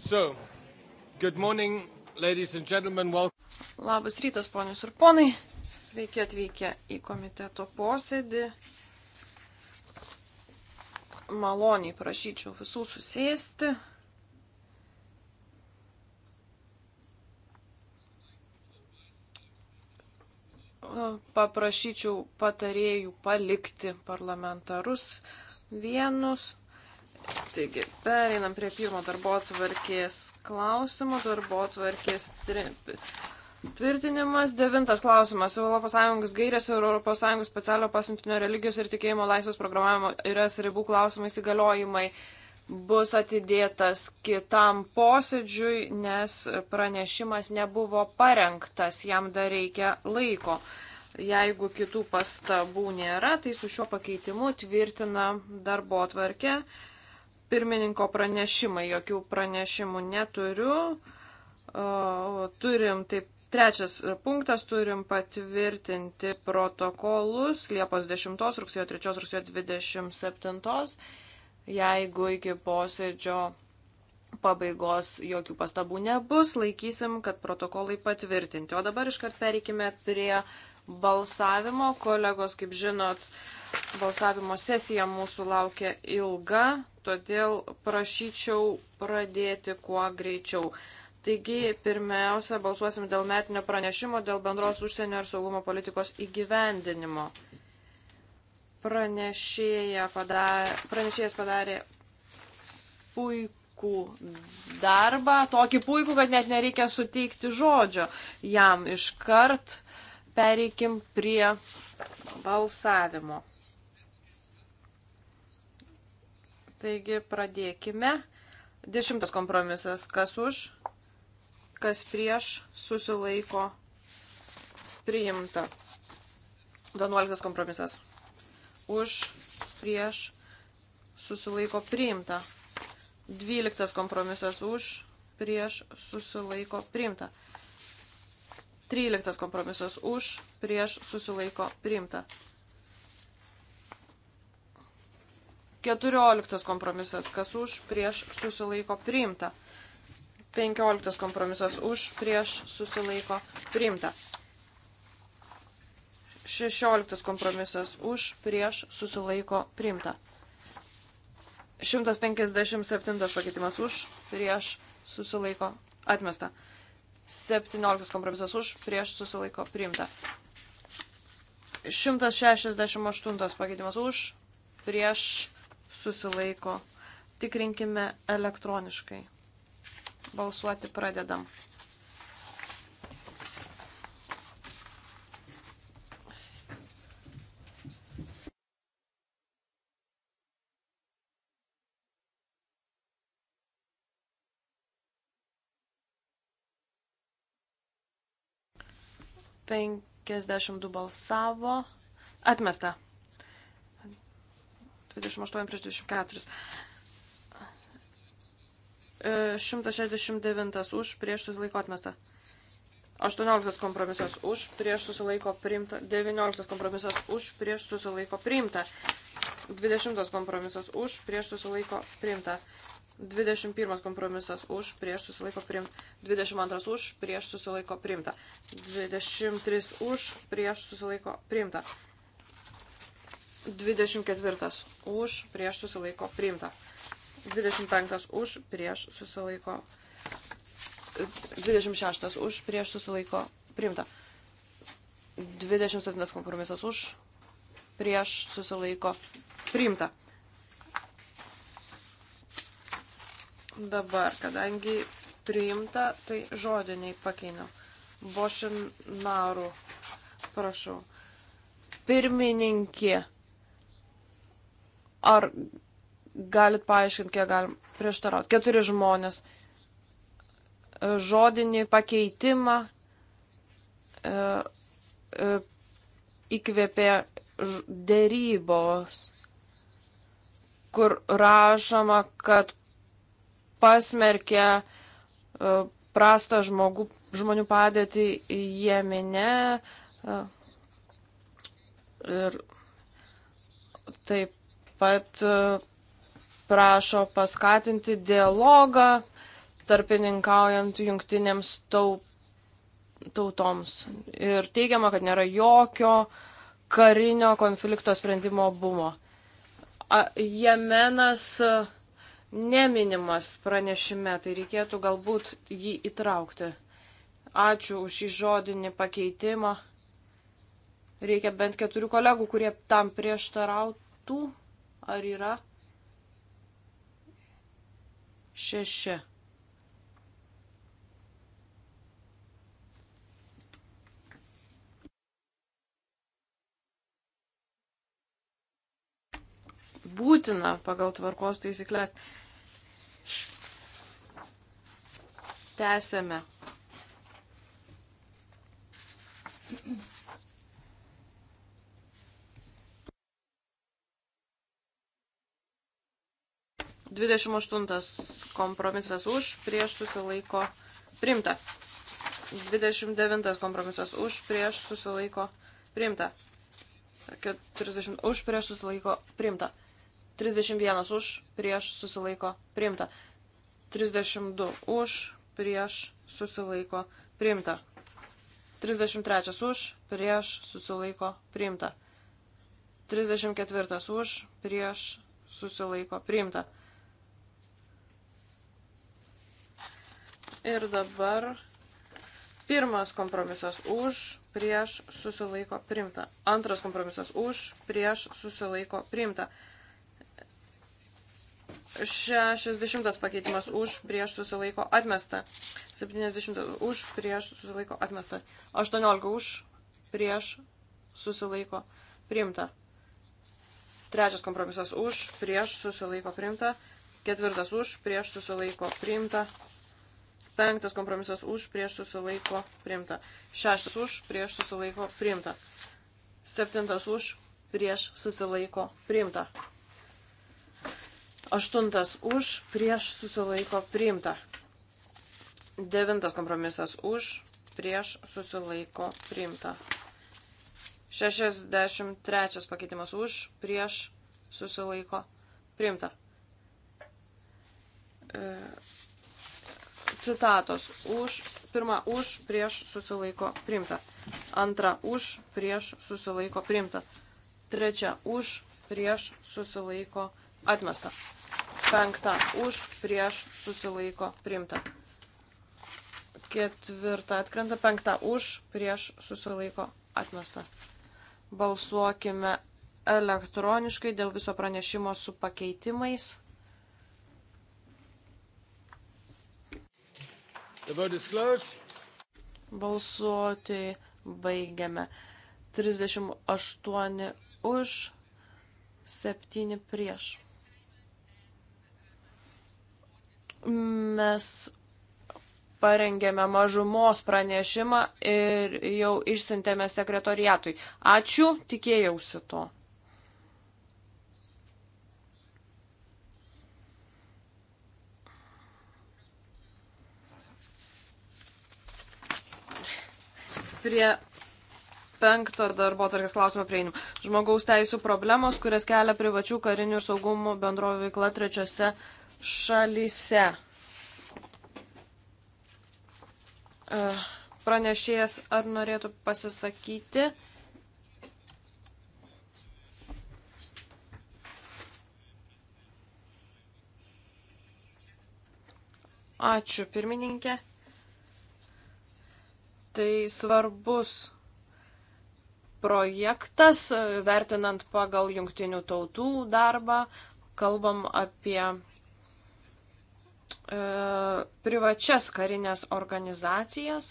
So, good morning, ladies and gentlemen. Welcome. Labas rytas, ponius ir ponai. Sveiki atvykę į komiteto posėdį. Maloniai prašyčiau visų susėsti. Paprašyčiau patarėjų palikti parlamentarus vienus Taigi, pereinam prie pirmo darbo tvarkės klausimo, darbo tvarkės trip. Tvirtinimas devintas klausimas. ES gairės ir ES specialio pasiuntinio religijos ir tikėjimo laisvės programavimo ir es ribų klausimais įgaliojimai bus atidėtas kitam posėdžiui, nes pranešimas nebuvo parengtas, jam dar reikia laiko. Jeigu kitų pastabų nėra, tai su šiuo pakeitimu tvirtina darbo tvarkė pirmininko pranešimai, jokių pranešimų neturiu. Turim taip, trečias punktas, turim patvirtinti protokolus Liepos 10, rugsėjo 3, rugsėjo 27. Jeigu iki posėdžio pabaigos jokių pastabų nebus, laikysim, kad protokolai patvirtinti. O dabar iškart pereikime prie balsavimo. Kolegos, kaip žinot, balsavimo sesija mūsų laukia ilga todėl prašyčiau pradėti kuo greičiau. Taigi, pirmiausia, balsuosim dėl metinio pranešimo dėl bendros užsienio ir saugumo politikos įgyvendinimo. Pranešėja padarė, pranešėjas padarė puikų darbą, tokį puikų, kad net nereikia suteikti žodžio jam iškart. Pereikim prie balsavimo. Taigi pradėkime. Dešimtas kompromisas. Kas už, kas prieš, susilaiko, priimta. Vienuoliktas kompromisas. Už, prieš, susilaiko, priimta. Dvyliktas kompromisas. Už, prieš, susilaiko, priimta. Tryliktas kompromisas. Už, prieš, susilaiko, priimta. 14 kompromisas, kas už, prieš, susilaiko, priimta. 15 kompromisas už, prieš, susilaiko, priimta. 16 kompromisas už, prieš, susilaiko, priimta. 157 pakeitimas už, prieš, susilaiko, atmesta. 17 kompromisas už, prieš, susilaiko, priimta. 168 pakeitimas už, prieš, susilaiko. Tikrinkime elektroniškai. Balsuoti pradedam. Penkiasdešimt du balsavo. Atmesta. 28 prieš 24. 169 e, už prieš susilaiko atmesta. 18 kompromisas už prieš susilaiko priimta. 19 kompromisas už prieš susilaiko priimta. 20 kompromisas už prieš susilaiko priimta. 21 kompromisas už prieš susilaiko priimta. 22 už prieš susilaiko priimta. 23 už prieš susilaiko priimta. 24 už, prieš susilaiko priimta. 25 už, prieš susilaiko. 26 už, prieš susilaiko priimta. 27 kompromisas už, prieš susilaiko priimta. Dabar, kadangi priimta, tai žodiniai pakeinu. Bošinaru, prašau. Pirmininkė Ar galit paaiškinti, kiek galim prieštarauti? Keturi žmonės. E, žodinį pakeitimą e, e, įkvėpė dėrybos, kur rašoma, kad pasmerkė prastą žmogų, žmonių padėtį Jemene. Ir taip pat e, prašo paskatinti dialogą tarpininkaujant jungtinėms tautoms. Ir teigiama, kad nėra jokio karinio konflikto sprendimo bumo. Jemenas e, neminimas pranešime, tai reikėtų galbūt jį įtraukti. Ačiū už šį žodinį pakeitimą. Reikia bent keturių kolegų, kurie tam prieštarautų ar yra šeši. Būtina pagal tvarkos taisyklės. Tęsėme. Thank you. 28 kompromisas už, prieš susilaiko primta. 29 kompromisas už, prieš susilaiko primta. 40 už, prieš susilaiko primta. 31 už, prieš susilaiko primta. 32 už, prieš susilaiko primta. 33 už, prieš susilaiko primta. 34 už, prieš susilaiko primta. Ir dabar pirmas kompromisas už, prieš, susilaiko, primta. Antras kompromisas už, prieš, susilaiko, primta. 60 pakeitimas už, prieš, susilaiko, atmesta. 70 už, prieš, susilaiko, atmesta. 18 už, prieš, susilaiko, primta. Trečias kompromisas už, prieš, susilaiko, primta. Ketvirtas už, prieš, susilaiko, primta. Penktas kompromisas už, prieš susilaiko priimta. Šeštas už, prieš susilaiko priimta. Septintas už, prieš susilaiko priimta. Aštuntas už, prieš susilaiko priimta. Devintas kompromisas už, prieš susilaiko priimta. 63 pakeitimas už, prieš, susilaiko, priimta. E, citatos. Už, pirma, už, prieš, susilaiko, primta. Antra, už, prieš, susilaiko, primta. Trečia, už, prieš, susilaiko, atmesta. Penkta, už, prieš, susilaiko, primta. Ketvirta, atkrenta. Penkta, už, prieš, susilaiko, atmesta. Balsuokime elektroniškai dėl viso pranešimo su pakeitimais. Balsuoti baigiame. 38 už, 7 prieš. Mes parengėme mažumos pranešimą ir jau išsintėme sekretoriatui. Ačiū, tikėjausi to. prie penkto darbo tarkės klausimo prieinu. Žmogaus teisų problemos, kurias kelia privačių karinių ir saugumo bendrovų veikla trečiose šalyse. E, pranešėjas, ar norėtų pasisakyti? Ačiū, pirmininkė tai svarbus projektas, vertinant pagal jungtinių tautų darbą, kalbam apie e, privačias karinės organizacijas,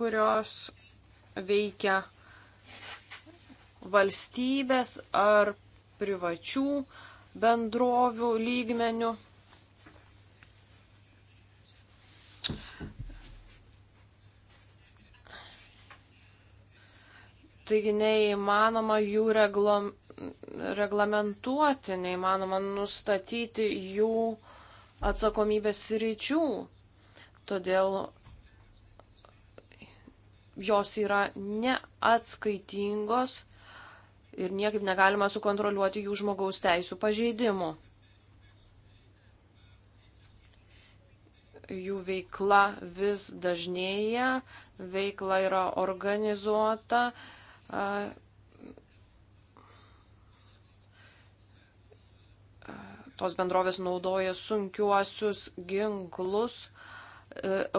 kurios veikia valstybės ar privačių bendrovių lygmenių taigi neįmanoma jų reglom, reglamentuoti, neįmanoma nustatyti jų atsakomybės ryčių. Todėl jos yra neatskaitingos ir niekaip negalima sukontroliuoti jų žmogaus teisų pažeidimų. Jų veikla vis dažnėja, veikla yra organizuota, tos bendrovės naudoja sunkiuosius ginklus. E,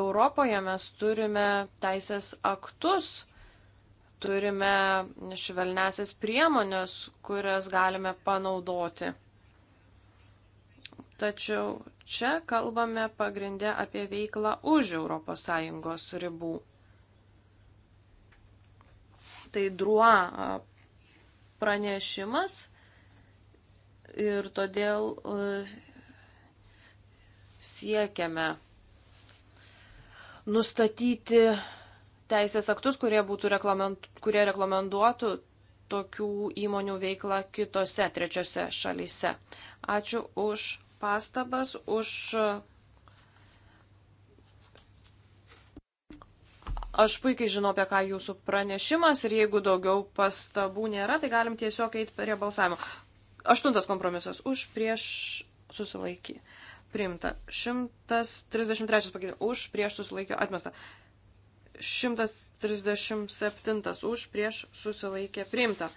Europoje mes turime teisės aktus, turime švelnesias priemonės, kurias galime panaudoti. Tačiau čia kalbame pagrindę apie veiklą už ES ribų tai druo pranešimas ir todėl siekiame nustatyti teisės aktus, kurie, būtų reklament, kurie reglamentuotų tokių įmonių veiklą kitose trečiose šalyse. Ačiū už pastabas, už Aš puikiai žinau, apie ką jūsų pranešimas ir jeigu daugiau pastabų nėra, tai galim tiesiog eiti prie balsavimo. Aštuntas kompromisas. Už prieš susilaikį. Primta. 133 pakeitimai. Už prieš susilaikį. Atmesta. 137 už prieš susilaikė priimta.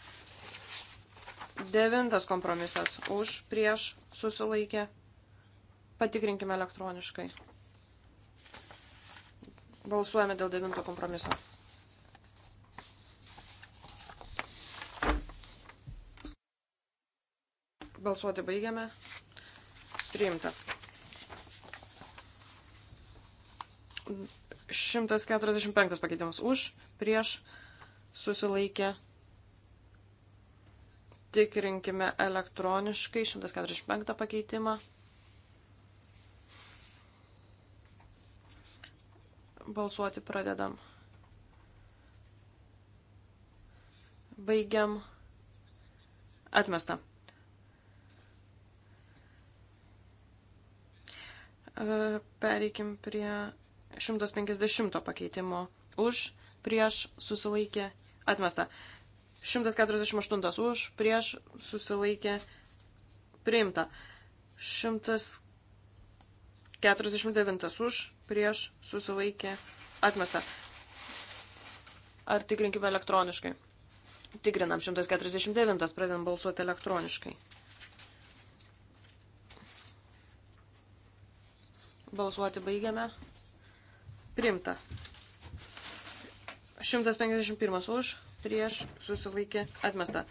Devintas kompromisas už prieš susilaikė. Patikrinkime elektroniškai. Balsuojame dėl devinto kompromiso. Balsuoti baigiame. Priimta. 145 pakeitimas už, prieš, susilaikė. Tikrinkime elektroniškai 145 pakeitimą. Balsuoti pradedam. Baigiam. Atmesta. E, pereikim prie 150 pakeitimo. Už, prieš, susilaikė, atmesta. 148 už, prieš, susilaikė, priimta. 149 už, prieš susilaikė atmesta. Ar tikrinkime elektroniškai? Tikrinam 149, pradedam balsuoti elektroniškai. Balsuoti baigiame. Primta. 151 už, prieš susilaikė atmesta.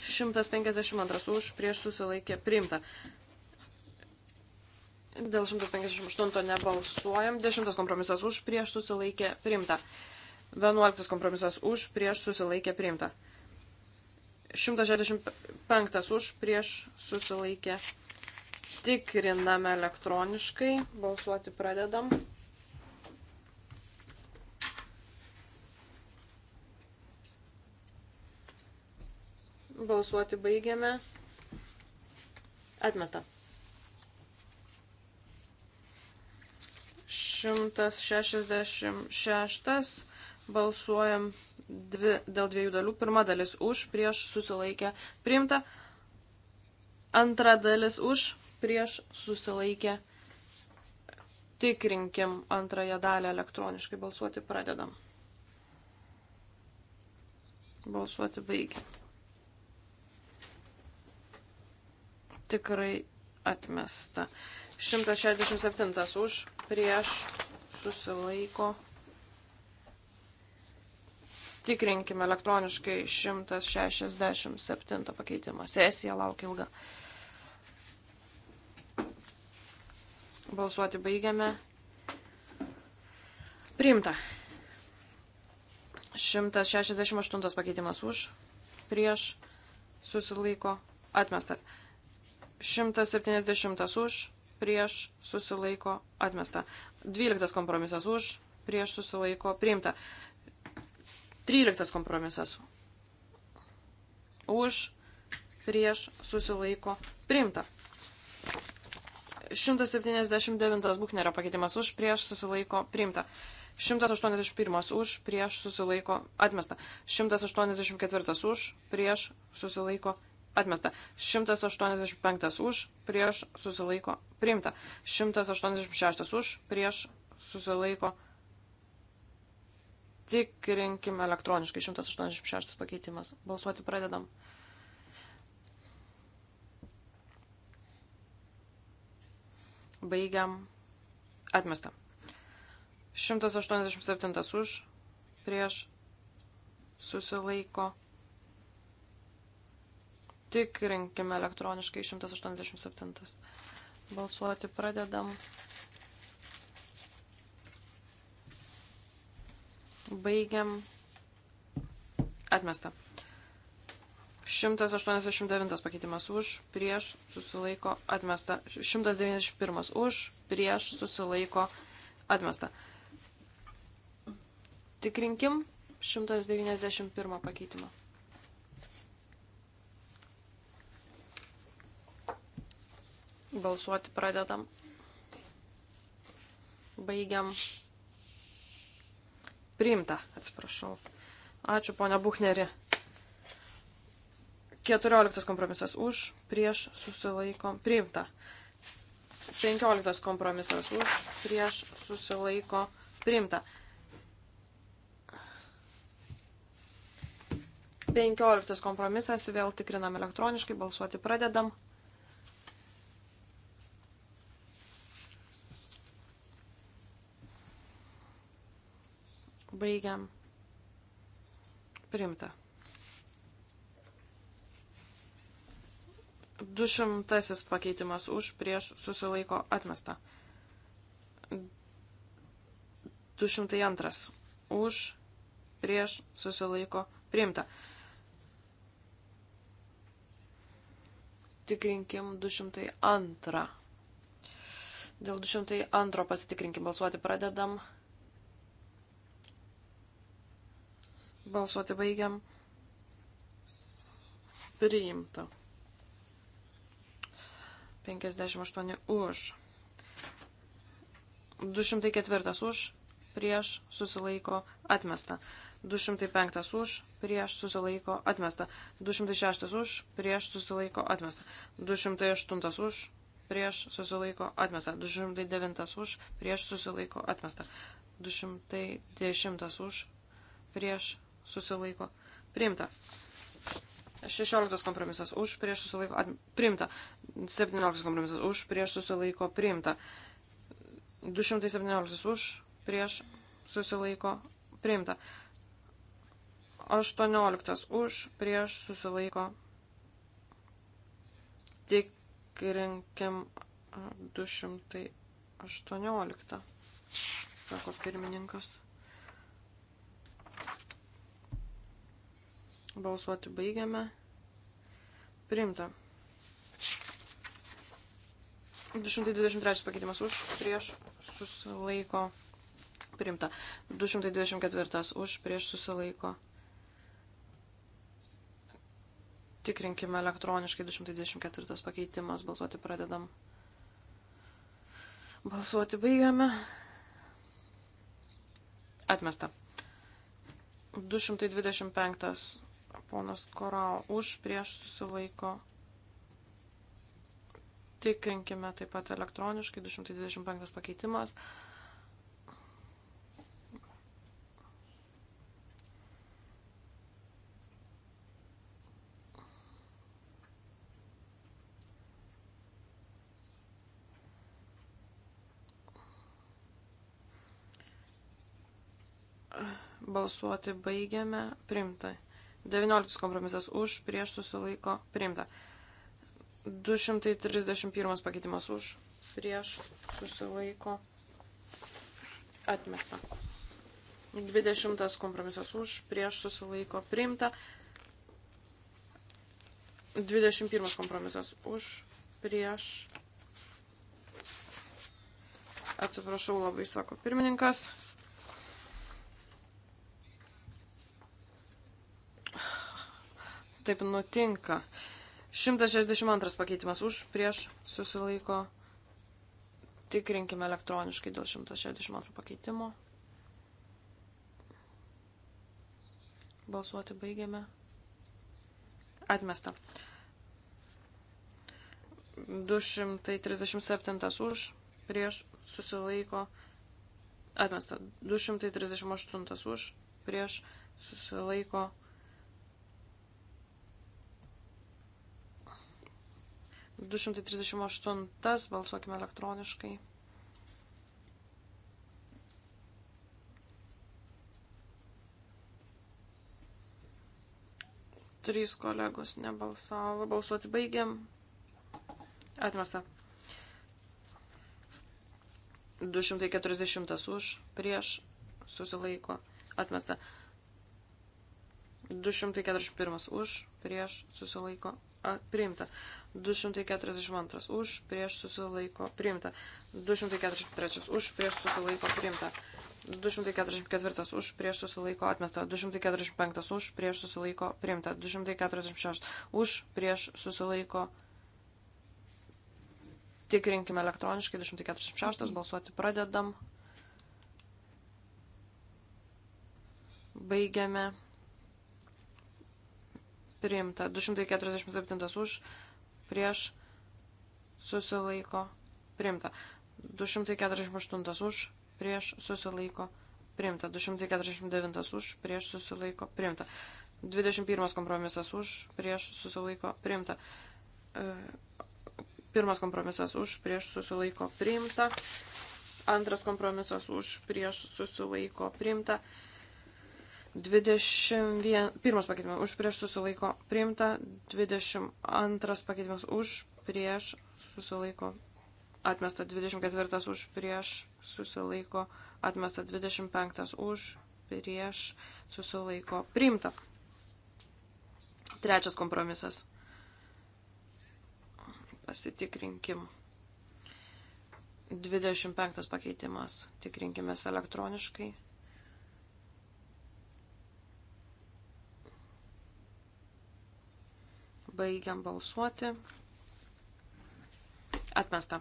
152 už, prieš susilaikė primta. Dėl 158 nebalsuojam. 10 kompromisas už prieš susilaikė priimta. 11 kompromisas už prieš susilaikė priimta. 165 už prieš susilaikė. Tikriname elektroniškai. Balsuoti pradedam. Balsuoti baigiame. Atmesta. 166 balsuojam dvi, dėl dviejų dalių. Pirma dalis už, prieš susilaikę priimta. Antra dalis už, prieš susilaikę. Tikrinkim antrąją dalį elektroniškai balsuoti pradedam. Balsuoti baigiam. Tikrai atmesta. 167 už prieš susilaiko. Tikrinkime elektroniškai 167 pakeitimą. Sesija laukia ilga. Balsuoti baigiame. Priimta. 168 pakeitimas už, prieš, susilaiko, atmestas. 170 už, prieš susilaiko atmesta. 12 kompromisas už, prieš susilaiko priimta. 13 kompromisas už, prieš susilaiko priimta. 179 Buchnerio pakeitimas už, prieš susilaiko priimta. 181 už, prieš susilaiko atmesta. 184 už, prieš susilaiko atmesta. 185 už, prieš susilaiko priimta. 186 už, prieš susilaiko tikrinkime elektroniškai. 186 pakeitimas. Balsuoti pradedam. Baigiam. Atmesta. 187 už, prieš susilaiko priimta Patikrinkime elektroniškai 187. Balsuoti pradedam. Baigiam. Atmesta. 189 pakeitimas už, prieš susilaiko atmesta. 191 už, prieš susilaiko atmesta. Tikrinkim 191 pakeitimą. Balsuoti pradedam. Baigiam. Priimta, atsiprašau. Ačiū, ponia Buchneri. 14 kompromisas už, prieš, susilaikom. Priimta. 15 kompromisas už, prieš, susilaiko. Priimta. 15 kompromisas vėl tikrinam elektroniškai, balsuoti pradedam. Baigiam. Primta. Dušimtasis pakeitimas už prieš susilaiko atmesta. 202. Už prieš susilaiko priimta. Tikrinkim 202. Dėl 202 pasitikrinkim balsuoti pradedam. 202. Balsuoti baigiam. Priimta. 58 už. 204 už, prieš, susilaiko, atmesta. 205 už, prieš, susilaiko, atmesta. 206 už, prieš, susilaiko, atmesta. 208 už, prieš, susilaiko, atmesta. 209 už, prieš, susilaiko, atmesta. 210 už, prieš, susilaiko priimta. 16 kompromisas už, prieš susilaiko at, priimta. 17 kompromisas už, prieš susilaiko priimta. 217 už, prieš susilaiko priimta. 18 už, prieš susilaiko tikrinkim 218, sako pirmininkas. Balsuoti baigiame. Priimta. 223 pakeitimas už, prieš susilaiko. Priimta. 224 už, prieš susilaiko. Tikrinkime elektroniškai 224 pakeitimas. Balsuoti pradedam. Balsuoti baigiame. Atmesta. 225 ponas Korao už prieš susilaiko. Tikrinkime taip pat elektroniškai 225 pakeitimas. balsuoti baigiame, primta 19 kompromisas už, prieš susilaiko priimta. 231 pakeitimas už, prieš susilaiko atmesta. 20 kompromisas už, prieš susilaiko priimta. 21 kompromisas už, prieš. Atsiprašau labai, sako pirmininkas. taip nutinka. 162 pakeitimas už, prieš, susilaiko. Tikrinkime elektroniškai dėl 162 pakeitimo. Balsuoti baigiame. Atmesta. 237 už, prieš, susilaiko. Atmesta. 238 už, prieš, susilaiko. 238 balsuokime elektroniškai. Trys kolegos nebalsavo. Balsuoti baigiam. Atmesta. 240 už, prieš, susilaiko. Atmesta. 241 už, prieš, susilaiko a, priimta. 242 už, prieš susilaiko priimta. 243 už, prieš susilaiko priimta. 244 už, prieš susilaiko atmesta. 245 už, prieš susilaiko priimta. 246 už, prieš susilaiko tikrinkime elektroniškai. 246 balsuoti pradedam. Baigiame priimta. 247 už, prieš, susilaiko, priimta. 248 už, prieš, susilaiko, priimta. 249 už, prieš, susilaiko, priimta. 21 kompromisas už, prieš, susilaiko, priimta. E, pirmas kompromisas už, prieš, susilaiko, priimta. Antras kompromisas už, prieš, susilaiko, priimta. 21 pakeitimas už prieš susilaiko priimta, 22 pakeitimas už prieš susilaiko atmesta, 24 už prieš susilaiko atmesta, 25 už prieš susilaiko priimta. Trečias kompromisas. Pasitikrinkim. 25 pakeitimas. Tikrinkimės elektroniškai. Baigiam balsuoti. Atmesta.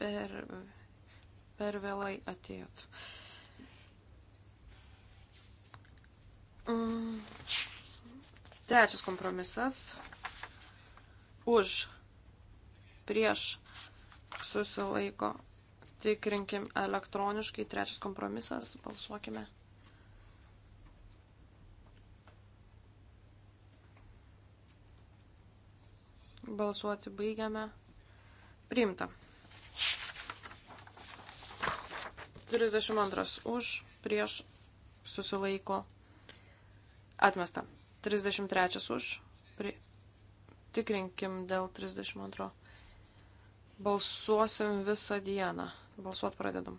Per, per vėlai atėjot. Mm. Trečias kompromisas. Už, prieš, susilaiko Tikrinkim elektroniškai. Trečias kompromisas. Balsuokime. Balsuoti baigiame. Priimta. 32 už, prieš, susilaiko, atmesta. 33 už, pri... tikrinkim dėl 32. Balsuosim visą dieną. Balsuot pradedam.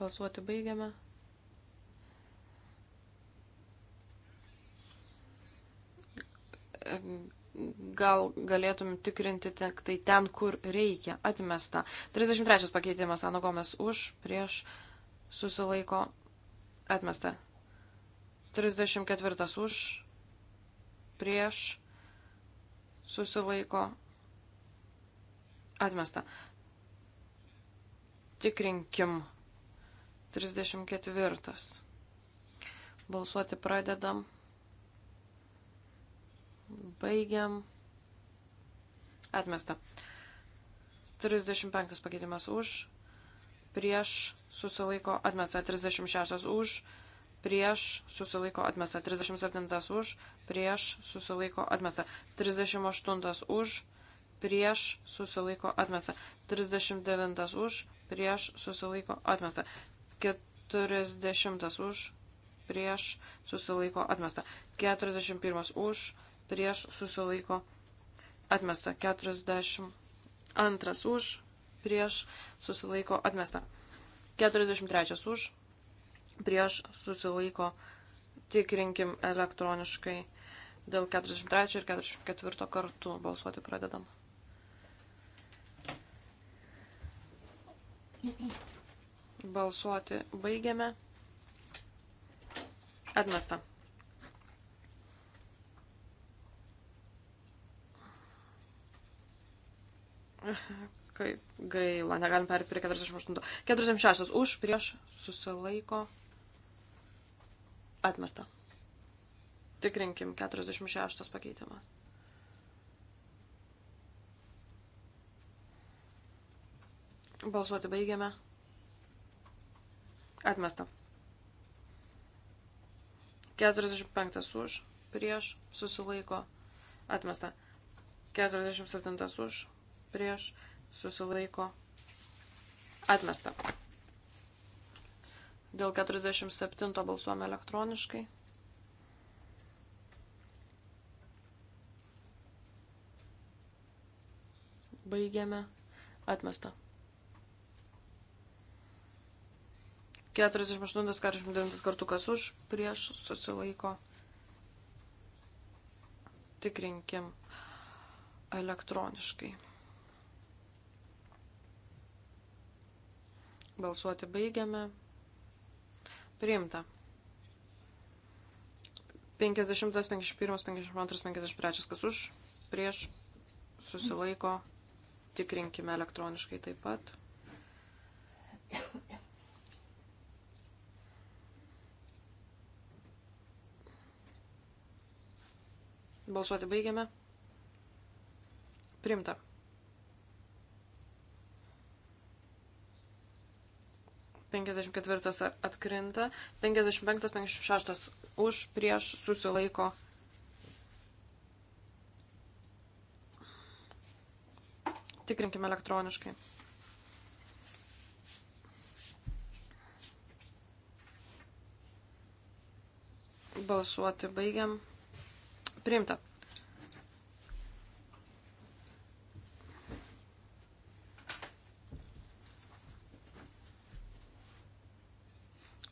Balsuoti baigiame. Gal galėtum tikrinti tik tai ten, kur reikia. Atmesta. 33 pakeitimas Anagomės už, prieš, susilaiko. Atmesta. 34 už, prieš, susilaiko atmesta. Tikrinkim. 34. Balsuoti pradedam. Baigiam. Atmesta. 35 pakeitimas už. Prieš susilaiko atmesta. 36 už. Prieš susilaiko atmesta. 37 už prieš susilaiko atmesta. 38 už, prieš susilaiko atmesta. 39 už, prieš susilaiko atmesta. 40 už, prieš susilaiko atmesta. 41 už, prieš susilaiko atmesta. 42 už, prieš susilaiko atmesta. 43 už, prieš susilaiko tikrinkim elektroniškai Dėl 43 ir 44 kartų balsuoti pradedam. Balsuoti baigiame. Atmesta. Kaip gaila, negalim perėti prie 48. 46 už, prieš, susilaiko, atmesta. Tikrinkim 46 pakeitimas. Balsuoti baigiame. Atmesta. 45 už, prieš, susilaiko, atmesta. 47 už, prieš, susilaiko, atmesta. Dėl 47 balsuojame elektroniškai. Baigiame. Atmesta. 48-49 kartų kas už, prieš susilaiko. Tikrinkim elektroniškai. Balsuoti baigiame. Priimta. 50, 51, 52, 53 kas už, prieš susilaiko. Mm Tikrinkime elektroniškai taip pat. Balsuoti baigiame. Primta. Penkiasdešimt ketvirtas atkrinta. Penkiasdešimt penktas, penkiasdešimt šeštas už, prieš, susilaiko, Tikrinkime elektroniškai. Balsuoti baigiam. Priimta.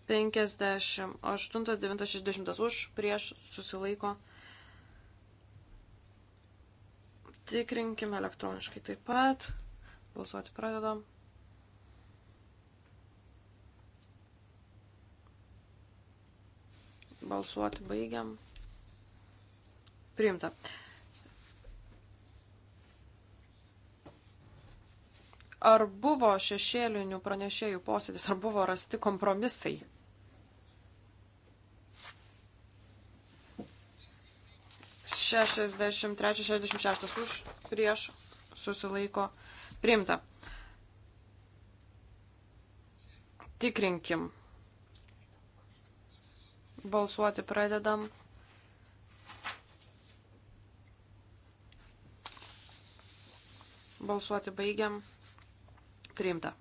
Penkiasdešimt aštuntas, devintas, šešdešimtas už, prieš, susilaiko, priimta Tikrinkime elektroniškai taip pat. Balsuoti pradedam. Balsuoti baigiam. Priimta. Ar buvo šešėlinių pranešėjų posėdis, ar buvo rasti kompromisai? 63-66 už prieš susilaiko priimta. Tikrinkim. Balsuoti pradedam. Balsuoti baigiam. Priimta.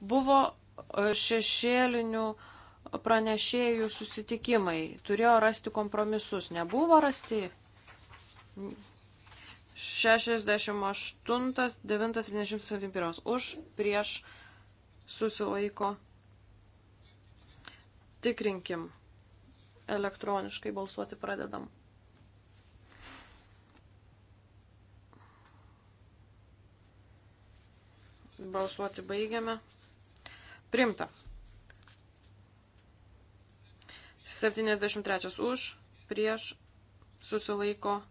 Buvo šešėlinių pranešėjų susitikimai. Turėjo rasti kompromisus. Nebuvo rasti? 68, 9, 71. Už, prieš, susilaiko. Tikrinkim. Elektroniškai balsuoti pradedam. Balsuoti baigiame. Primta. 73 už, prieš, susilaiko.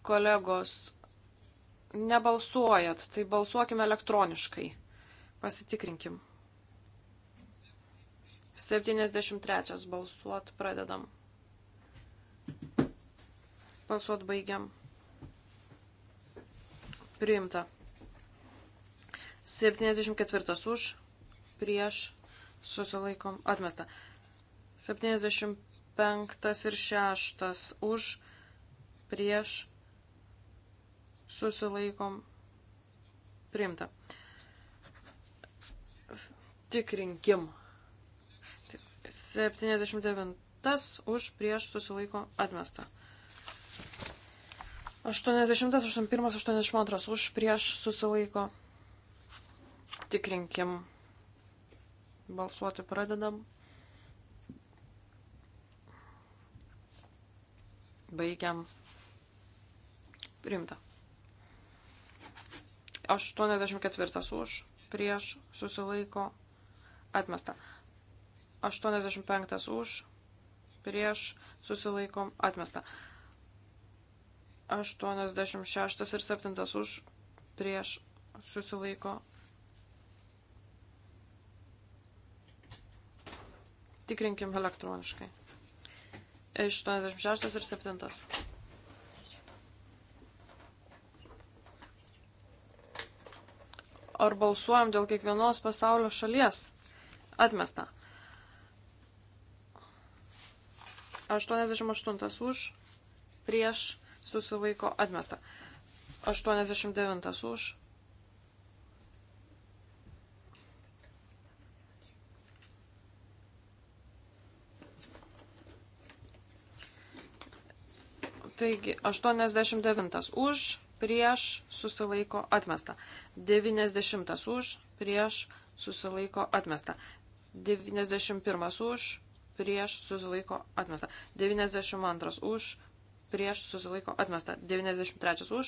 Kolegos, nebalsuojat, tai balsuokime elektroniškai. Pasitikrinkim. 73 balsuot pradedam. Balsuot baigiam. Priimta. 74 už, prieš, susilaikom, atmesta. 75 ir 6 už, prieš, susilaikom, priimta. Tikrinkim. 79 už, prieš, susilaiko, atmesta. 80, 81, 82 už, prieš, susilaiko, atmesta. Tikrinkim. Balsuoti pradedam. Baigiam. Primta. 84 už, prieš, susilaiko, atmesta. 85 už, prieš, susilaikom, atmesta. 86 ir 7 už, prieš, susilaiko, Tikrinkim elektroniškai. 86 ir 7. Ar balsuojam dėl kiekvienos pasaulio šalies? Atmesta. 88 už, prieš, susilaiko, atmesta. 89 už, Taigi, 89 už, prieš, susilaiko, atmesta. 90 už, prieš, susilaiko, atmesta. 91 už, prieš, susilaiko, atmesta. 92 už, prieš, susilaiko, atmesta. 93 už,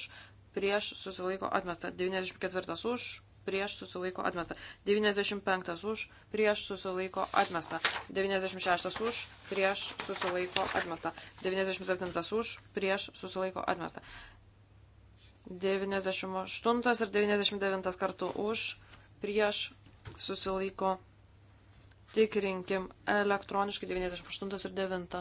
prieš, susilaiko, atmesta. 94 už, prieš susilaiko atmesta. 95 už, prieš susilaiko atmesta. 96 už, prieš susilaiko atmesta. 97 už, prieš susilaiko atmesta. 98 ir 99 kartų už, prieš susilaiko. Tikrinkim elektroniškai 98 ir 9.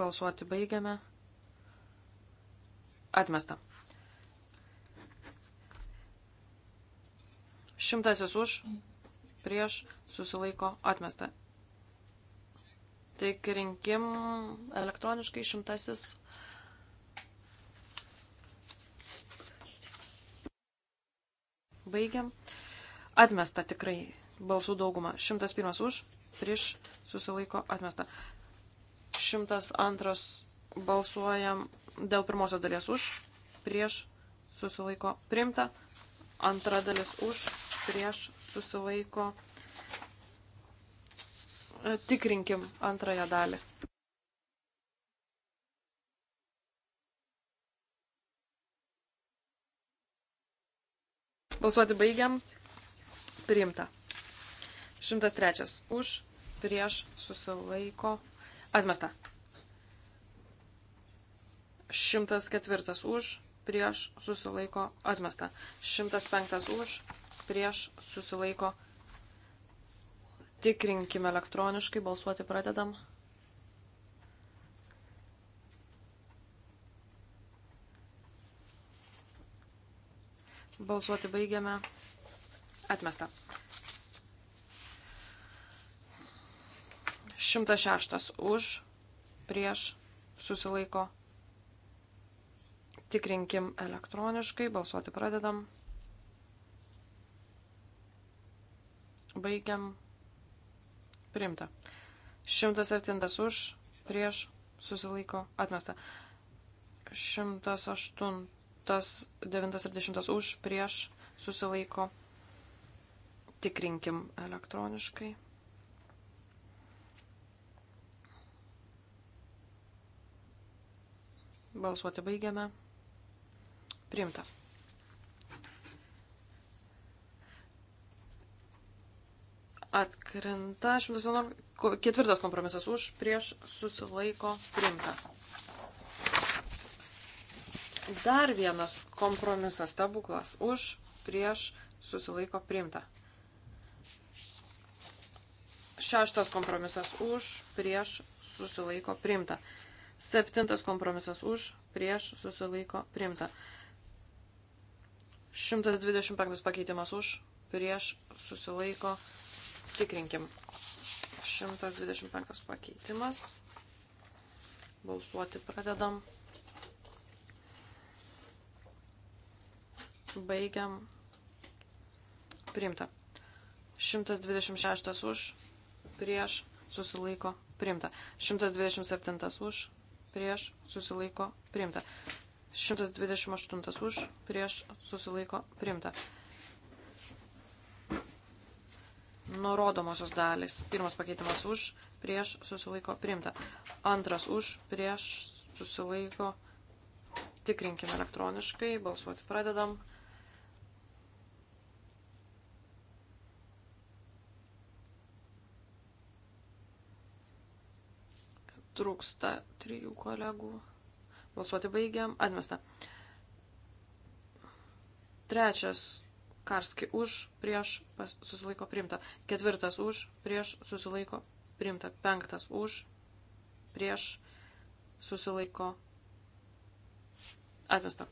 Balsuoti baigiame. Atmesta. Šimtasis už, prieš, susilaiko, atmesta. Tik rinkim elektroniškai šimtasis. Baigiam. Atmesta tikrai balsų dauguma. Šimtas pirmas už, prieš, susilaiko, atmesta. Šimtas antras balsuojam Dėl pirmosios dalies už, prieš susilaiko primta, antra dalis už, prieš susilaiko. E, tikrinkim antrąją dalį. Balsuoti baigiam. Priimta. 103. Už, prieš, susilaiko. Atmesta. 104 už, prieš susilaiko atmesta. 105 už, prieš susilaiko atmesta. Tikrinkime elektroniškai, balsuoti pradedam. Balsuoti baigiame. Atmesta. 106 už, prieš, susilaiko, Tikrinkim elektroniškai, balsuoti pradedam. Baigiam. Primta. 107 už, prieš, susilaiko, atmesta. 108, 9 ir 10 už, prieš, susilaiko. Tikrinkim elektroniškai. Balsuoti baigiame. Priimta. Atkrinta. 111. Ketvirtas kompromisas už, prieš, susilaiko, priimta. Dar vienas kompromisas, stebuklas, už, prieš, susilaiko, priimta. Šeštas kompromisas už, prieš, susilaiko, priimta. Septintas kompromisas už, prieš, susilaiko, priimta. 125 pakeitimas už, prieš, susilaiko, tikrinkim. 125 pakeitimas. Balsuoti pradedam. Baigiam. Primta. 126 už, prieš, susilaiko, primta. 127 už, prieš, susilaiko, primta. 128 už, prieš susilaiko primta. Nurodomosios dalys. Pirmas pakeitimas už, prieš susilaiko primta. Antras už, prieš susilaiko. Tikrinkime elektroniškai, balsuoti pradedam. Trūksta trijų kolegų. Balsuoti baigiam. Atmesta. Trečias. Karski už, prieš, pas, susilaiko primta. Ketvirtas už, prieš, susilaiko primta. Penktas už, prieš, susilaiko atmesta.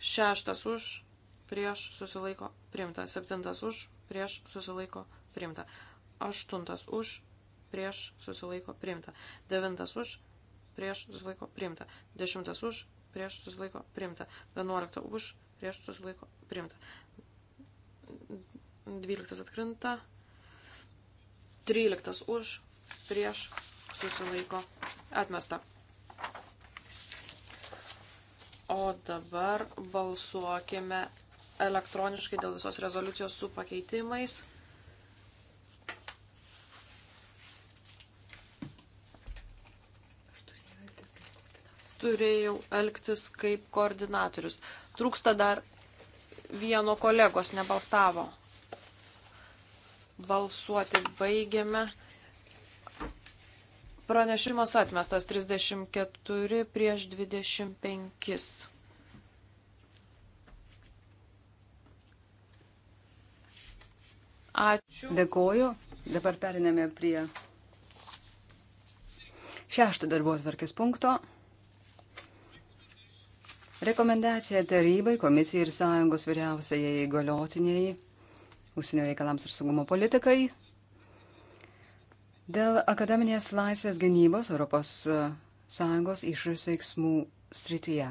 Šeštas už, prieš, susilaiko primta. Septintas už, prieš, susilaiko primta. Aštuntas už, prieš, susilaiko primta. Devintas už, prieš, prieš susilaiko priimta. 10 už, prieš susilaiko priimta. 11 už, prieš susilaiko priimta. 12 atkrinta. 13 už, prieš susilaiko atmesta. O dabar balsuokime elektroniškai dėl visos rezoliucijos su pakeitimais. turėjau elgtis kaip koordinatorius. Trūksta dar vieno kolegos, nebalsavo. Balsuoti baigiame. Pranešimas atmestas 34 prieš 25. Ačiū. Dėkoju. Dabar periname prie šešto darbo atvarkės punkto. Rekomendacija tarybai, komisijai ir sąjungos vyriausiai įgaliotiniai, užsienio reikalams ir saugumo politikai dėl akademinės laisvės gynybos Europos e, sąjungos išorės veiksmų srityje.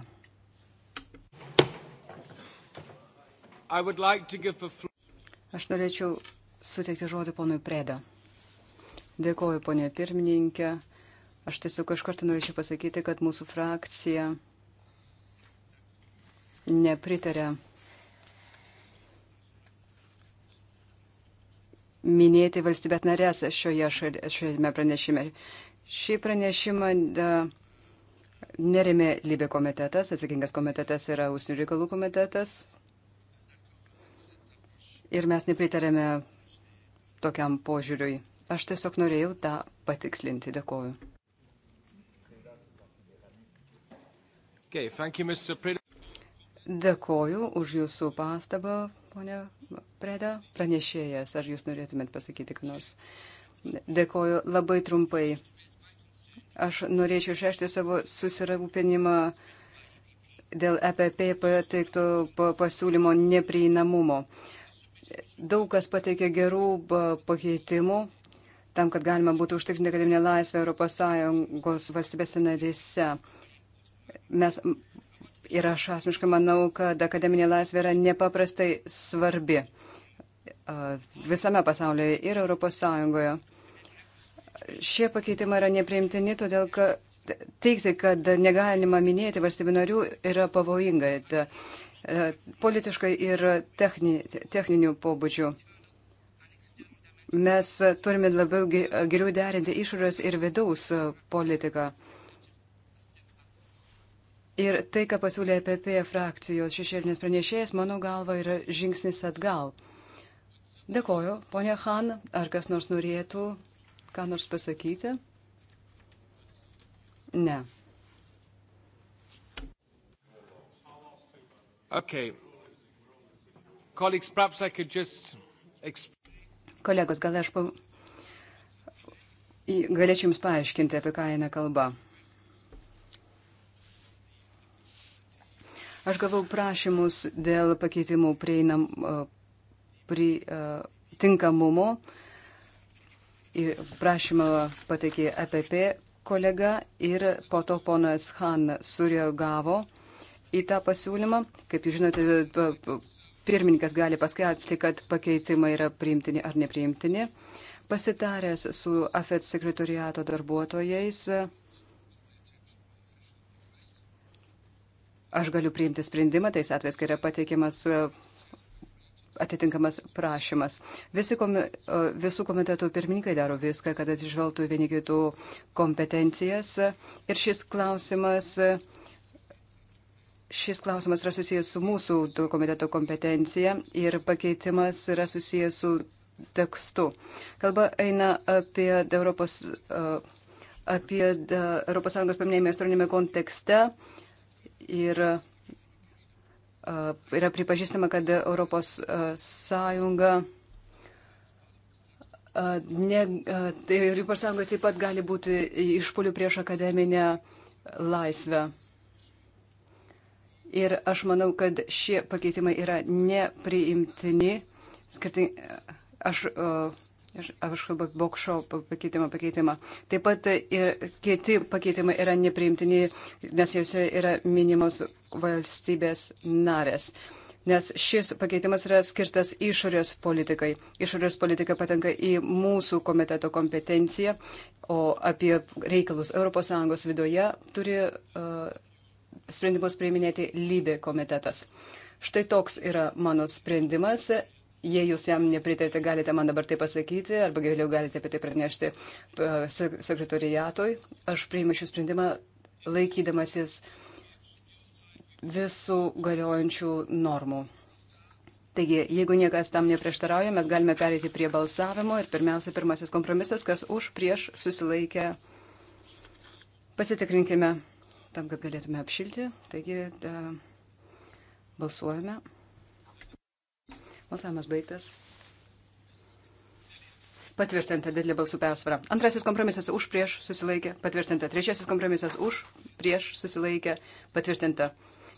Like a... Aš norėčiau suteikti žodį ponui Preda. Dėkoju, ponė pirmininkė. Aš tiesiog iš karto norėčiau pasakyti, kad mūsų frakcija nepritarė minėti valstybės narės šioje šiame pranešime. Šį pranešimą da, nerėmė Libė komitetas, atsakingas komitetas yra Užsienio reikalų komitetas. Ir mes nepritarėme tokiam požiūriui. Aš tiesiog norėjau tą patikslinti. Dėkoju. Okay, you, Dėkoju už jūsų pastabą, ponia Preda, pranešėjas. Ar jūs norėtumėt pasakyti, ką nors? Dėkoju labai trumpai. Aš norėčiau išreikšti savo susirūpinimą dėl EPP pateikto pasiūlymo neprieinamumo. Daug kas pateikė gerų pakeitimų tam, kad galima būtų užtikrinti akademinę laisvę ES valstybėse narise. Mes Ir aš asmeniškai manau, kad akademinė laisvė yra nepaprastai svarbi visame pasaulyje ir Europos Sąjungoje. Šie pakeitimai yra nepriimtini, todėl kad teikti, kad negalima minėti valstybių narių, yra pavojinga e, politiškai ir techni, techninių pobūdžių. Mes turime labiau geriau derinti išorės ir vidaus politiką. Ir tai, ką pasiūlė EPP frakcijos šešėlinis pranešėjas, mano galva yra žingsnis atgal. Dėkoju, ponia Han, ar kas nors norėtų ką nors pasakyti? Ne. Okay. Colleagues, perhaps I could just Kolegos, gal aš pa... galėčiau Jums paaiškinti, apie ką eina kalba. Aš gavau prašymus dėl pakeitimų prieinam, e, pri, e, tinkamumo. Ir prašymą pateikė APP e kolega ir po to ponas Han sureagavo į tą pasiūlymą. Kaip jūs žinote, pirmininkas gali paskelbti, kad pakeitimai yra priimtini ar nepriimtini. Pasitaręs su AFET sekretoriato darbuotojais, Aš galiu priimti sprendimą tais atvejais, kai yra pateikiamas e, atitinkamas prašymas. Visi komi, visų komitetų pirmininkai daro viską, kad atsižvelgtų vieni kitų kompetencijas. Ir šis klausimas, šis klausimas yra susijęs su mūsų komiteto kompetencija ir pakeitimas yra susijęs su tekstu. Kalba eina apie Europos, apie Europos Sąjungos paminėjimą istorinėme kontekste Ir e, yra pripažįstama, kad Europos e, Sąjunga. E, ne, tai Europos Sąjunga taip pat gali būti išpolių prieš akademinę laisvę. Ir aš manau, kad šie pakeitimai yra nepriimtini. Skirting, aš uh, Aš kalbu bokšo pakeitimą, pakeitimą. Taip pat ir kiti pakeitimai yra nepriimtini, nes juose yra minimos valstybės narės. Nes šis pakeitimas yra skirtas išorės politikai. Išorės politika patenka į mūsų komiteto kompetenciją, o apie reikalus ES viduje turi uh, sprendimus priiminėti lybė komitetas. Štai toks yra mano sprendimas Jei jūs jam nepritarite, galite man dabar tai pasakyti, arba vėliau galite apie tai pranešti sekretoriatui. Aš priimu šį sprendimą laikydamasis visų galiojančių normų. Taigi, jeigu niekas tam neprieštarauja, mes galime perėti prie balsavimo ir pirmiausia, pirmasis kompromisas, kas už prieš susilaikę. Pasitikrinkime tam, kad galėtume apšilti. Taigi, da, balsuojame. Balsavimas baigtas. Patvirtinta didelė balsų persvara. Antrasis kompromisas už prieš susilaikė. Patvirtinta. Trečiasis kompromisas už prieš susilaikė. Patvirtinta.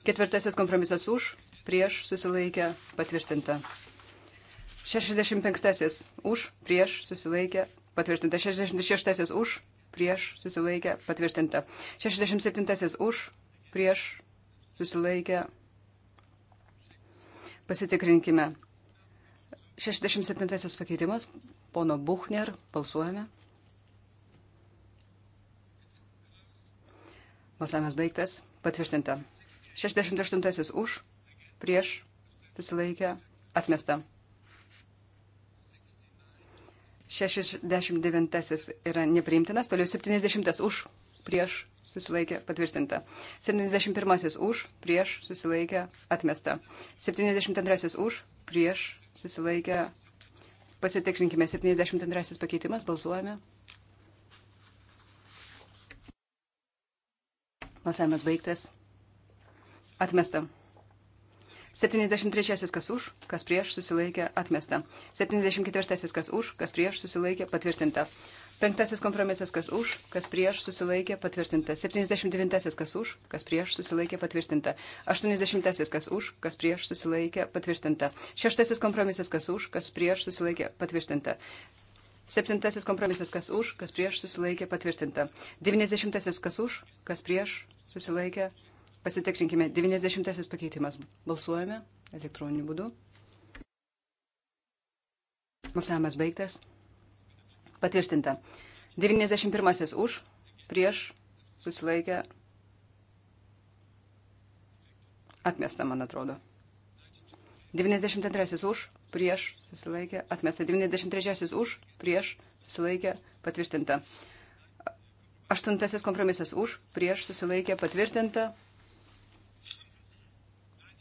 Ketvirtasis kompromisas už prieš susilaikė. Patvirtinta. 65-asis už prieš susilaikė. Patvirtinta. 66-asis už prieš susilaikė. Patvirtinta. 67-asis už prieš susilaikė. Pasitikrinkime. 67 pakeitimas, pono Buchner, balsuojame. Balsavimas baigtas, patvirtinta. 68 už, prieš, susilaikę, atmesta. 69 yra nepriimtinas, toliau 70 už, prieš, susilaikė, patvirtinta. 71 už, prieš, susilaikė, atmesta. 72 už, prieš, susilaikė, pasitikrinkime. 72 pakeitimas, balsuojame. Balsavimas baigtas. Atmesta. 73 kas už, kas prieš susilaikė, atmesta. 74 kas už, kas prieš susilaikė, patvirtinta. Penktasis kompromisas, kas už, kas prieš, susilaikė patvirtinta. 79-asis, kas už, kas prieš, susilaikė patvirtinta. 80-asis, kas už, kas prieš, susilaikė patvirtinta. Šeštasis kompromisas, kas už, kas prieš, susilaikė patvirtinta. Septintasis kompromisas, kas už, kas prieš, susilaikė patvirtinta. Devyniasdešimtasis, kas už, kas prieš, susilaikė. Pasitikrinkime. Devyniasdešimtasis pakeitimas. Balsuojame elektroniniu būdu. Balsavimas baigtas. Patvirtinta. 91 už, prieš, susilaikė. Atmesta, man atrodo. 92 už, prieš, susilaikė. Atmesta. 93 už, prieš, susilaikė. Patvirtinta. Aštuntasis kompromisas už, prieš, susilaikė. Patvirtinta.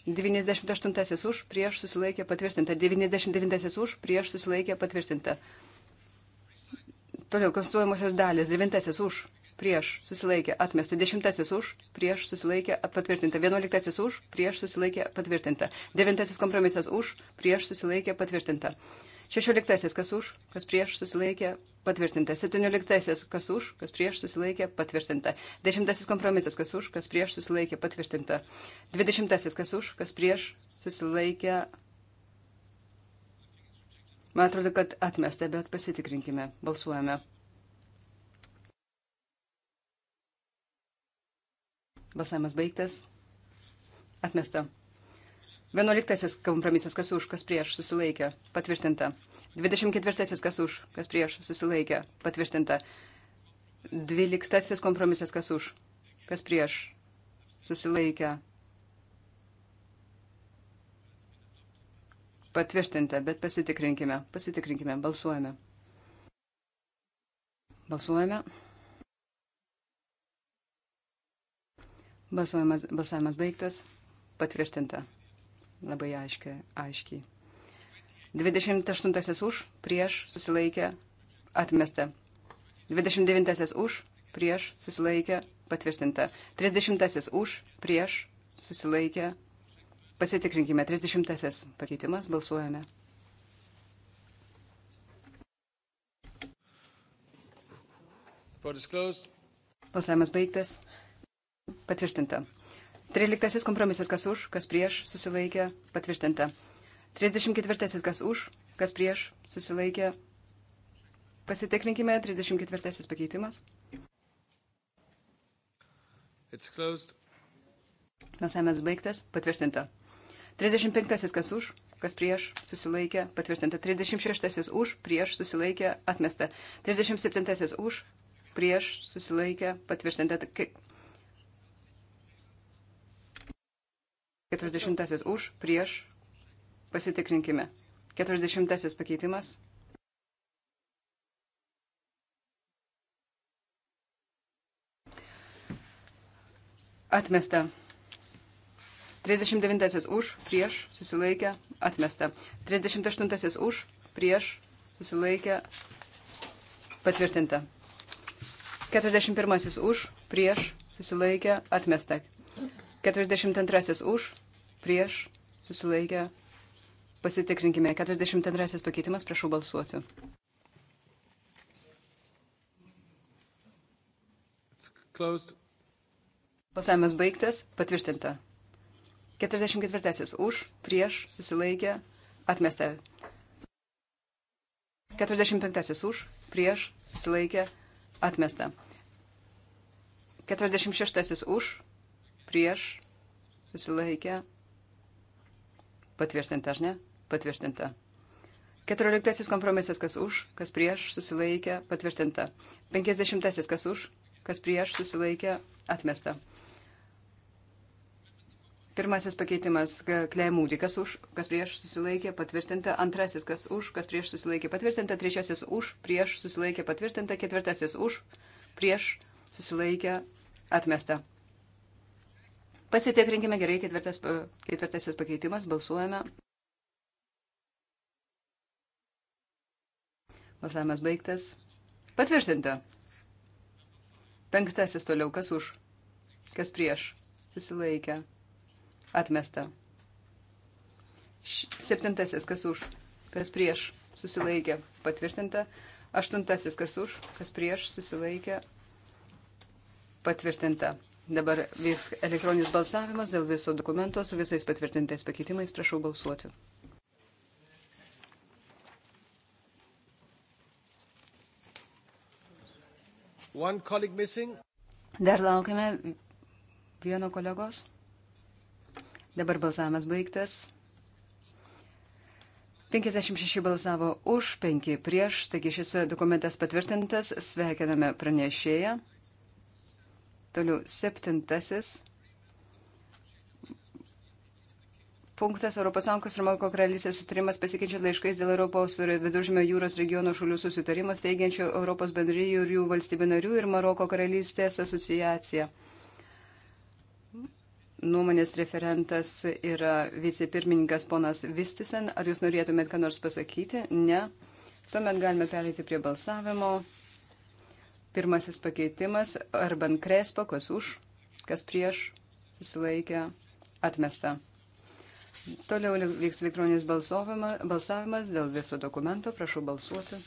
98 už, prieš, susilaikė. Patvirtinta. 99 už, prieš, susilaikė. Patvirtinta. Toliau konstruojamosios dalis. Devintasis už, prieš, susilaikė, atmesta. Dešimtasis už, prieš, susilaikė, patvirtinta. Vienuoliktasis už, prieš, susilaikė, patvirtinta. Devintasis kompromisas už, prieš, susilaikė, patvirtinta. Šešioliktasis kas už, kas prieš, susilaikė, patvirtinta. Septynioliktasis kas už, kas prieš, susilaikė, patvirtinta. Dešimtasis kompromisas kas už, kas prieš, susilaikė, patvirtinta. Dvidešimtasis kas už, kas prieš, susilaikė, patvirtinta. Man atrodo, kad atmesta, bet pasitikrinkime. Balsuojame. Balsavimas baigtas. Atmesta. Vienuoliktasis kompromisas, kas už, kas prieš, susilaikė. Patvirtinta. 24. kas už, kas prieš, susilaikė, patvirtinta. 12. kompromisas, kas už, kas prieš, susilaikė, patvirtinta, bet pasitikrinkime. Pasitikrinkime, balsuojame. Balsuojame. Balsuojamas, balsavimas baigtas. Patvirtinta. Labai aiškiai. aiškiai. 28 už, prieš, susilaikė, atmesta. 29 už, prieš, susilaikė, patvirtinta. 30 už, prieš, susilaikė, Pasitikrinkime. 30 pakeitimas. Balsuojame. Balsavimas baigtas. Patvirtinta. 13 kompromisas kas už, kas prieš, susilaikė, patvirtinta. 34 kas už, kas prieš, susilaikė. Pasitikrinkime 34 pakeitimas. Balsavimas baigtas, patvirtinta. 35 kas už, kas prieš, susilaikė, patvirtinta. 36 už, prieš, susilaikė, atmesta. 37 už, prieš, susilaikė, patvirtinta. 40 už, prieš, pasitikrinkime. 40 pakeitimas. Atmesta. 39 už, prieš, susilaikė, atmesta. 38 už, prieš, susilaikė, patvirtinta. 41 už, prieš, susilaikė, atmesta. 42 už, prieš, susilaikė, pasitikrinkime. 42 pakeitimas, prašau balsuoti. Balsavimas baigtas, patvirtinta. 44 už, prieš, susilaikė, atmesta. 45 už, prieš, susilaikė, atmesta. 46 už, prieš, susilaikė, patvirtinta, ar ne? Patvirtinta. 14 kompromisas, kas už, kas prieš, susilaikė, patvirtinta. 50 kas už, kas prieš, susilaikė, atmesta. Pirmasis pakeitimas kleimūdį, kas už, kas prieš susilaikė patvirtinta, antrasis, kas už, kas prieš susilaikė patvirtinta, trečiasis už, prieš susilaikė patvirtinta, ketvirtasis už, prieš susilaikė atmesta. Pasitikrinkime gerai, ketvirtas, ketvirtasis pakeitimas, balsuojame. Balsavimas baigtas. Patvirtinta. Penktasis toliau, kas už, kas prieš susilaikė. Atmesta. Septintasis, kas už, kas prieš, susilaikė, patvirtinta. Aštuntasis, kas už, kas prieš, susilaikė, patvirtinta. Dabar vis elektroninis balsavimas dėl viso dokumento su visais patvirtintais pakeitimais. Prašau balsuoti. Dar laukime vieno kolegos. Dabar balsavimas baigtas. 56 balsavo už, 5 prieš, taigi šis dokumentas patvirtintas, sveikiname pranešėją. Toliau septintasis punktas Europos Sąjungos ir Malko karalystės sutarimas pasikeičia laiškais dėl Europos ir Viduržmio jūros regiono šalių susitarimas teigiančių Europos bendryjų ir jų valstybių narių ir Maroko karalystės asociacija nuomonės referentas yra vicepirmininkas ponas Vistisen. Ar jūs norėtumėt ką nors pasakyti? Ne. Tuomet galime perėti prie balsavimo. Pirmasis pakeitimas. Arban Krespo, kas už, kas prieš, susilaikė, atmesta. Toliau vyks elektroninis balsavimas dėl viso dokumento. Prašau balsuoti.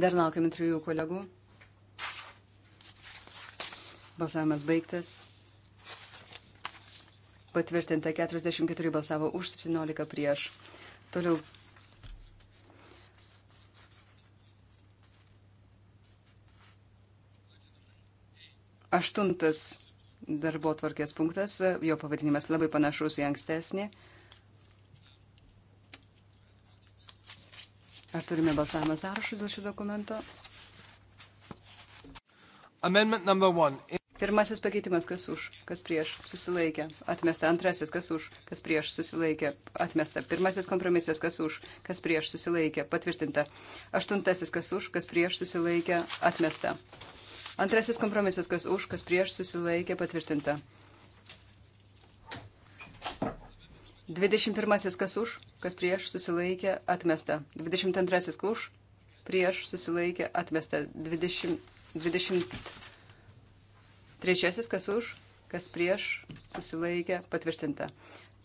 Dar laukiame trijų kolegų. Balsavimas baigtas. Patvirtinta 44 balsavo už 17 prieš. Toliau. Aštuntas darbo tvarkės punktas, jo pavadinimas labai panašus į ankstesnį. Ar turime balsavimo sąrašų dėl šio dokumento? Pirmasis pakeitimas, kas už, kas prieš, susilaikė, atmesta. Antrasis, kas už, kas prieš, susilaikė, atmesta. Pirmasis kompromisas, kas už, kas prieš, susilaikė, patvirtinta. Aštuntasis, kas už, kas prieš, susilaikė, atmesta. Antrasis kompromisas, kas už, kas prieš, susilaikė, patvirtinta. 21 kas už, kas prieš susilaikė atmesta. 22 kas už, prieš susilaikė atmesta. 20, 23 kas už, kas prieš susilaikė patvirtinta.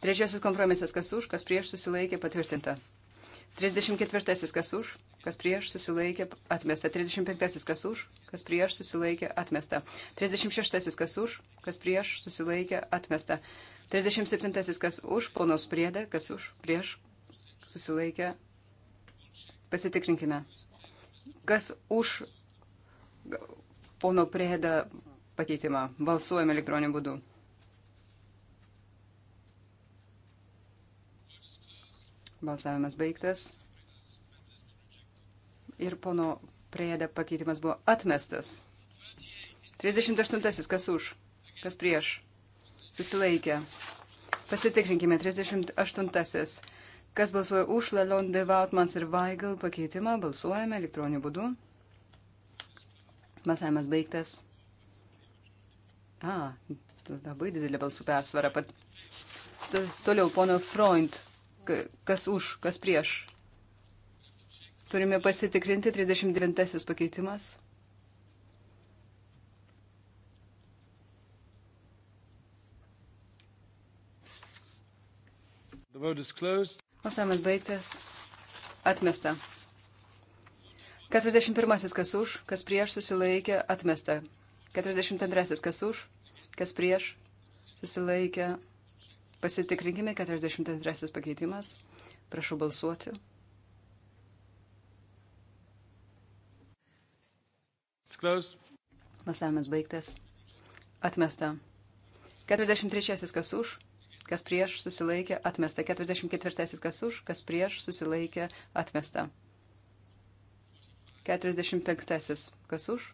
Trečiasis kompromisas kas už, kas prieš susilaikė patvirtinta. 34 kas už, kas prieš susilaikė atmesta. 35 kas už, kas prieš susilaikė atmesta. 36 kas už, kas prieš susilaikė atmesta. 37. Kas už, ponos priedė, kas už, prieš, susilaikė. Pasitikrinkime. Kas už pono priedą pakeitimą? Balsuojame elektroniniu būdu. Balsavimas baigtas. Ir pono priedą pakeitimas buvo atmestas. 38. Kas už? Kas prieš? susilaikė. Pasitikrinkime 38. Kas balsuoja už Lalonde Vautmans ir Weigel pakeitimą, balsuojame elektroniniu būdu. Balsavimas baigtas. A, labai didelė balsų persvara. Pat... Toliau, pono Freund, kas už, kas prieš. Turime pasitikrinti 39 pakeitimas. Balsavimas baigtas. Atmesta. 41. Kas už, kas prieš susilaikė, atmesta. 42. Kas už, kas prieš susilaikė. Pasitikrinkime 42. pakeitimas. Prašau balsuoti. Balsavimas baigtas. Atmesta. 43. Kas už, kas prieš susilaikė atmesta. 44 kas už, kas prieš susilaikė atmesta. 45 kas už,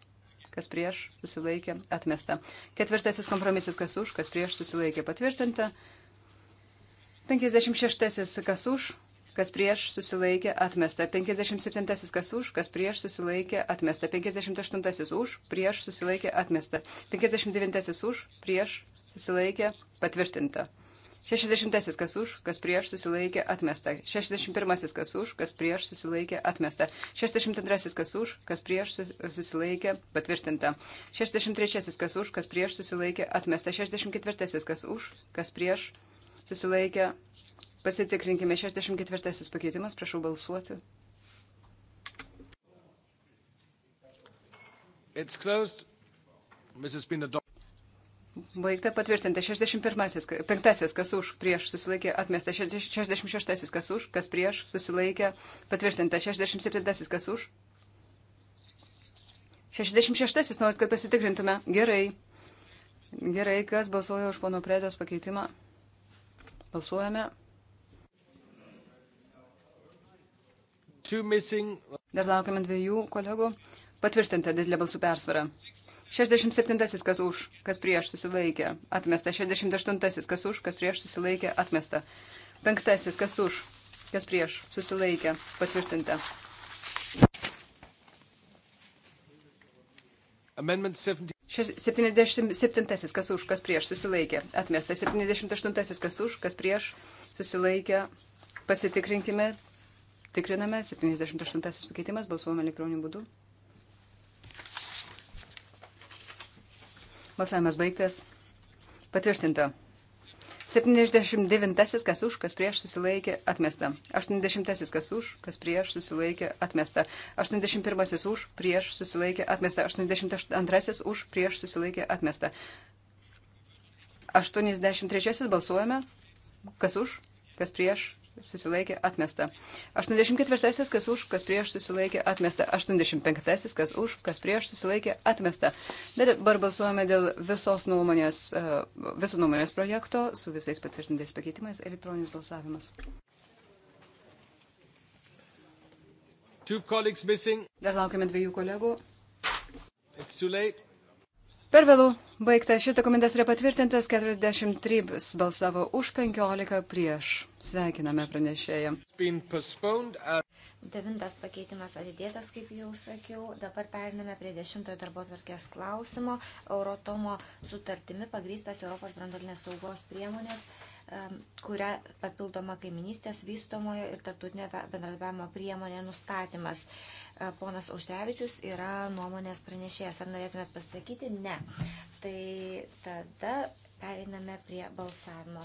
kas prieš susilaikė atmesta. Ketvirtasis kompromisas kas už, kas prieš susilaikė patvirtinta. 56 kas už, kas prieš susilaikė atmesta. 57 kas už, kas prieš susilaikė atmesta. 58 už, prieš susilaikė atmesta. 59 už, prieš susilaikė patvirtinta. 60 kas už, kas prieš susilaikė atmesta. 61 kas už, kas prieš susilaikė atmesta. 62 kas už, kas prieš susilaikė patvirtinta. 63 kas už, kas prieš susilaikė atmesta. 64 kas už, kas prieš susilaikė. Pasitikrinkime 64 pakeitimas, prašau balsuoti. It's closed. Mrs. Been adopted. Baigta patvirtinti. 61. Penktasis, kas už, prieš susilaikė, atmesta. 66. kas už, kas prieš susilaikė, patvirtinta. 67. kas už. 66. Norit, kad pasitikrintume. Gerai. Gerai, kas balsuoja už pono Predos pakeitimą. Balsuojame. Dar laukiame dviejų kolegų. Patvirtinta didelė balsų persvara. 67 kas už, kas prieš susilaikė, atmesta. 68 kas už, kas prieš susilaikė, atmesta. 5 kas už, kas prieš susilaikė, patvirtinta. Amendment 70. 77 kas už, kas prieš susilaikė, atmesta. 78 kas už, kas prieš susilaikė, pasitikrinkime. Tikriname 78 pakeitimas, balsuojame elektroniniu būdu. Balsavimas baigtas. Patvirtinta. 79 kas už, kas prieš susilaikė, atmesta. 80 kas už, kas prieš susilaikė, atmesta. 81 už, prieš susilaikė, atmesta. 82 už, prieš susilaikė, atmesta. 83 balsuojame, kas už, kas prieš susilaikė atmesta. 84. kas už, kas prieš susilaikė atmesta. 85. kas už, kas prieš susilaikė atmesta. Dabar balsuojame dėl visos nuomonės, e, viso nuomonės projekto su visais patvirtintais pakeitimais elektroninis balsavimas. Dar laukime dviejų kolegų. It's too late. Per vėlų baigta. Šis dokumentas yra patvirtintas 43 balsavo už 15 prieš. Sveikiname pranešėją. Uh, Devintas pakeitimas atidėtas, kaip jau sakiau. Dabar periname prie dešimtojo darbo tvarkės klausimo. Eurotomo sutartimi pagrystas Europos brandolinės saugos priemonės kuria papildoma kaiminystės vystomojo ir tarptautinio bendradarbiavimo priemonė nustatymas. E, ponas Auštrevičius yra nuomonės pranešėjas. Ar norėtumėt pasakyti? Ne. Tai tada pereiname prie balsavimo.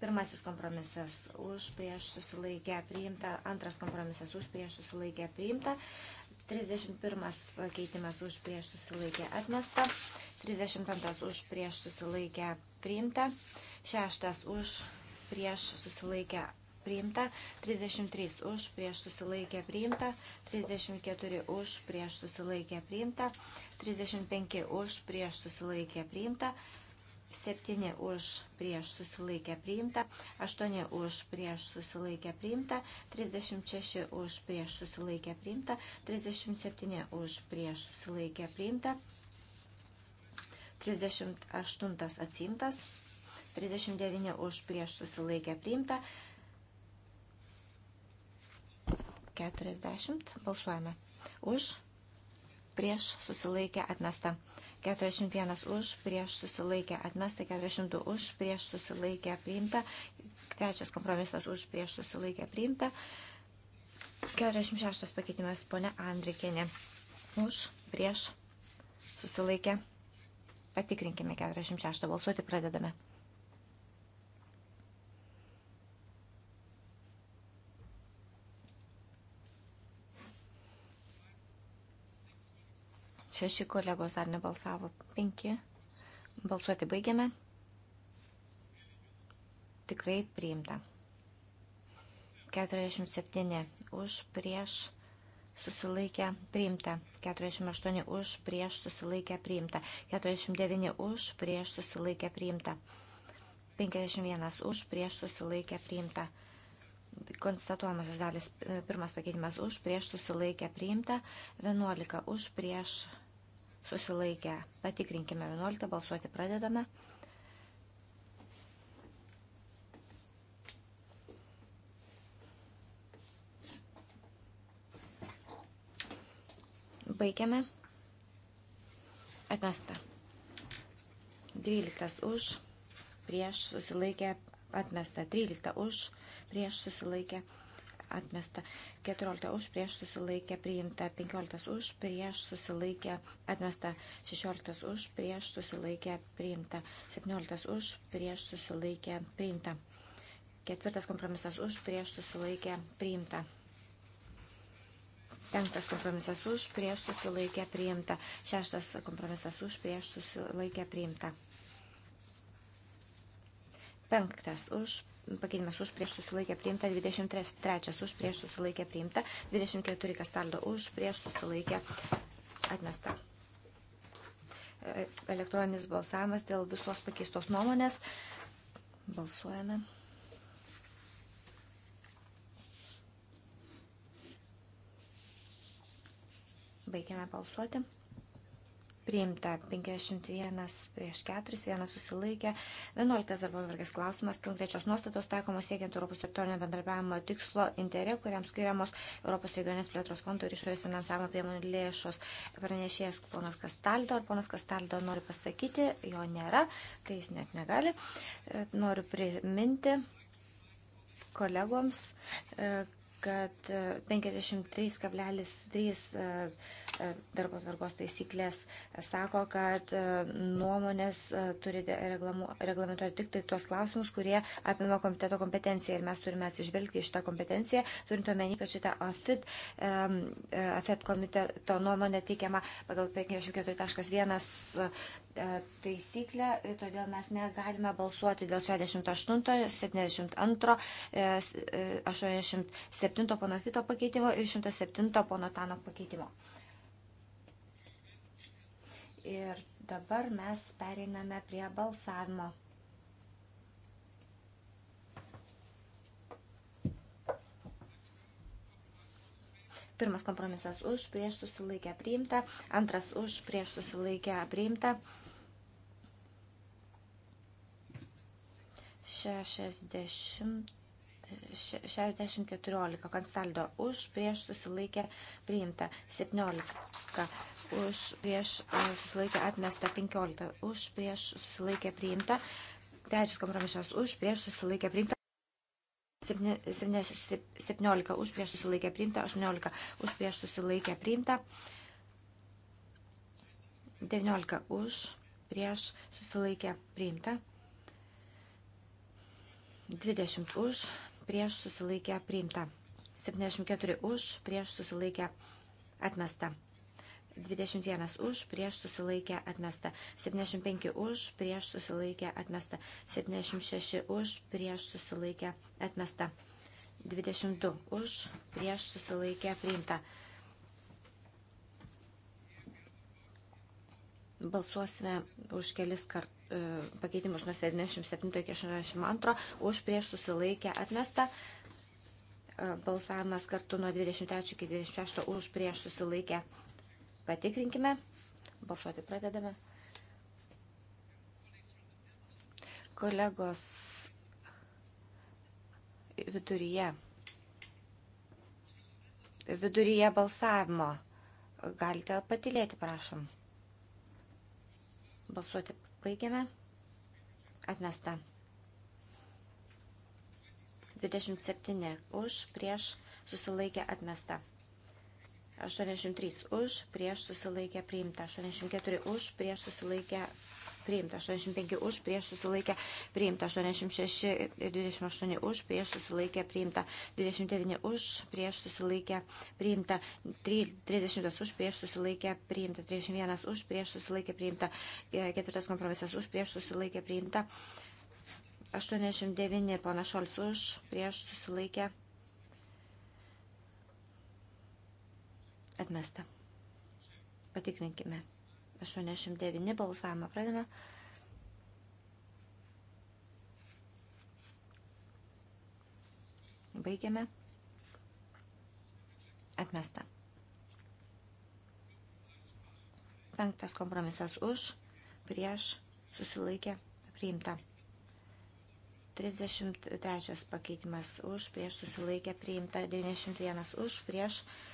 Pirmasis kompromisas už prieš susilaikę priimta, antras kompromisas už prieš susilaikę priimta, 31 pakeitimas už prieš susilaikę atmesta, 32 už prieš susilaikę priimta, 6 už prieš susilaikę priimta, 33 už, prieš susilaikė priimta, 34 už, prieš susilaikė priimta, 35 už, prieš susilaikė priimta, 7 už, prieš susilaikė priimta, 8 už, prieš susilaikė priimta, 36 už, prieš susilaikė priimta, 37 už, prieš susilaikė priimta. 38 atsimtas, 39 už prieš susilaikę priimta, 40. Balsuojame. Už, prieš susilaikę atmestą. 41 už, prieš susilaikę atmestą. 42 už, prieš susilaikę priimtą. Trečias kompromisas už, prieš susilaikę priimtą. 46 pakeitimas ponia Andrikinė. Už, prieš susilaikę. Patikrinkime 46. Balsuoti pradedame. Šeši kolegos dar nebalsavo. Penki. Balsuoti baigiame. Tikrai priimta. 47 už prieš susilaikę priimta, 48 už prieš susilaikę priimta, 49 už prieš susilaikę priimta, 51 už prieš susilaikę priimta. Konstatuojamosios dalis e, pirmas pakeitimas už prieš susilaikę priimta, 11 už prieš susilaikę. Patikrinkime 11, balsuoti pradedame. Baigiame. Atmesta. 12 už, prieš susilaikę, atmesta. 13 už, prieš susilaikę, atmesta atmesta, 14 už prieš susilaikė priimta, 15 už prieš susilaikė atmesta, 16 už prieš susilaikė priimta, 17 už prieš susilaikė priimta, 4 kompromisas už prieš susilaikė priimta. Penktas kompromisas už, prieš susilaikė priimta. Šeštas kompromisas už, prieš susilaikė priimta. Penktas už, pakeitimas už prieš susilaikę priimta, 23 už prieš susilaikę priimta, 24 kastaldo už prieš susilaikę atmesta. E, elektroninis balsavimas dėl visos pakeistos nuomonės. Balsuojame. Baigiame balsuoti priimta 51 prieš 4, 1 susilaikė. 11 darbo tvarkės klausimas, konkrečios nuostatos taikomos siekiant Europos sektorinio bendradarbiavimo tikslo interė, kuriam skiriamos Europos regionės plėtros fondo ir išorės finansavimo priemonių lėšos. Pranešėjas ponas Kastaldo, ar ponas Kastaldo nori pasakyti, jo nėra, tai jis net negali. E, noriu priminti kolegoms, e, kad 53,3 e, e, e, darbo tvarkos taisyklės sako, kad nuomonės turi reglamentuoti tik tai tuos klausimus, kurie apima komiteto kompetenciją ir mes turime atsižvelgti į šitą kompetenciją, turint omeny, kad šitą AFIT, AFIT komiteto nuomonę teikiama pagal 54.1 E, taisyklę, e, todėl mes negalime balsuoti dėl 68, 72, 87 pono kito pakeitimo ir 107 pono Tano pakeitimo. Ir dabar mes pereiname prie balsavimo. Pirmas kompromisas už, prieš susilaikę priimta, antras už, prieš susilaikę priimta. 60. 60-14 Konstaldo už prieš susilaikė priimta 17 už prieš e, susilaikė atmesta 15 už prieš susilaikė priimta trečias kompromisas už prieš susilaikė priimta 17 už prieš susilaikė priimta 18 už prieš susilaikė priimta 19 už prieš susilaikė priimta 20 už, prieš susilaikę priimta. 74 už, prieš susilaikę atmesta. 21 už, prieš susilaikę atmesta. 75 už, prieš susilaikę atmesta. 76 už, prieš susilaikę atmesta. 22 už, prieš susilaikę priimta. Balsuosime už kelis kartus. E, pakeitimus nuo 77 iki 82 už prieš susilaikę atmestą. E, balsavimas kartu nuo 23 iki 26 už prieš susilaikę. Patikrinkime. Balsuoti pradedame. Kolegos viduryje. Viduryje balsavimo. Galite patilėti, prašom. Balsuoti Baigiame. Atmesta. 27 už, prieš susilaikė atmesta. 83 už, prieš susilaikė priimta. 84 už, prieš susilaikė priimta, 85 už, prieš susilaikė priimta, 86 ir 28 už, prieš susilaikė priimta, 29 už, prieš susilaikė priimta, 30 už, prieš susilaikė priimta, 31 už, prieš susilaikė priimta, 4 e, kompromisas už, prieš susilaikė priimta, 89 panašolis už, prieš susilaikė atmesta. Patikrinkime. 89 balsavimą pradame. Baigiame. Atmesta. Penktas kompromisas už, prieš, susilaikė, priimta. 33 pakeitimas už, prieš, susilaikė, priimta. 91 už, prieš, susilaikė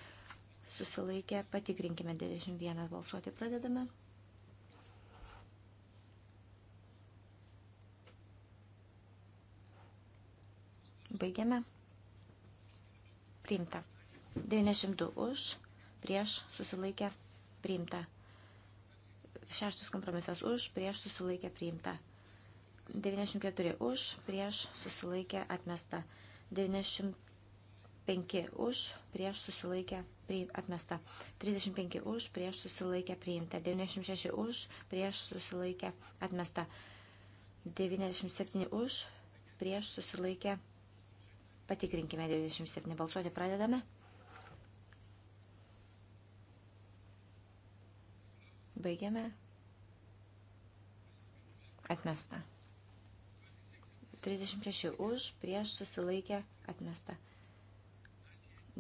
susilaikė, patikrinkime 21 balsuoti pradedame. Baigiame. Priimta. 92 už, prieš susilaikė, priimta. Šeštas kompromisas už, prieš susilaikė, priimta. 94 už, prieš susilaikė, atmesta. 95 už, prieš susilaikė, priimta atmesta. 35 už, prieš susilaikę priimta. 96 už, prieš susilaikę atmesta. 97 už, prieš susilaikę. Patikrinkime 97 balsuoti, pradedame. Baigiame. Atmesta. 36 už, prieš susilaikę atmesta.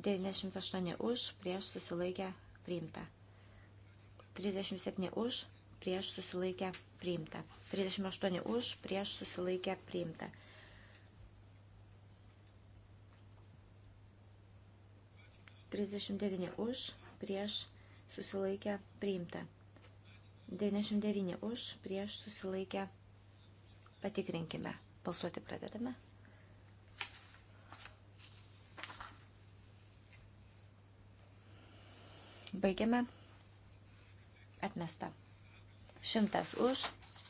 98 už, prieš susilaikę priimta. 37 už, prieš susilaikę priimta. 38 už, prieš susilaikę priimta. Trisdešimt devyni už, prieš susilaikę priimta. 99 už, prieš susilaikę patikrinkime. Balsuoti pradedame. Baigiame. Atmesta. Šimtas už,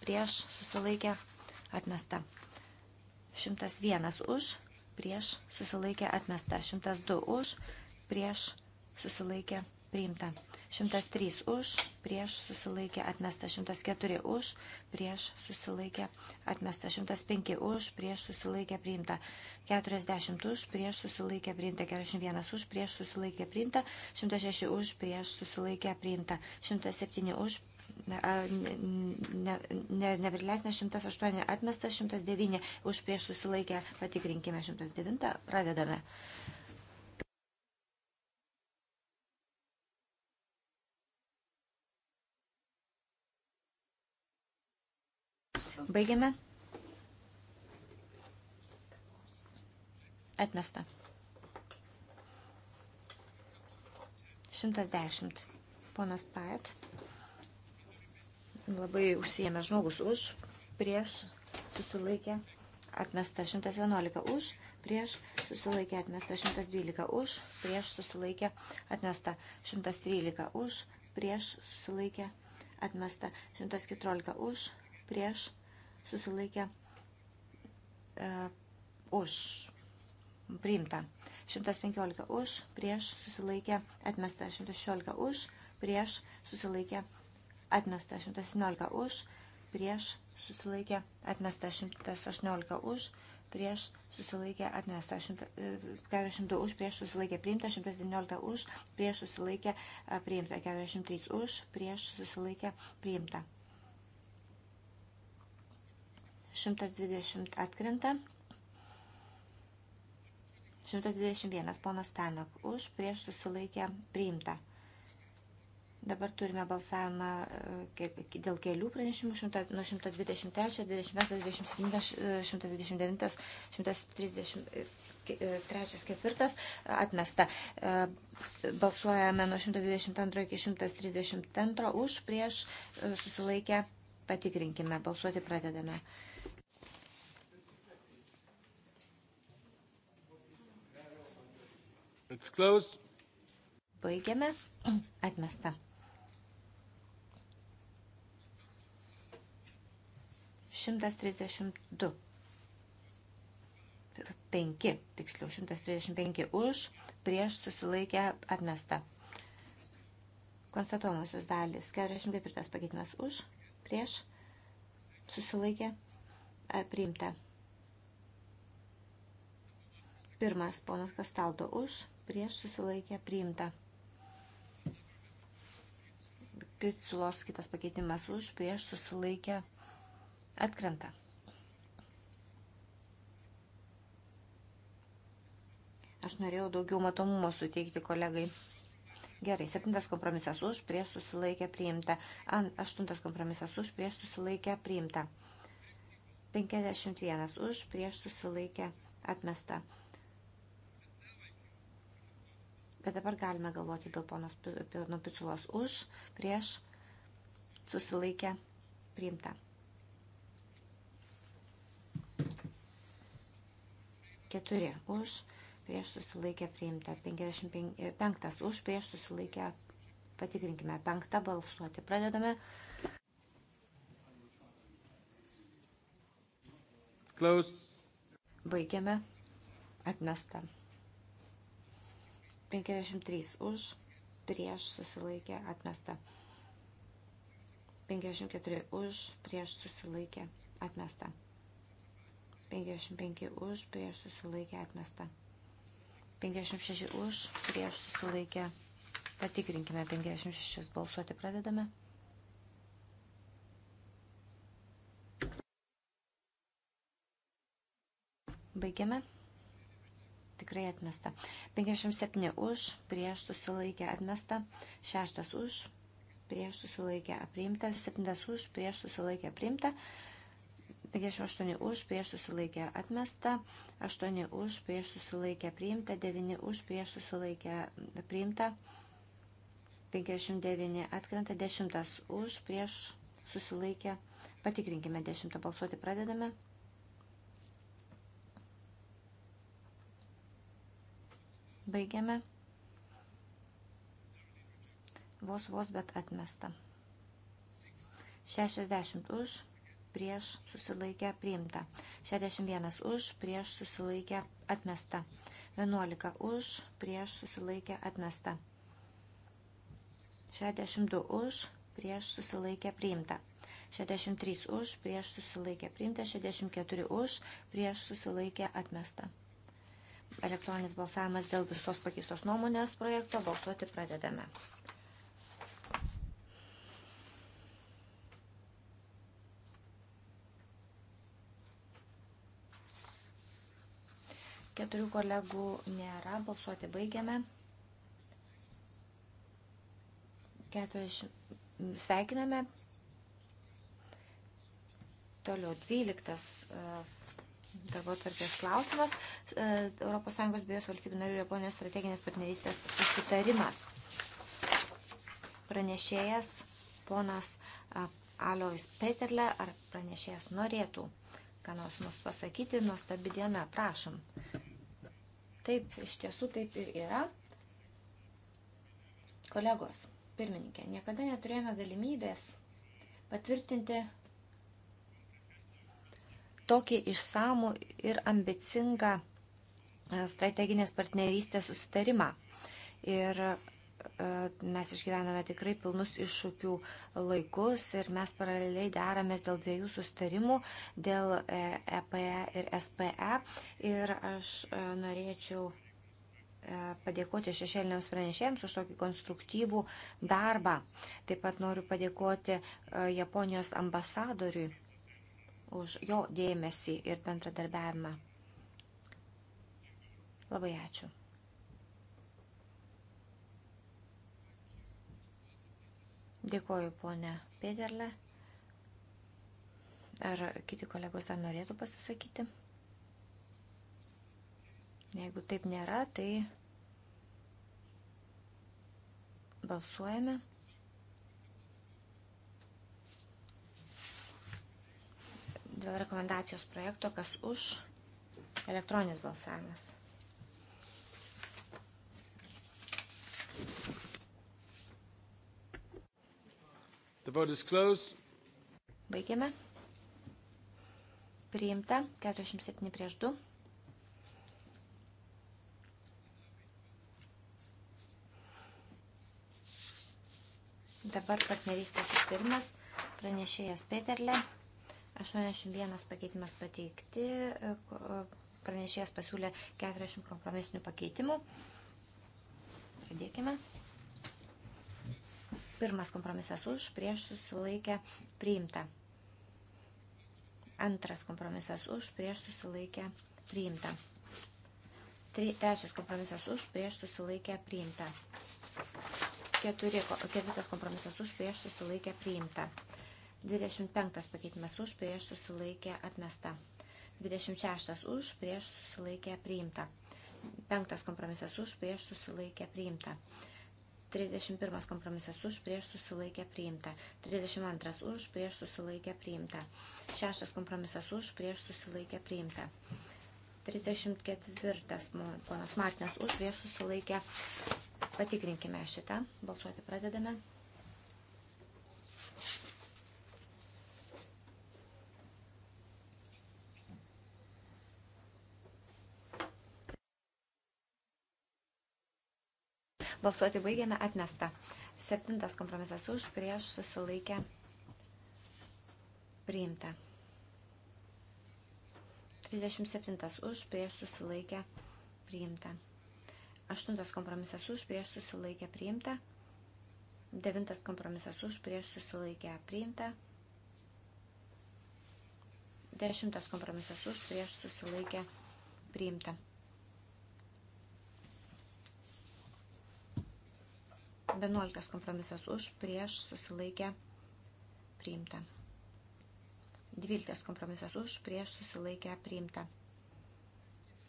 prieš susilaikę atmesta. Šimtas vienas už, prieš susilaikę atmesta. Šimtas du už, prieš susilaikę priimta. 103 už, prieš susilaikė atmesta 104 už, prieš susilaikė atmesta 105 už, prieš susilaikė priimta 40 už, prieš susilaikė priimta 41 už, prieš susilaikė priimta 106 už, prieš susilaikė priimta 107 už, nevirlesnė 108 atmesta 109 už, prieš susilaikė patikrinkime 109, pradedame. Baigiame. Atmesta. 110. Ponas Paet. Labai užsijėmė žmogus už, prieš, susilaikė, atmesta 111 už, prieš, susilaikė, atmesta 112 už, prieš, susilaikė, atmesta 113 už, prieš, susilaikė, atmesta 114 už, prieš, susilaikė e, už priimta. 115 už, prieš susilaikė atmesta. 116 už, prieš susilaikė atmesta. 117 už, prieš susilaikė atmesta. 118 už, prieš susilaikė atmesta. 42 už, prieš susilaikė priimta. 119 už, prieš susilaikė priimta. 43 už, prieš susilaikė priimta. 120 atkrenta. 121 ponas Stanok už prieš susilaikę priimta. Dabar turime balsavimą e, dėl kelių pranešimų nuo 123, 21, 27, 129, 133, 4 atmesta. E, balsuojame nuo 122 iki 132 už prieš e, susilaikę patikrinkime. Balsuoti pradedame. Baigiame. Atmesta. Šimtas trisdešimt du. Tai penki, tiksliau, šimtas trisdešimt penki už, prieš susilaikę atmesta. Konstatuomosios dalis. 44 pakeitimas už, prieš susilaikė priimta. Pirmas ponas Kastaldo už, prieš susilaikė priimta. Pitsulos kitas pakeitimas už prieš susilaikė atkrenta. Aš norėjau daugiau matomumo suteikti kolegai. Gerai, septintas kompromisas už, prieš susilaikę priimta. Ant, aštuntas kompromisas už, prieš susilaikę priimta. 51 už, prieš susilaikę atmesta. Bet dabar galime galvoti dėl ponos Pino Piculos už, prieš, susilaikę, priimta. Keturi už, prieš susilaikę priimta. 55 e, už, prieš susilaikę patikrinkime. Penktą balsuoti. Pradedame. Closed. Baigiame. Atmesta. 53 už, prieš susilaikė atmesta. 54 už, prieš susilaikė atmesta. 55 už, prieš susilaikė atmesta. 56 už, prieš susilaikė. Patikrinkime 56, balsuoti pradedame. Baigiame tikrai atmesta. 57 už, prieš susilaikė atmesta, 6 už, prieš susilaikė priimta, 7 už, prieš susilaikė priimta, 58 už, prieš susilaikė atmesta, 8 už, prieš susilaikė priimta, 9 už, prieš susilaikė priimta, 59 atkrenta, 10 už, prieš susilaikė. Patikrinkime 10 balsuoti, pradedame. Baigiame. Vos, vos, bet atmesta. 60 už, prieš susilaikę priimta. 61 už, prieš susilaikę atmesta. 11 už, prieš susilaikę atmesta. 62 už, prieš susilaikę priimta. 63 už, prieš susilaikę priimta, 64 už, prieš susilaikę atmesta. Elektroninis balsavimas dėl visos pakeistos nuomonės projekto. Balsuoti pradedame. Keturių kolegų nėra. Balsuoti baigiame. 40. Sveikiname. Toliau 12 tavo tarties klausimas ES bei jos valstybių narių ir Japonijos strateginės partnerystės susitarimas. Pranešėjas ponas Alois Peterle ar pranešėjas norėtų ką nors mus pasakyti, nuostabi diena, prašom. Taip, iš tiesų taip ir yra. Kolegos, pirmininkė, niekada neturėjome galimybės patvirtinti tokį išsamų ir ambicingą e, strateginės partnerystės susitarimą. Ir e, mes išgyvename tikrai pilnus iššūkių laikus ir mes paraleliai deramės dėl dviejų sustarimų, dėl EPE e ir SPE. Ir aš norėčiau padėkoti šešėliniams pranešėjams už tokį konstruktyvų darbą. Taip pat noriu padėkoti Japonijos ambasadoriui už jo dėmesį ir bendradarbiavimą. Labai ačiū. Dėkuoju, ponė Pėderle. Ar kiti kolegos dar norėtų pasisakyti? Jeigu taip nėra, tai balsuojame. dėl rekomendacijos projekto, kas už elektroninis balsavimas. The vote is closed. Baigiame. Priimta 47 prieš 2. Dabar partnerystės sustarimas pranešėjas Peterle. 81 pakeitimas pateikti, pranešėjas pasiūlė 40 kompromisinių pakeitimų. Pradėkime. Pirmas kompromisas už, prieš susilaikę priimta. Antras kompromisas už, prieš susilaikę priimta. Tre, trečias kompromisas už, prieš susilaikę priimta. Keturi, ketvirtas kompromisas už, prieš susilaikę priimta. 25 pakeitimas už, prieš susilaikė atmesta. 26 už, prieš susilaikė priimta. 5 kompromisas už, prieš susilaikė priimta. 31 kompromisas už, prieš susilaikė priimta. 32 už, prieš susilaikė priimta. 6 kompromisas už, prieš susilaikė priimta. 34 ponas Martinas už, prieš susilaikė. Patikrinkime šitą. Balsuoti pradedame. Balsuoti baigėme atmesta. Septintas kompromisas už, prieš susilaikę priimta. 37 už, prieš susilaikę priimta. Aštuntas kompromisas už, prieš susilaikę priimta. Devintas kompromisas už, prieš susilaikę priimta. Dešimtas kompromisas už, prieš susilaikę priimta. 11 kompromisas už, prieš, susilaikė, priimta. 12 kompromisas už, prieš, susilaikė, priimta.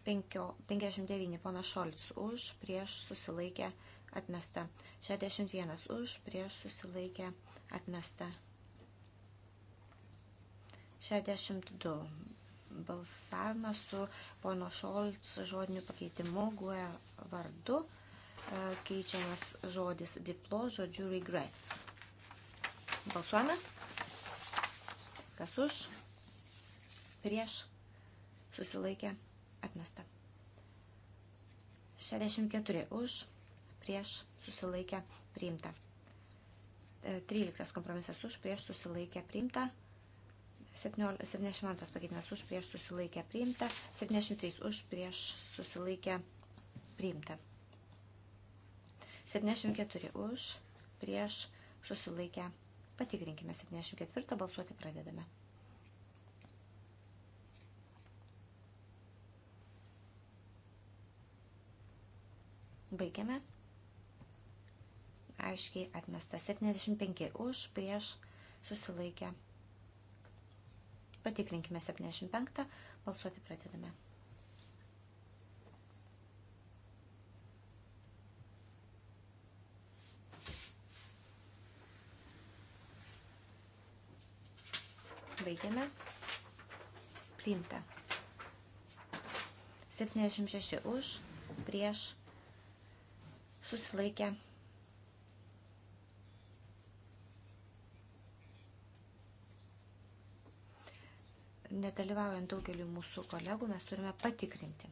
59 ponas Šolts už, prieš, susilaikė, atmesta. 61 už, prieš, susilaikė, atmesta. 62 balsavimas su pono Šolts žodiniu pakeitimu guoja e vardu. E, keičiamas žodis diplo žodžiu regrets. Balsuojame. Kas už? Prieš. Susilaikė. Atmesta. 64 už. Prieš. Susilaikė. Priimta. 13 e, kompromisas už. Prieš. Susilaikė. Priimta. 72 pakeitimas už. Prieš. Susilaikė. Priimta. 73 už. Prieš. Susilaikė. Priimta. 74 už, prieš, susilaikę. Patikrinkime 74, balsuoti pradedame. Baigiame. Aiškiai atmesta 75 už, prieš, susilaikę. Patikrinkime 75, balsuoti pradedame. Baigiame. Priimta. 76 už, prieš, susilaikę. Nedalyvaujant daugeliu mūsų kolegų, mes turime patikrinti.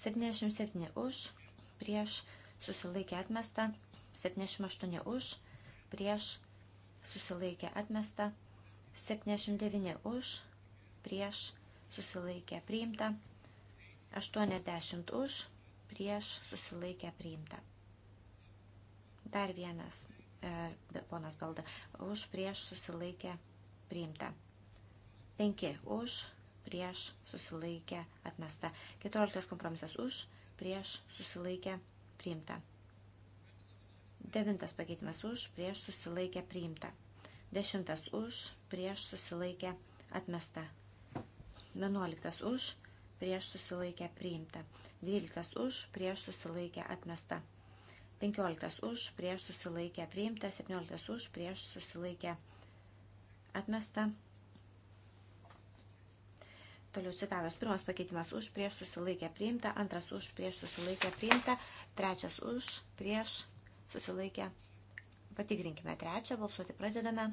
77 už, prieš susilaikė atmesta, 78 už, prieš susilaikė atmesta, 79 už, prieš susilaikė priimta, 80 už, prieš susilaikė priimta. Dar vienas, e, ponas Balda, už prieš susilaikė priimta. 5 už, prieš susilaikę atmesta. 14 kompromisas už, prieš susilaikę priimta. 9 pakeitimas už, prieš susilaikę priimta. 10 už, prieš susilaikę atmesta. 11 už, prieš susilaikę priimta. 12 už, prieš susilaikę atmesta. 15 už, prieš susilaikę priimta. 17 už, prieš susilaikę atmesta. Toliau citatos. Pirmas pakeitimas už, prieš susilaikę priimta, antras už, prieš susilaikę priimta, trečias už, prieš susilaikę. Patikrinkime trečią, balsuoti pradedame.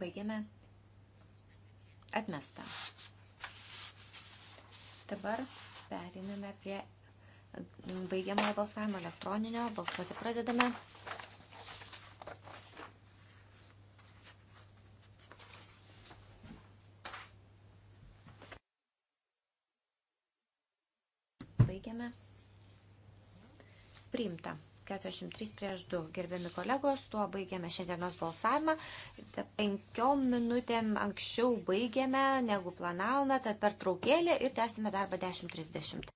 Baigiame. Atmesta. Dabar periname prie baigiamojo balsavimo elektroninio. Balsuoti pradedame. priimta. 43 prieš 2. Gerbiami kolegos, tuo baigėme šiandienos balsavimą. Penkiom minutėm anksčiau baigėme, negu planavome, tad per traukėlį ir tęsime darbą 10.30.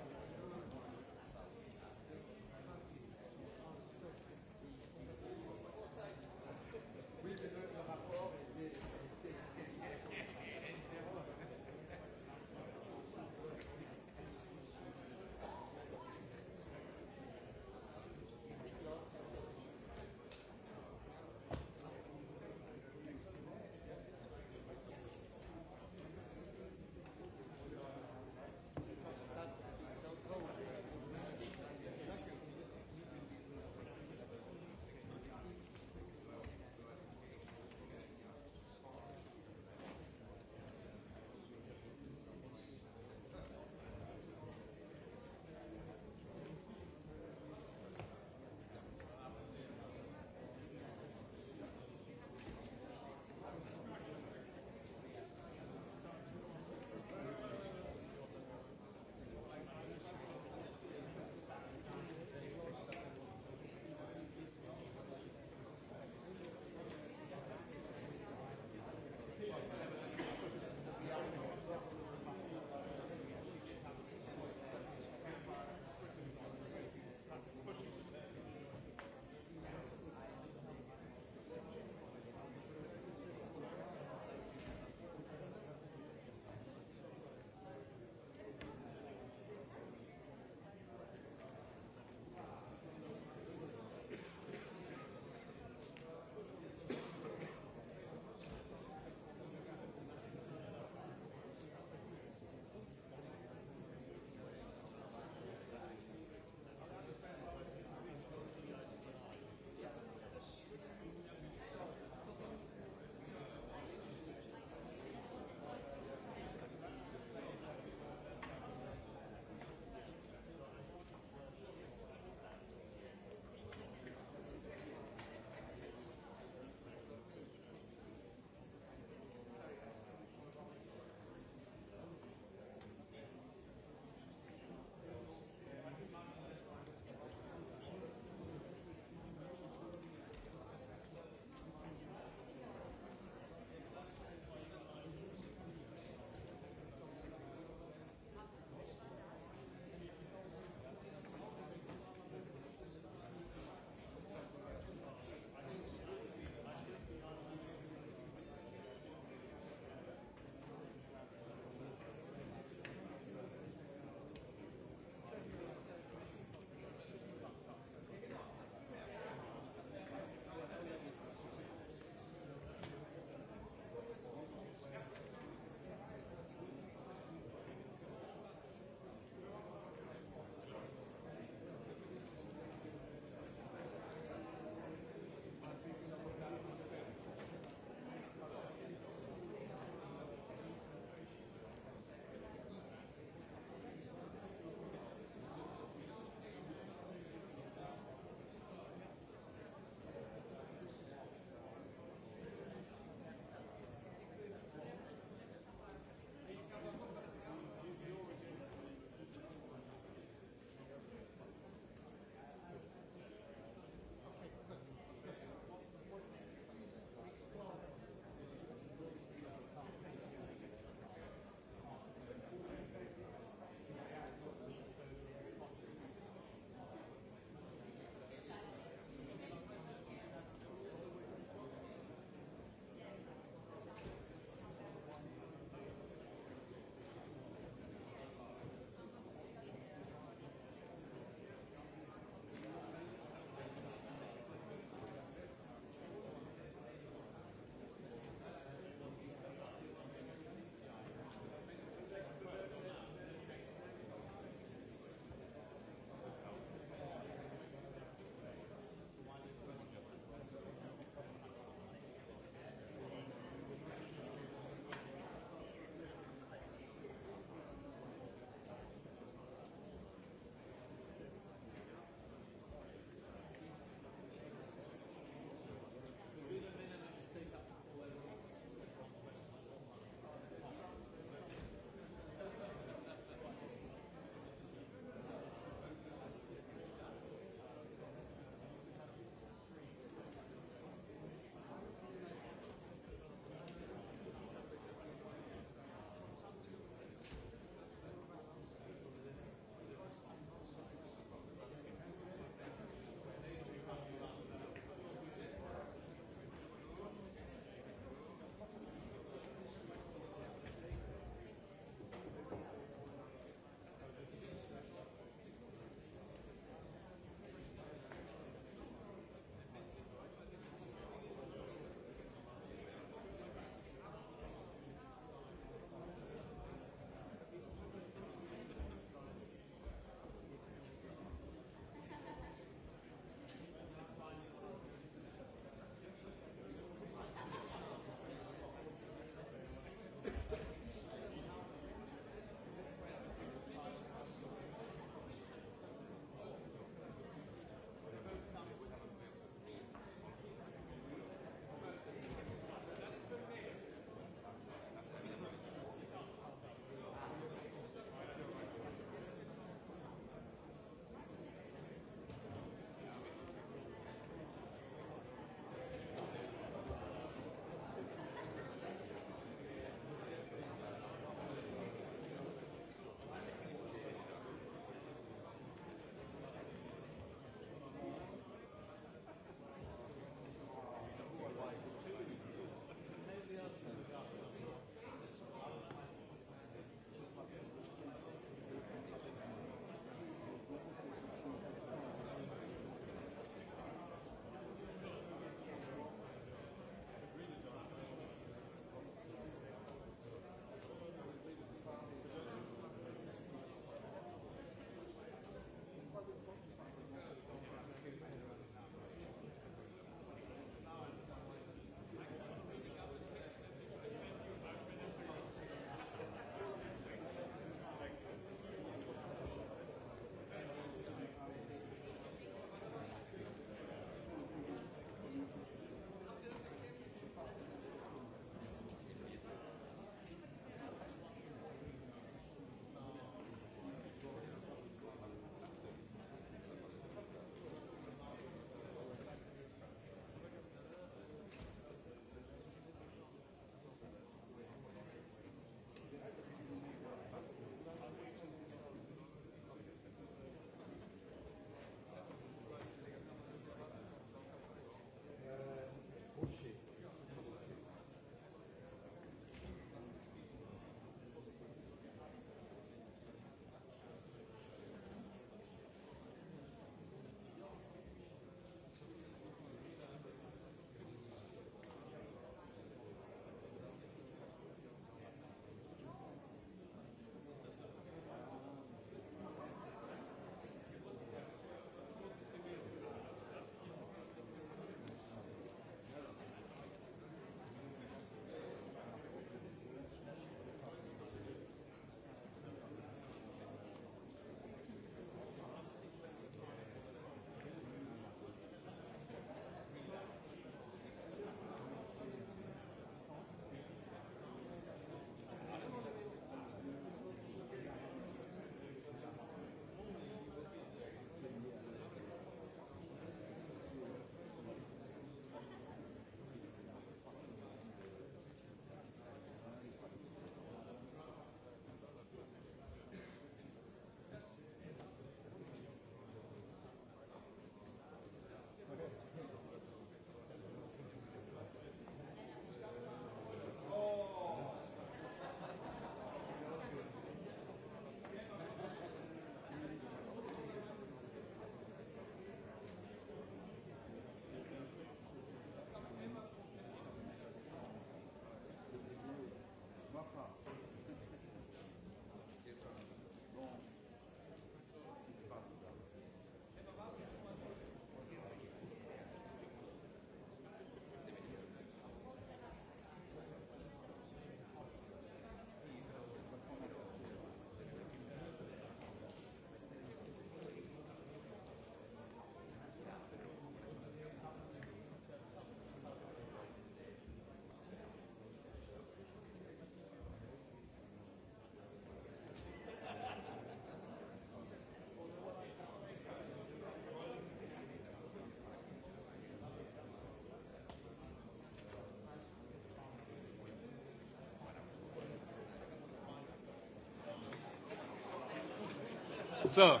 So.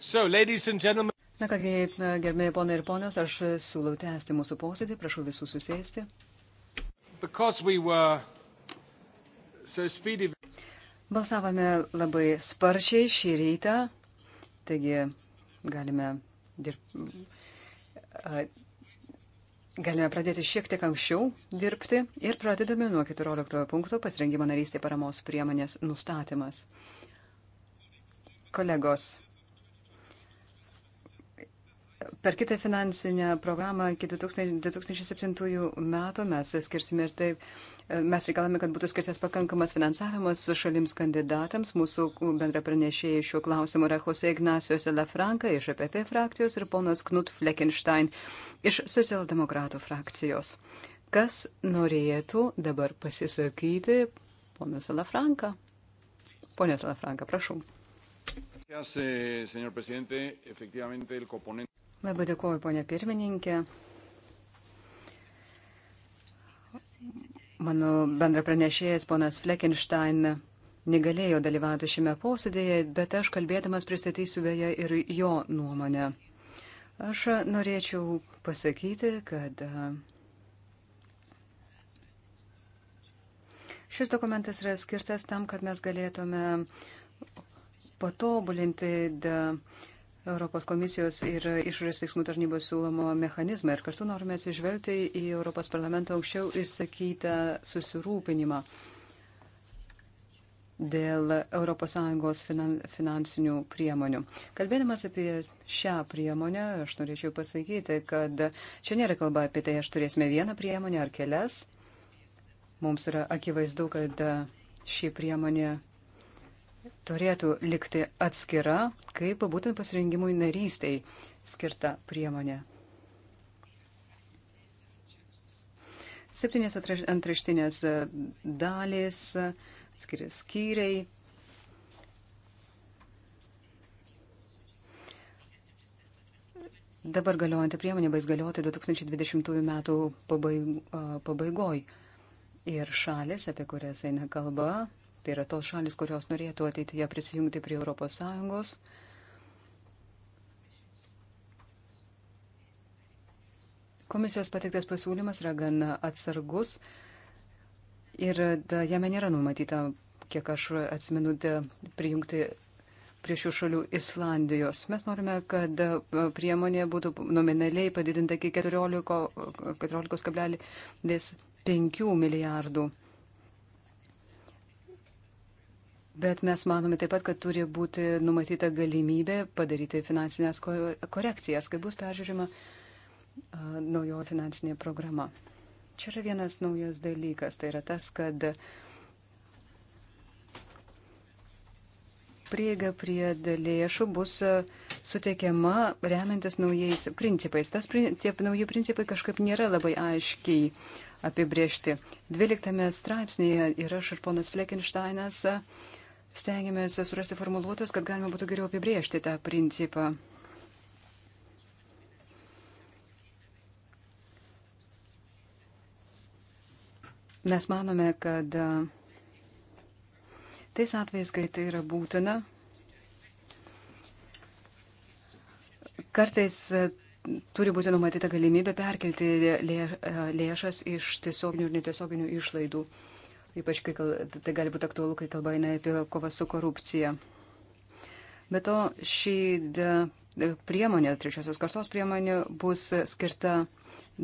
So, ladies and gentlemen. Na kągi, gerbėjai ponai ir ponios, aš siūlau tęsti mūsų posėdį, prašau visus susėsti. Because we were Balsavome labai sparčiai šį rytą, taigi galime, dirb... galime pradėti šiek tiek anksčiau dirbti ir pradedame nuo 14 punkto pasirengimo narystė paramos priemonės nustatymas. Kolegos, Per kitą finansinę programą iki 2007 metų mes skirsime ir taip, mes reikalame, kad būtų skirtas pakankamas finansavimas šalims kandidatams. Mūsų bendra pranešėjai šiuo klausimu yra Jose Ignacijos Elafranka iš APP e frakcijos ir ponas Knut Fleckenstein iš socialdemokratų frakcijos. Kas norėtų dabar pasisakyti, ponas Elafranka? Ponas Elafranka, prašau. Gracias, eh, señor presidente. Efectivamente, el componente. Labai dėkuoju, ponė pirmininkė. Mano bendra pranešėjas, ponas Fleckenstein, negalėjo dalyvauti šiame posėdėje, bet aš kalbėdamas pristatysiu beje ir jo nuomonę. Aš norėčiau pasakyti, kad uh, šis dokumentas yra skirtas tam, kad mes galėtume patobulinti Europos komisijos ir išorės veiksmų tarnybos siūlomo mechanizmą ir kartu norime atsižvelgti į Europos parlamento anksčiau išsakytą susirūpinimą dėl ES finansinių priemonių. Kalbėdamas apie šią priemonę, aš norėčiau pasakyti, kad čia nėra kalba apie tai, aš turėsime vieną priemonę ar kelias. Mums yra akivaizdu, kad ši priemonė turėtų likti atskira, kaip būtent pasirengimui narystiai skirta priemonė. Septynės antraštinės e, dalys, skiri skyriai. Dabar galiojanti priemonė bais galioti 2020 m. Pabaig, e, pabaigoj. Ir šalis, apie kurias eina kalba, Tai yra tos šalis, kurios norėtų ateityje prisijungti prie ES. Komisijos pateiktas pasiūlymas yra gana atsargus ir da, jame nėra numatyta, kiek aš atsimenu, prijungti prie šių šalių Islandijos. Mes norime, kad priemonė būtų nominaliai padidinta iki 14,5 14, milijardų. 14 Bet mes manome taip pat, kad turi būti numatyta galimybė padaryti finansinės korekcijas, kai bus peržiūrima naujo finansinė programa. Čia yra vienas naujas dalykas, tai yra tas, kad prieiga prie lėšų bus suteikiama remiantis naujais principais. Tas, tie nauji principai kažkaip nėra labai aiškiai apibriežti. 12 straipsnėje yra Šarponas Fleckensteinas. Uh, stengiamės surasti formuluotus, kad galima būtų geriau apibriežti tą principą. Mes manome, kad e, tais atvejais, kai tai yra būtina, kartais e, turi būti numatyta galimybė perkelti lė, e, lėšas iš tiesioginių ir netiesioginių išlaidų. Ypač, kai tai gali būti aktualu, kai kalba eina apie kovą su korupcija. Be to, šį priemonę, trečiosios kartos priemonė, bus skirta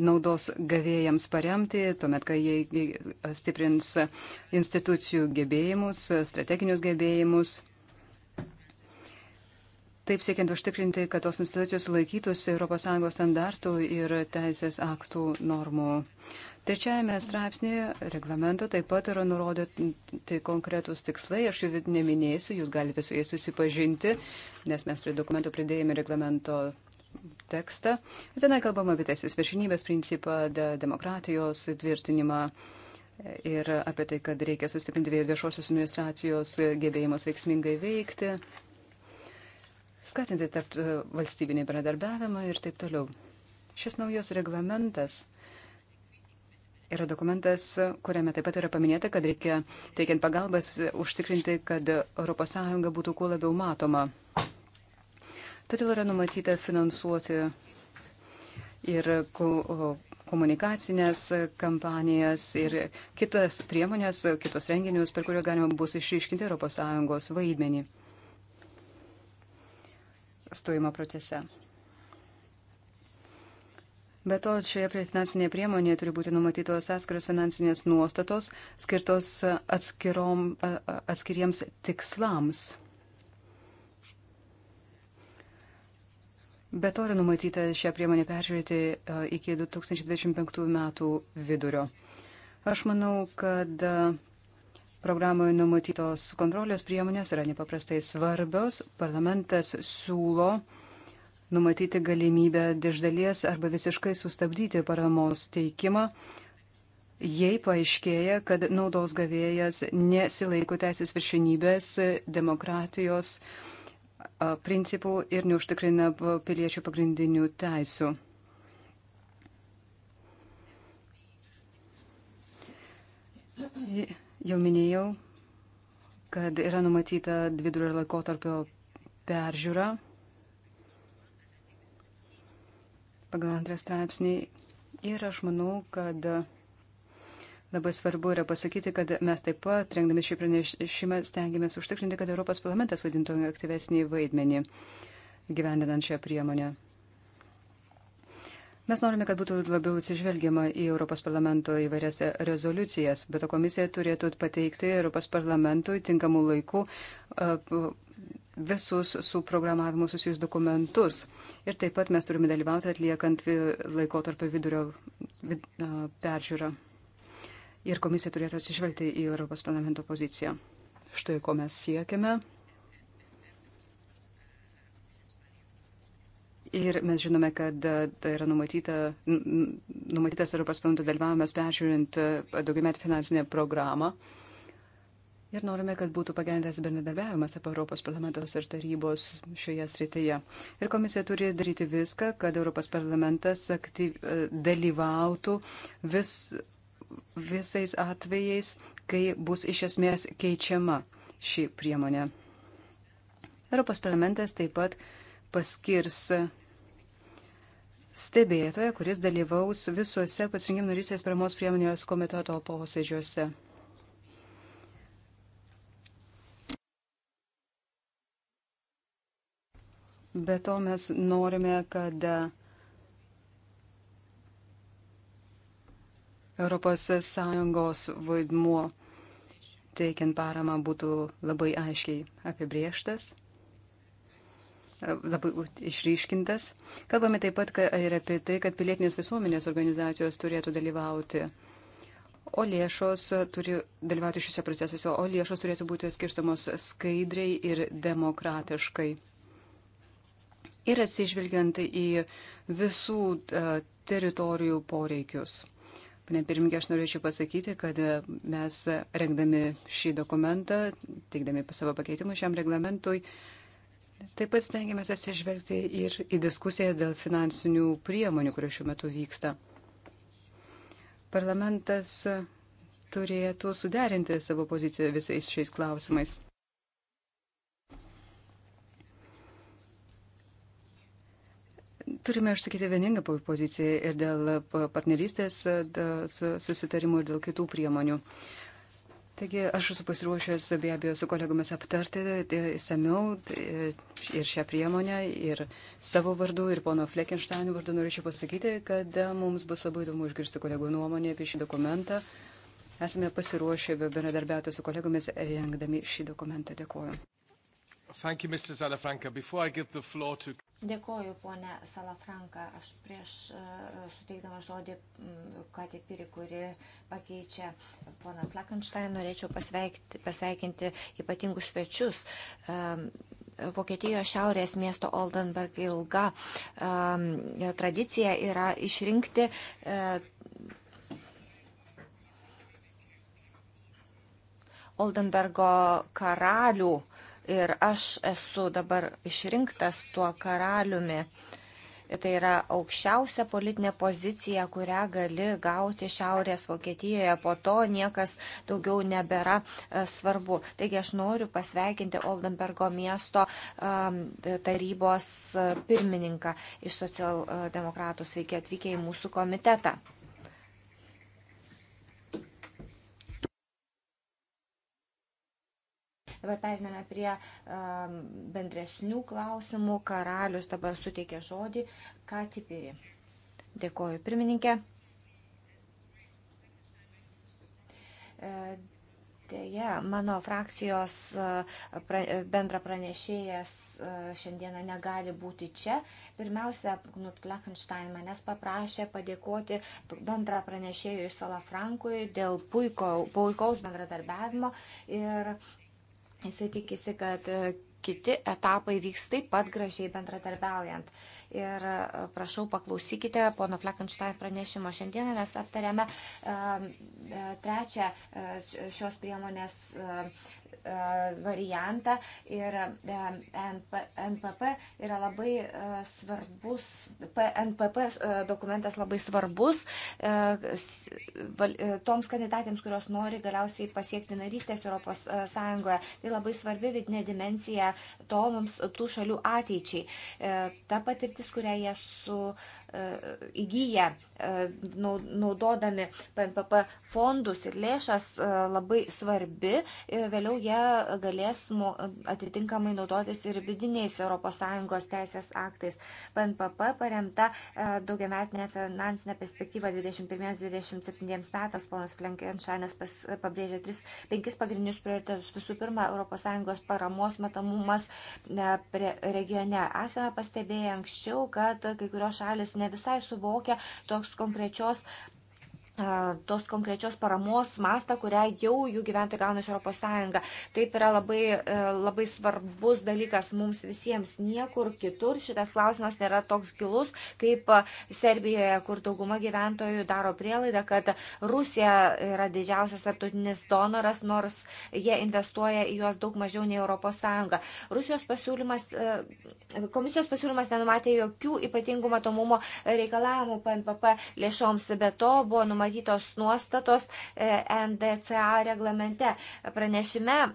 naudos gavėjams paremti, tuomet, kai jie stiprins institucijų gebėjimus, strateginius gebėjimus. Taip siekiant užtikrinti, kad tos institucijos laikytųsi ES standartų ir teisės aktų normų. Trečiajame straipsnėje reglamento taip pat yra nurodyti konkretus tikslai, aš jų neminėsiu, jūs galite su jais susipažinti, nes mes prie dokumento pridėjome reglamento tekstą. Ir tenai kalbama apie teisės viršinybės principą, demokratijos tvirtinimą ir apie tai, kad reikia sustiprinti viešosios administracijos gebėjimus veiksmingai veikti, skatinti tarp valstybinį bendradarbiavimą ir taip toliau. Šis naujas reglamentas yra dokumentas, kuriame taip pat yra paminėta, kad reikia, teikiant pagalbas, užtikrinti, kad ES būtų kuo labiau matoma. Todėl yra numatyta finansuoti ir komunikacinės kampanijas ir kitas priemonės, kitos renginius, per kurio galima bus išryškinti ES vaidmenį stojimo procese. Be to, šioje prie finansinėje priemonėje turi būti numatytos atskiros finansinės nuostatos, skirtos atskirom, atskiriems tikslams. Be to yra numatyta šią priemonę peržiūrėti iki 2025 metų vidurio. Aš manau, kad programoje numatytos kontrolės priemonės yra nepaprastai svarbios. Parlamentas siūlo uh, numatyti galimybę iš dalies arba visiškai sustabdyti paramos teikimą, jei paaiškėja, kad naudos gavėjas nesilaiko teisės viršinybės, demokratijos principų ir neužtikrina piliečių pagrindinių teisų. Jau minėjau, kad yra numatyta vidurio laikotarpio peržiūra pagal antrą straipsnį. Ir aš manau, kad labai svarbu yra pasakyti, kad mes taip pat, rengdami šį pranešimą, stengiamės užtikrinti, kad Europos parlamentas vadintų aktyvesnį vaidmenį gyvendinant šią priemonę. Mes norime, kad būtų labiau atsižvelgiama į Europos parlamento įvairias rezoliucijas, bet komisija turėtų pateikti Europos parlamentui tinkamų laikų visus su programavimu susijus dokumentus. Ir taip pat mes turime dalyvauti atliekant laikotarpio vidurio vid, peržiūrą. Ir komisija turėtų atsižvelgti į Europos parlamento poziciją. Štai ko mes siekiame. Ir mes žinome, kad tai yra numatyta, numatytas Europos parlamento dalyvavimas peržiūrint daugiametį finansinę programą. Uh, Ir norime, kad būtų pagerintas bendradarbiavimas tarp Europos parlamentos ir tarybos šioje srityje. Ir komisija turi daryti viską, kad Europos parlamentas aktyv, e, dalyvautų vis, visais atvejais, kai bus iš esmės keičiama ši priemonė. Europos parlamentas taip pat paskirs stebėtoją, kuris dalyvaus visuose pasirinkimų narysės paramos priemonės komiteto posėdžiuose. Be to mes norime, kad ES vaidmuo teikiant paramą būtų labai aiškiai apibrieštas, labai išryškintas. Kalbame taip pat ir apie tai, kad pilietinės visuomenės organizacijos turėtų dalyvauti, o lėšos turi dalyvauti šiuose procesuose, o lėšos turėtų būti skirstamos skaidriai ir demokratiškai ir atsižvelgiant į visų e, teritorijų poreikius. Pane pirmininkė, aš norėčiau pasakyti, kad e, mes rengdami šį dokumentą, teikdami savo pakeitimus šiam reglamentui, taip pat stengiamės atsižvelgti ir į diskusijas dėl finansinių priemonių, kurios šiuo metu vyksta. Parlamentas turėtų suderinti savo poziciją visais šiais klausimais. Turime išsakyti vieningą poziciją ir dėl partnerystės susitarimų, ir dėl kitų priemonių. Taigi aš esu pasiruošęs be abejo su kolegomis aptarti įsamiau e, e, ir šią priemonę, ir savo vardu, ir pono Fleckenstein vardu norėčiau pasakyti, kad e, mums bus labai įdomu išgirsti kolegų nuomonę apie šį dokumentą. Esame pasiruošę bendradarbiauti su kolegomis rengdami šį dokumentą. Dėkuoju. Thank you, Mr. Salafranca. Before I give the floor to... Dėkoju, ponė Salafranka. Aš prieš uh, suteikdama žodį Katė Piri, kuri pakeičia poną Flakenstein, norėčiau pasveikti, pasveikinti ypatingus svečius. Um, Vokietijos šiaurės miesto Oldenburg ilga um, tradicija yra išrinkti. Uh, Oldenburgo karalių uh, Ir aš esu dabar išrinktas tuo karaliumi. Tai yra aukščiausia politinė pozicija, kurią gali gauti Šiaurės Vokietijoje. Po to niekas daugiau nebėra e, svarbu. Taigi aš noriu pasveikinti Oldenbergo miesto tarybos e, pirmininką iš socialdemokratų. Sveiki atvykę į mūsų komitetą. Dabar periname prie um, bendresnių klausimų. Karalius dabar suteikė žodį. Ką tipiri? Dėkoju, pirmininkė. E, Deja, mano frakcijos e, e, bendra pranešėjas e, šiandieną negali būti čia. Pirmiausia, Knut Fleckenstein manęs paprašė padėkoti bendra pranešėjui Salafrankui dėl puiko, puikaus bendradarbiavimo ir Jisai tikisi, kad e, kiti etapai vyks taip pat gražiai bendradarbiaujant. Ir e, prašau, paklausykite pono Fleckenstein pranešimo. Šiandieną mes aptarėme e, trečią šios priemonės E, variantą ir e, NPP yra labai e, svarbus, NPP dokumentas labai svarbus toms kandidatėms, kurios nori galiausiai pasiekti narystės Europos Sąjungoje. Tai labai svarbi vidinė dimensija to mums tų šalių ateičiai. Ta patirtis, kurią jie su E, įgyja e, naudodami PNPP fondus ir lėšas e, labai svarbi. Vėliau jie galės atitinkamai naudotis ir vidiniais ES teisės aktais. PNPP paremta daugiametinė finansinė perspektyva 21-27 metas. Ponas Flenkenšainas pabrėžė tris, penkis pagrindinius prioritetus. Visų pirma, ES paramos matomumas regione. Esame pastebėję anksčiau, kad kai kurios šalis ne visai suvokia toks konkrečios tos konkrečios paramos mastą, kurią jau jų gyventojai gauna iš ES. Taip yra labai, e, labai svarbus dalykas mums visiems. Niekur kitur šitas klausimas nėra toks gilus, kaip Serbijoje, kur dauguma gyventojų daro prielaidą, kad Rusija yra didžiausias tarptautinis donoras, nors jie investuoja į juos daug mažiau nei ES. Rusijos pasiūlymas, e, komisijos pasiūlymas nenumatė jokių ypatingų matomumo reikalavimų PNPP lėšoms, bet to buvo numatyta numatytos nuostatos e, NDCA reglamente. Pranešime e,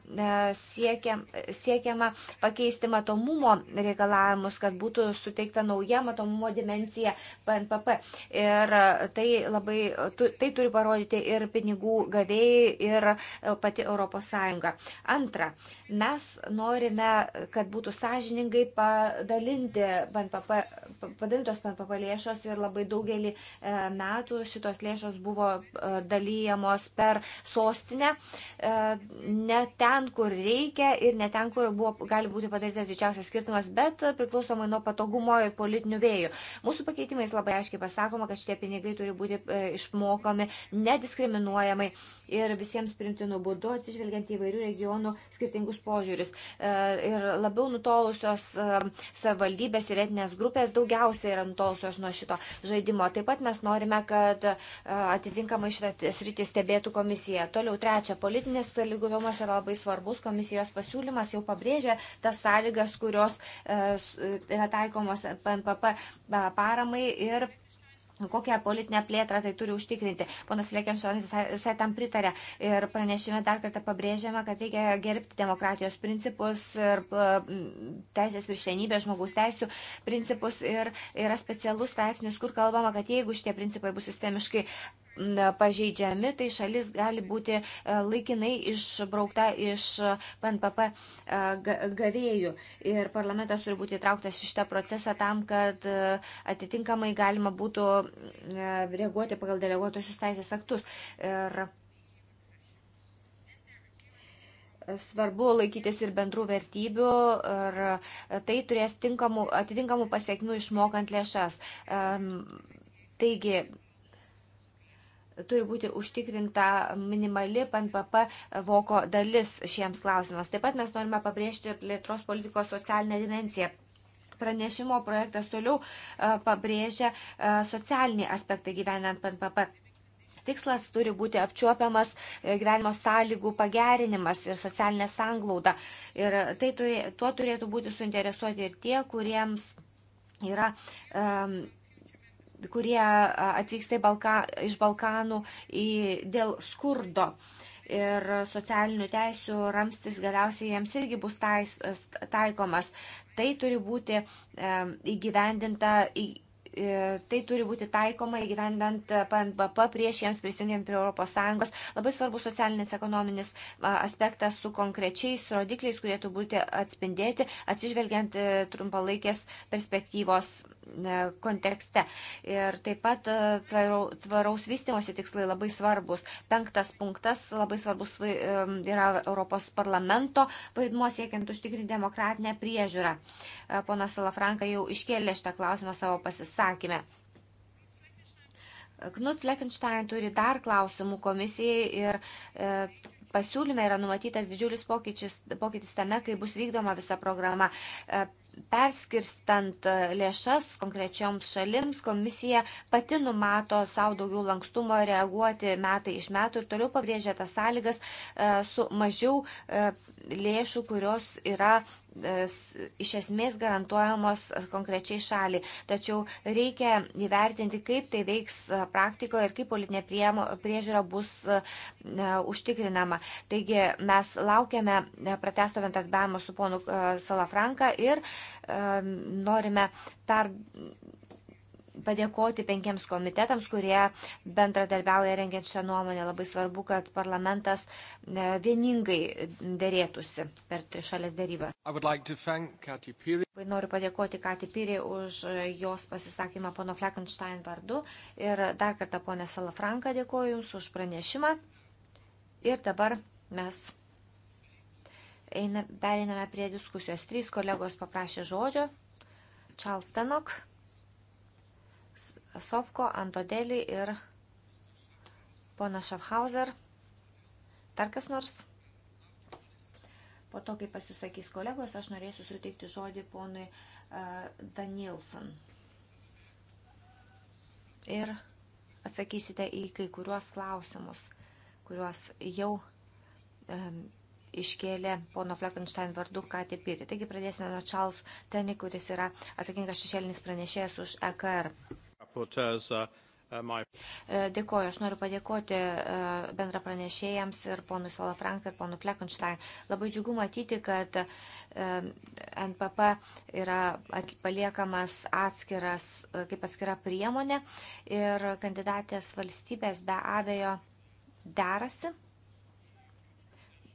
siekiam, siekiama pakeisti matomumo reikalavimus, kad būtų suteikta nauja matomumo dimencija PNPP. Ir e, tai, labai, tai turi parodyti ir pinigų gavėjai, ir pati ES. Antra, mes norime, kad būtų sąžiningai padalinti PNPP, padalintos PNPP lėšos ir labai daugelį metų šitos lėšos buvo e, dalyjamos per sostinę, e, ne ten, kur reikia ir ne ten, kur buvo, gali būti padarytas didžiausias skirtumas, bet priklausomai nuo patogumo ir politinių vėjų. Mūsų pakeitimais labai aiškiai pasakoma, kad šitie pinigai turi būti e, išmokami nediskriminuojamai ir visiems primtinų būdų, atsižvelgiant į vairių regionų skirtingus požiūrius. Ir labiau nutolusios savivaldybės ir etinės grupės daugiausiai yra nutolusios nuo šito žaidimo. Taip pat mes norime, kad atitinkamai šitą sritį stebėtų komisija. Toliau trečia, politinis lygumas yra labai svarbus. Komisijos pasiūlymas jau pabrėžia tas sąlygas, kurios e, yra taikomos PNPP e, paramai ir kokią politinę plėtrą tai turi užtikrinti. Ponas Lekenšonas visai tam pritarė ir pranešime dar kartą pabrėžiama, kad reikia gerbti demokratijos principus ir teisės viršenybės, žmogaus teisų principus ir yra specialus straipsnis, kur kalbama, kad jeigu šitie principai bus sistemiškai pažeidžiami, tai šalis gali būti e, laikinai išbraukta iš PNPP e, e, gavėjų. Ir parlamentas turi būti įtrauktas į šitą procesą tam, kad atitinkamai galima būtų reaguoti pagal deleguotusius teisės aktus. Ir svarbu laikytis ir bendrų vertybių ir tai turės tinkamų, atitinkamų pasiekmių išmokant lėšas. Taigi, turi būti užtikrinta minimali PNPP voko dalis šiems klausimams. Taip pat mes norime pabrėžti plėtros politikos socialinę dimenciją. Pranešimo projektas toliau e, pabrėžia e, socialinį aspektą gyvenant PNPP. Tikslas turi būti apčiuopiamas e, gyvenimo sąlygų pagerinimas ir socialinė sanglauda. Ir tai turi, tuo turėtų būti suinteresuoti ir tie, kuriems yra um, kurie atvyksta Balka, iš Balkanų į, dėl skurdo. Ir socialinių teisių ramstis galiausiai jiems irgi bus tais, taikomas. Tai turi būti e, įgyvendinta į, E, tai turi būti taikoma įgyvendant PNBP prieš jiems prisijungiant prie ES. Labai svarbus socialinis ekonominis aspektas su konkrečiais rodikliais, kurie turi būti atspindėti, atsižvelgiant e, trumpalaikės perspektyvos e, kontekste. Ir taip pat tvaraus vystimosi tikslai labai svarbus. Penktas punktas labai svarbus yra Europos parlamento vaidmuo siekiant užtikrinti demokratinę priežiūrą. Ponas Salafranka jau iškėlė šitą klausimą savo pasisakymą atsakymę. Knut Fleckenstein turi dar klausimų komisijai ir e, pasiūlyme yra numatytas didžiulis pokytis, pokytis tame, kai bus vykdoma visa programa. E, perskirstant lėšas konkrečioms šalims, komisija pati numato savo daugiau lankstumo reaguoti metai iš metų ir toliau pabrėžia tas sąlygas e, su mažiau e, lėšų, kurios yra iš esmės garantuojamos konkrečiai šaliai. Tačiau reikia įvertinti, kaip tai veiks praktikoje ir kaip politinė priežiūra bus užtikrinama. Taigi mes laukiame pratesto bendradarbiavimo su ponu Salafranka ir norime per padėkoti penkiems komitetams, kurie bendradarbiauja rengiant šią nuomonę. Labai svarbu, kad parlamentas e, vieningai dėrėtųsi per trišalės dėrybą. Like noriu padėkoti Kati Pyrį už e, jos pasisakymą pono Fleckenstein vardu ir dar kartą ponė Salafranka dėkoju Jums už pranešimą. Ir dabar mes einame, periname prie diskusijos. Trys kolegos paprašė žodžio. Charles Tenok. Sofko, Antodelį ir pona Schaffhauser. Dar kas nors? Po to, kai pasisakys kolegos, aš norėsiu suteikti žodį ponui uh, Danielson. Ir atsakysite į kai kuriuos klausimus, kuriuos jau um, iškėlė pono Fleckenstein vardu Katė Piri. Taigi pradėsime nuo Charles Tenny, kuris yra atsakingas šešėlinis pranešėjas už EKR rapporteurs. Uh, uh, Dėkuoju, aš noriu padėkoti e, bendra pranešėjams ir ponui Salafrank ir ponui Plekonštain. Labai džiugu matyti, kad e, NPP yra paliekamas atskiras, e, kaip atskira priemonė ir kandidatės valstybės be abejo derasi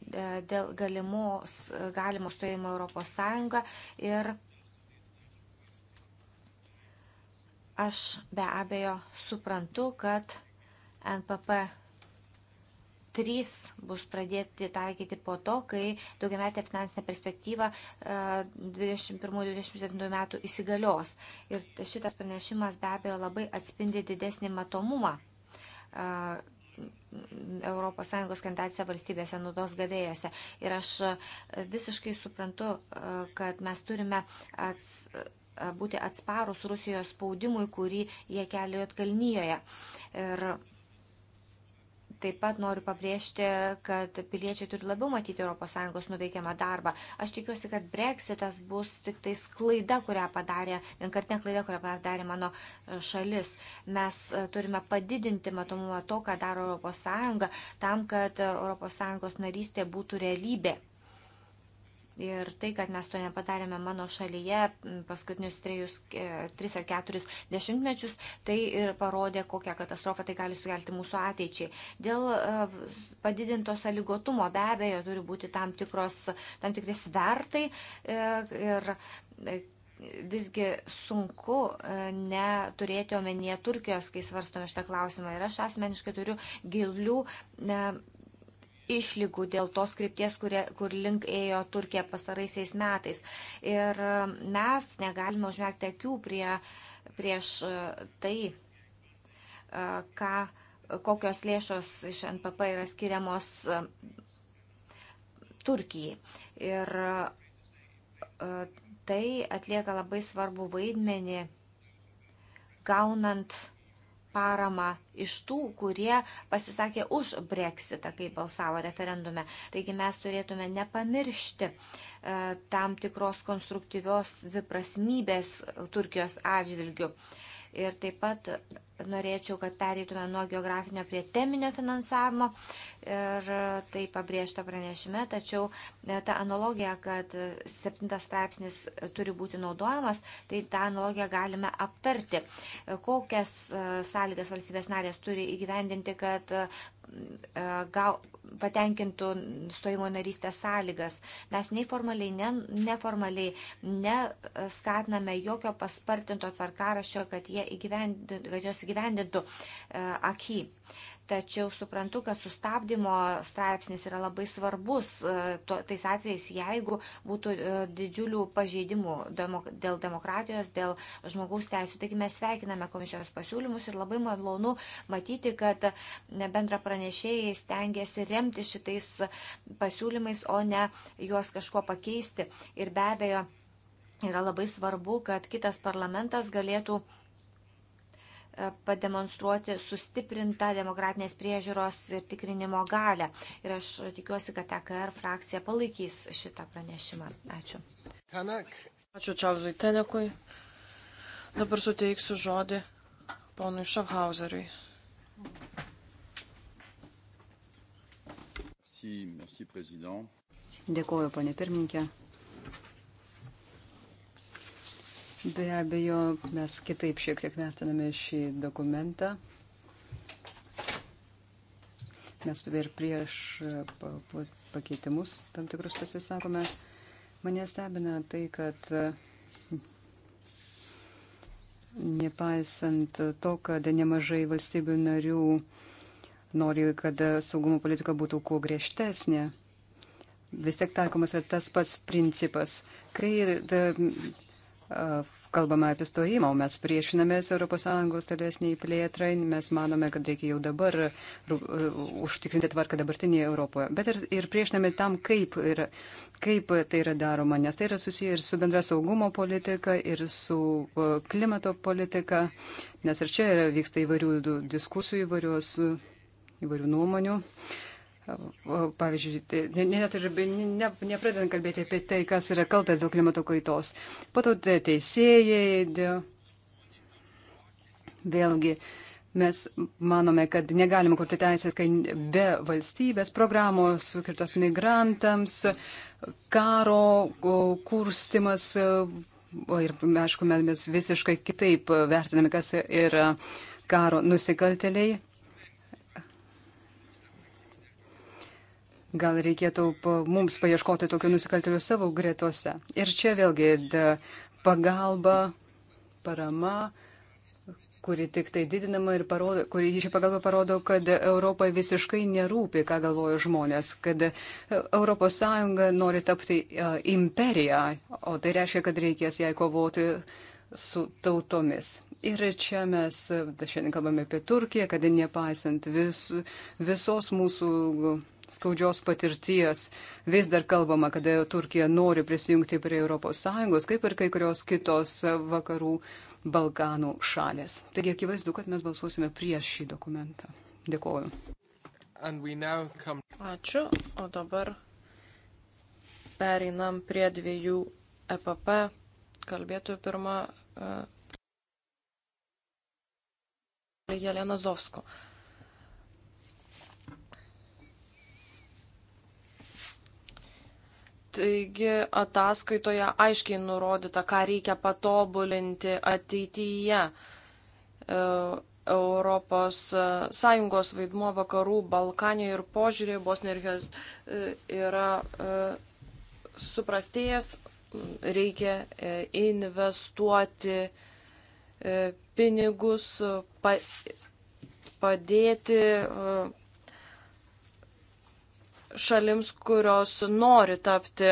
dėl galimos, galimo stojimo Europos Sąjungą ir Aš be abejo suprantu, kad NPP 3 bus pradėti taikyti po to, kai daugiametė finansinė perspektyva 21-27 e, metų įsigalios. Ir šitas pranešimas be abejo labai atspindi didesnį matomumą ES kandidatėse valstybėse naudos gavėjose. Ir aš visiškai suprantu, e, kad mes turime ats, būti atsparus Rusijos spaudimui, kurį jie kelia Jotkalnyjoje. Ir taip pat noriu pabrėžti, kad piliečiai turi labiau matyti ES nuveikiamą darbą. Aš tikiuosi, kad breksitas bus tik tai klaida, kurią padarė, vienkartinė klaida, kurią padarė mano e, šalis. Mes e, turime padidinti matomumą to, ką daro ES, tam, kad ES narystė būtų realybė. Ir tai, kad mes to nepadarėme mano šalyje paskutinius trejus, e, tris ar keturis dešimtmečius, tai ir parodė, kokią katastrofą tai gali sukelti mūsų ateičiai. Dėl e, padidinto sąlygotumo be abejo turi būti tam, tikros, tam tikri svertai e, ir visgi sunku neturėti omenyje Turkijos, kai svarstome šitą klausimą. Ir aš asmeniškai turiu gilių išlygų dėl tos krypties, kurie, kur link ėjo Turkija pastaraisiais metais. Ir e, mes negalime užmerkti akių prie, prieš e, tai, e, ką, kokios lėšos iš NPP yra skiriamos Turkijai. Ir tai atlieka labai svarbu vaidmenį gaunant paramą iš tų, kurie pasisakė už breksitą, kai balsavo referendume. Taigi mes turėtume nepamiršti e, tam tikros konstruktyvios viprasmybės Turkijos atžvilgių. Ir taip pat norėčiau, kad pereitume nuo geografinio prie teminio finansavimo ir tai pabrėžta pranešime, tačiau e, ta analogija, kad septintas straipsnis turi būti naudojamas, tai tą analogiją galime aptarti. E, kokias e, sąlygas valstybės narės turi įgyvendinti, kad gau, patenkintų stojimo narystės sąlygas. Mes nei formaliai, ne, neformaliai neskatiname jokio paspartinto tvarkarašio, kad, įgyvendintų, kad jos įgyvendintų įgyvendintų e, akį. Tačiau suprantu, kad sustabdymo straipsnis yra labai svarbus e, to, tais atvejais, jeigu būtų e, didžiulių pažeidimų dėl demokratijos, dėl žmogaus teisų. Taigi mes sveikiname komisijos pasiūlymus ir labai malonu matyti, kad bendra pranešėjai stengiasi remti šitais pasiūlymais, o ne juos kažko pakeisti. Ir be abejo, yra labai svarbu, kad kitas parlamentas galėtų pademonstruoti sustiprintą demokratinės priežiūros ir tikrinimo galę. Ir aš tikiuosi, kad EKR frakcija palaikys šitą pranešimą. Ačiū. Tenek. Ačiū Čalžai Tenekui. Dabar suteiksiu žodį ponui Šafhauseriui. Dėkuoju, ponė pirmininkė. Be abejo, mes kitaip šiek tiek vertiname šį dokumentą. Mes ir prieš pakeitimus tam tikrus pasisakome. Mane stebina tai, kad nepaisant to, kad nemažai valstybių narių nori, kad saugumo politika būtų kuo griežtesnė, vis tiek taikomas yra tas pats principas. Kai kalbame apie stojimą, o mes priešinamės ES tolesniai plėtrai, mes manome, kad reikia jau dabar užtikrinti tvarką dabartinėje Europoje, bet ir, ir priešiname tam, kaip, ir, kaip tai yra daroma, nes tai yra susiję ir su bendra saugumo politika, ir su klimato politika, nes ir čia yra, vyksta įvairių diskusijų, įvairios, įvairių nuomonių. Uh, Pavyzdžiui, tai net ir ne, nepradedant kalbėti apie tai, kas yra kaltas dėl klimato kaitos. Po to teisėjai, dėl... vėlgi, mes manome, kad negalima kurti teisės, kai be valstybės programos skirtos migrantams, karo kurstimas ir, aišku, mes visiškai kitaip vertiname, kas yra karo nusikalteliai Gal reikėtų mums paieškoti tokių nusikaltėlių savo gretose. Ir čia vėlgi pagalba, parama kuri tik tai didinama ir parodo, kuri ši pagalba parodo, kad Europai visiškai nerūpi, ką galvoja žmonės, kad ES nori tapti uh, imperiją, o tai reiškia, kad reikės jai kovoti su tautomis. Ir čia mes šiandien kalbame apie Turkiją, kad nepaisant vis, visos mūsų skaudžios patirties. Vis dar kalbama, kad Turkija nori prisijungti prie ES, kaip ir kai kurios kitos vakarų Balkanų šalės. Taigi akivaizdu, kad mes balsuosime prieš šį dokumentą. Dėkoju. Come... Ačiū. O dabar pereinam prie dviejų EPP. Kalbėtų pirmą. Uh, e, Jelena Zovsko. Uh, Taigi ataskaitoje aiškiai nurodyta, ką reikia patobulinti ateityje. E, Europos e, Sąjungos vaidmuo vakarų Balkanijoje ir požiūrėje Bosnijos e, yra suprastėjęs, reikia investuoti pinigus, padėti šalims, kurios nori tapti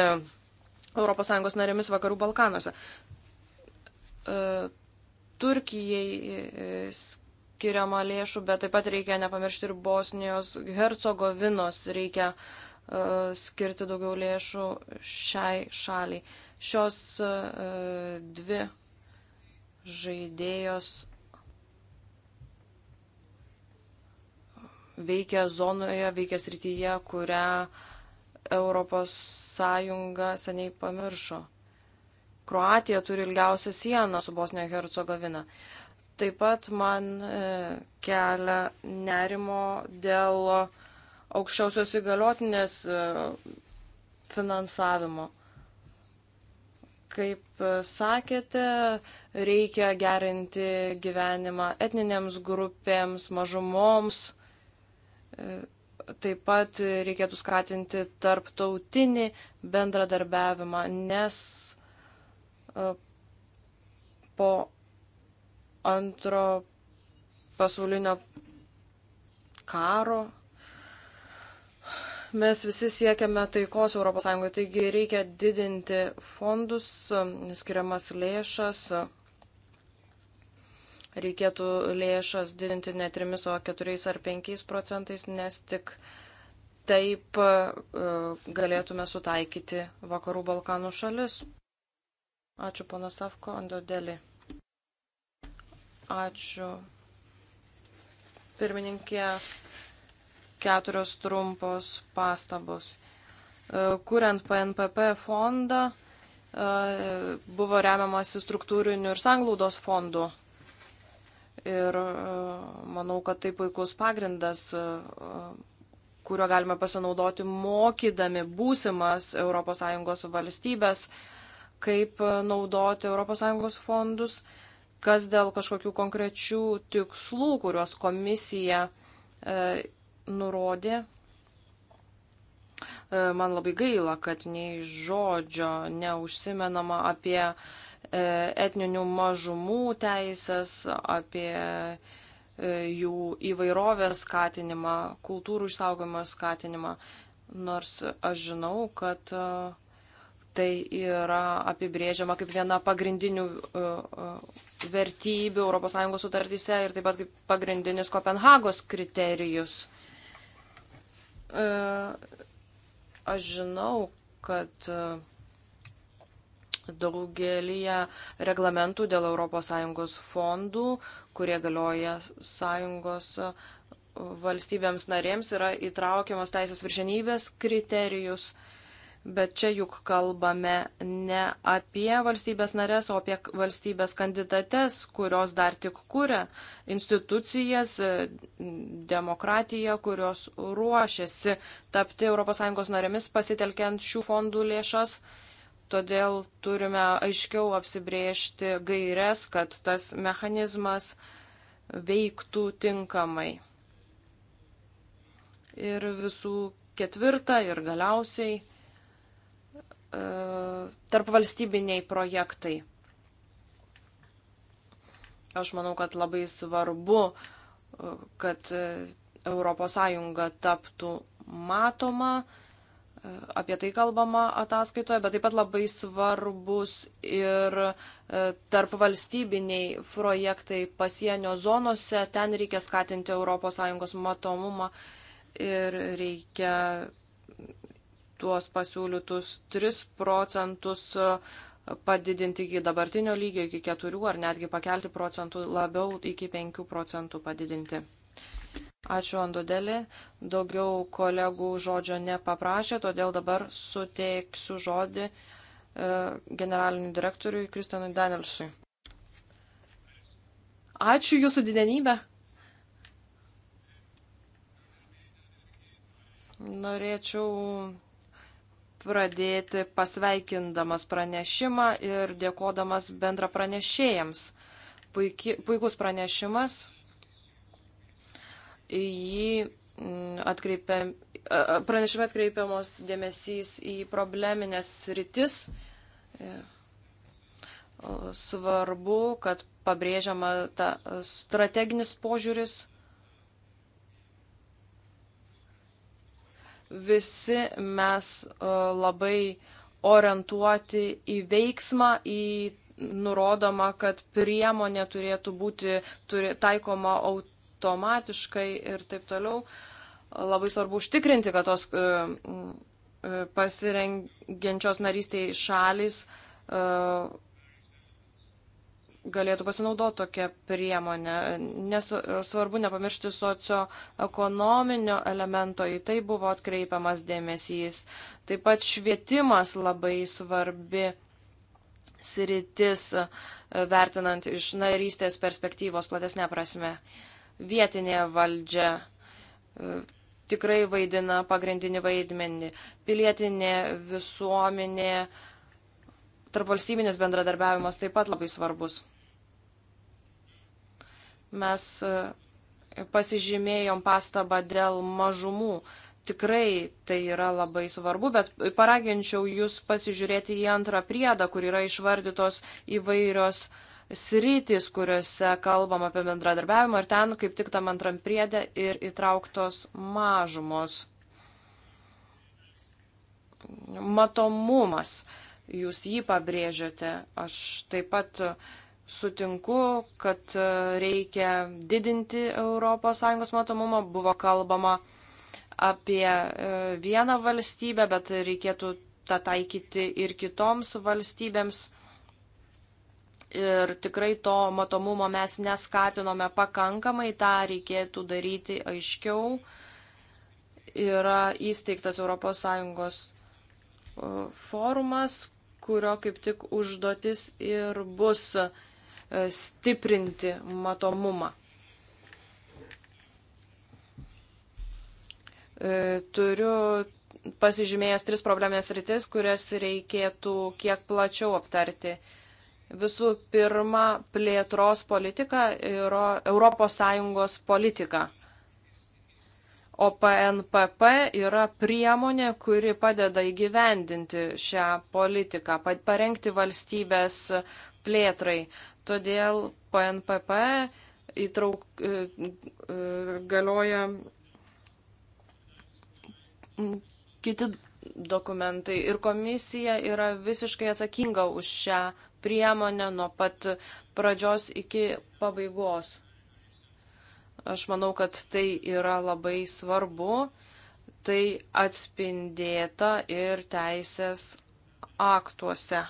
ES narėmis Vakarų Balkanuose. E, Turkijai skiriama lėšų, bet taip pat reikia nepamiršti ir Bosnijos Hercegovinos, reikia e, skirti daugiau lėšų šiai šaliai. Šios e, dvi žaidėjos veikia zonoje, veikia srityje, kurią ES seniai pamiršo. Kroatija turi ilgiausią sieną su Bosnija Hercegovina. Taip pat man e, kelia nerimo dėl aukščiausios įgaliotinės e, finansavimo. Kaip e, sakėte, reikia gerinti gyvenimą etninėms grupėms, mažumoms, Taip pat reikėtų skatinti tarptautinį bendradarbiavimą, nes e, po antro pasaulinio karo mes visi siekiame taikos ES, taigi reikia didinti fondus, skiriamas lėšas, reikėtų lėšas didinti ne 3, o 4 ar 5 procentais, nes tik taip e, galėtume sutaikyti Vakarų Balkanų šalis. Ačiū, pana Savko, Andodeli. Ačiū. Pirmininkė, keturios trumpos pastabos. E, kuriant PNPP fondą, e, buvo remiamasi struktūrinių ir sanglaudos fondų Ir e, manau, kad tai puikus pagrindas, e, kuriuo galime pasinaudoti mokydami būsimas ES valstybės, kaip naudoti ES fondus, kas dėl kažkokių konkrečių tikslų, kuriuos komisija e, nurodė. E, man labai gaila, kad nei žodžio neužsimenama apie e, E, etninių mažumų teisės, apie e, jų įvairovės skatinimą, kultūrų išsaugojimo skatinimą. Nors aš žinau, kad e, tai yra apibrėžiama kaip viena pagrindinių vertybių ES sutartyse ir taip pat kaip pagrindinis Kopenhagos kriterijus. Aš žinau, kad uh, Daugelie reglamentų dėl ES fondų, kurie galioja sąjungos e, valstybėms narėms, yra įtraukiamas teisės viršenybės kriterijus. Bet čia juk kalbame ne apie valstybės narės, o apie valstybės kandidates, kurios dar tik kūrė institucijas, e, demokratiją, kurios ruošiasi tapti ES narėmis pasitelkiant šių fondų lėšas. Uh, Todėl turime aiškiau apsibriežti gairias, kad tas mechanizmas veiktų tinkamai. Ir visų ketvirta ir galiausiai e, tarp valstybiniai projektai. Aš manau, kad labai svarbu, e, kad ES taptų matoma, apie tai kalbama ataskaitoje, bet taip pat labai svarbus ir e, tarp valstybiniai projektai pasienio zonose. Ten reikia skatinti ES matomumą ir reikia tuos pasiūlytus 3 procentus e, padidinti iki dabartinio lygio, iki 4 ar netgi pakelti procentų labiau iki 5 procentų padidinti. Ačiū Andudelį. Daugiau kolegų žodžio nepaprašė, todėl dabar suteiksiu žodį e, generaliniu direktoriui Kristianui Danielsui. Ačiū Jūsų didenybę. Norėčiau pradėti pasveikindamas pranešimą ir dėkodamas bendra pranešėjams. Puiki, puikus pranešimas jį mm, atkreipia, pranešime atkreipiamos dėmesys į probleminės rytis. E, svarbu, kad pabrėžiama ta strateginis požiūris. Visi mes e, labai orientuoti į veiksmą, į nurodoma, kad priemonė turėtų būti turi, taikoma aut automatiškai ir taip toliau. Labai svarbu užtikrinti, kad tos e, e, pasirengiančios narystiai šalis e, galėtų pasinaudoti tokią priemonę. Nes svarbu nepamiršti socioekonominio elemento, į tai buvo atkreipiamas dėmesys. Taip pat švietimas labai svarbi sritis, vertinant iš narystės perspektyvos platesnė prasme. Uh, vietinė valdžia e, tikrai vaidina pagrindinį vaidmenį. Pilietinė visuomenė, tarpvalstybinis bendradarbiavimas taip pat labai svarbus. Mes e, pasižymėjom pastabą dėl mažumų. Tikrai tai yra labai svarbu, bet paraginčiau jūs pasižiūrėti į antrą priedą, kur yra išvardytos įvairios uh, sritys, kuriuose kalbam apie bendradarbiavimą ir ten kaip tik tam antram priedė ir įtrauktos mažumos. Matomumas, jūs jį pabrėžiate. Aš taip pat sutinku, kad reikia didinti ES matomumą. Buvo kalbama apie e, vieną valstybę, bet reikėtų tą taikyti ir kitoms valstybėms. Ir tikrai to matomumo mes neskatinome pakankamai, tą reikėtų daryti aiškiau. Yra įsteigtas ES e, forumas, kurio kaip tik užduotis ir bus e, stiprinti matomumą. E, turiu pasižymėjęs tris problemės rytis, kurias reikėtų kiek plačiau aptarti visų pirma plėtros politika ir ES politika. O PNPP yra priemonė, kuri padeda įgyvendinti šią politiką, parengti valstybės plėtrai. Todėl PNPP įtrauk, e, e, galioja kiti dokumentai ir komisija yra visiškai atsakinga už šią priemonę nuo pat pradžios iki pabaigos. Aš manau, kad tai yra labai svarbu, tai atspindėta ir teisės aktuose.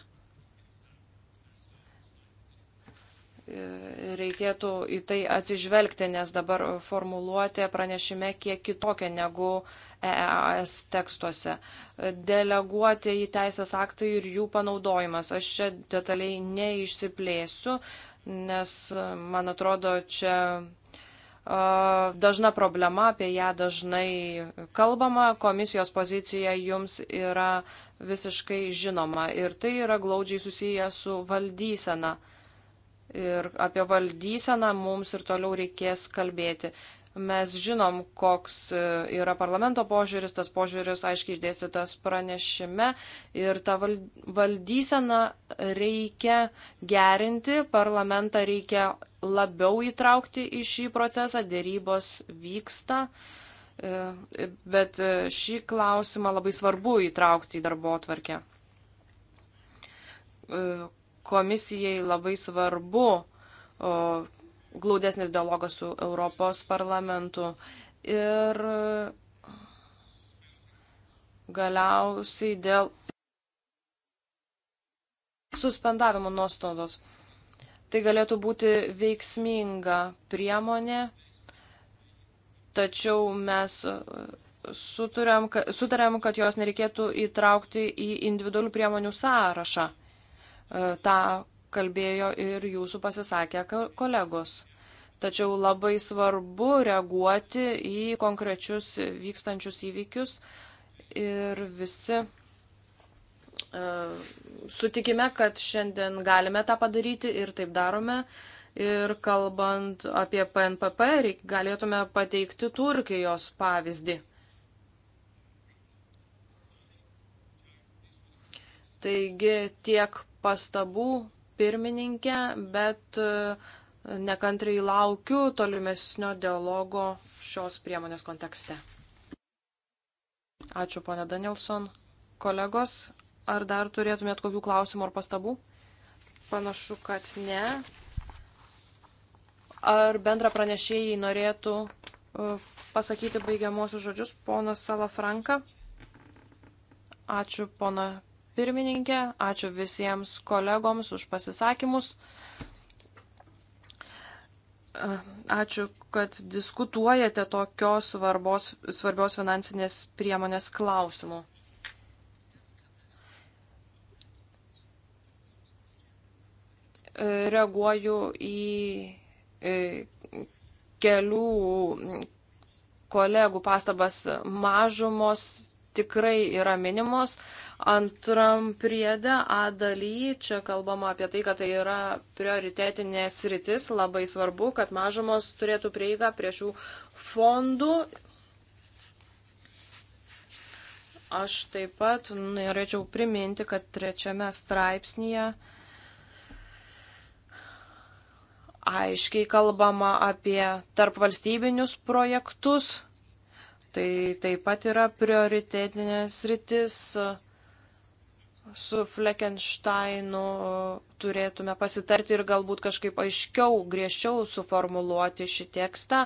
reikėtų į tai atsižvelgti, nes dabar formuluotė pranešime kiek kitokia negu EEAS tekstuose. Deleguoti į teisės aktai ir jų panaudojimas. Aš čia detaliai neišsiplėsiu, nes, man atrodo, čia dažna problema, apie ją dažnai kalbama, komisijos pozicija jums yra visiškai žinoma ir tai yra glaudžiai susiję su valdysena ir apie valdyseną mums ir toliau reikės kalbėti. Mes žinom, koks e, yra parlamento požiūris, tas požiūris aiškiai išdėstytas pranešime ir tą valdyseną reikia gerinti, parlamentą reikia labiau įtraukti į šį procesą, dėrybos vyksta, e, bet e, šį klausimą labai svarbu įtraukti į darbo atvarkę komisijai labai svarbu o, glaudesnis dialogas su Europos parlamentu. Ir galiausiai dėl suspendavimo nuostodos. Tai galėtų būti veiksminga priemonė, tačiau mes sutarėm, kad jos nereikėtų įtraukti į individualių priemonių sąrašą. E, tą kalbėjo ir jūsų pasisakę kolegos. Tačiau labai svarbu reaguoti į konkrečius vykstančius įvykius ir visi e, sutikime, kad šiandien galime tą padaryti ir taip darome. Ir kalbant apie PNPP, galėtume pateikti Turkijos pavyzdį. Taigi tiek pastabų pirmininkė, bet e, nekantrai laukiu tolimesnio dialogo šios priemonės kontekste. Ačiū, ponė Danielson. Kolegos, ar dar turėtumėt kokių klausimų ar pastabų? Panašu, kad ne. Ar bendra pranešėjai norėtų e, pasakyti baigiamosius žodžius, ponas Salafranka? Ačiū, pona pirmininkė, ačiū visiems kolegoms už pasisakymus. Ačiū, kad diskutuojate tokios svarbos, svarbios finansinės priemonės klausimų. E, reaguoju į e, kelių kolegų pastabas mažumos tikrai yra minimos, Antram priede A daly čia kalbama apie tai, kad tai yra prioritetinė sritis. Labai svarbu, kad mažumos turėtų prieigą prie šių fondų. Aš taip pat norėčiau priminti, kad trečiame straipsnėje aiškiai kalbama apie tarpvalstybinius projektus. Tai taip pat yra prioritetinės rytis su Fleckensteinu turėtume pasitarti ir galbūt kažkaip aiškiau, griežčiau suformuluoti šį tekstą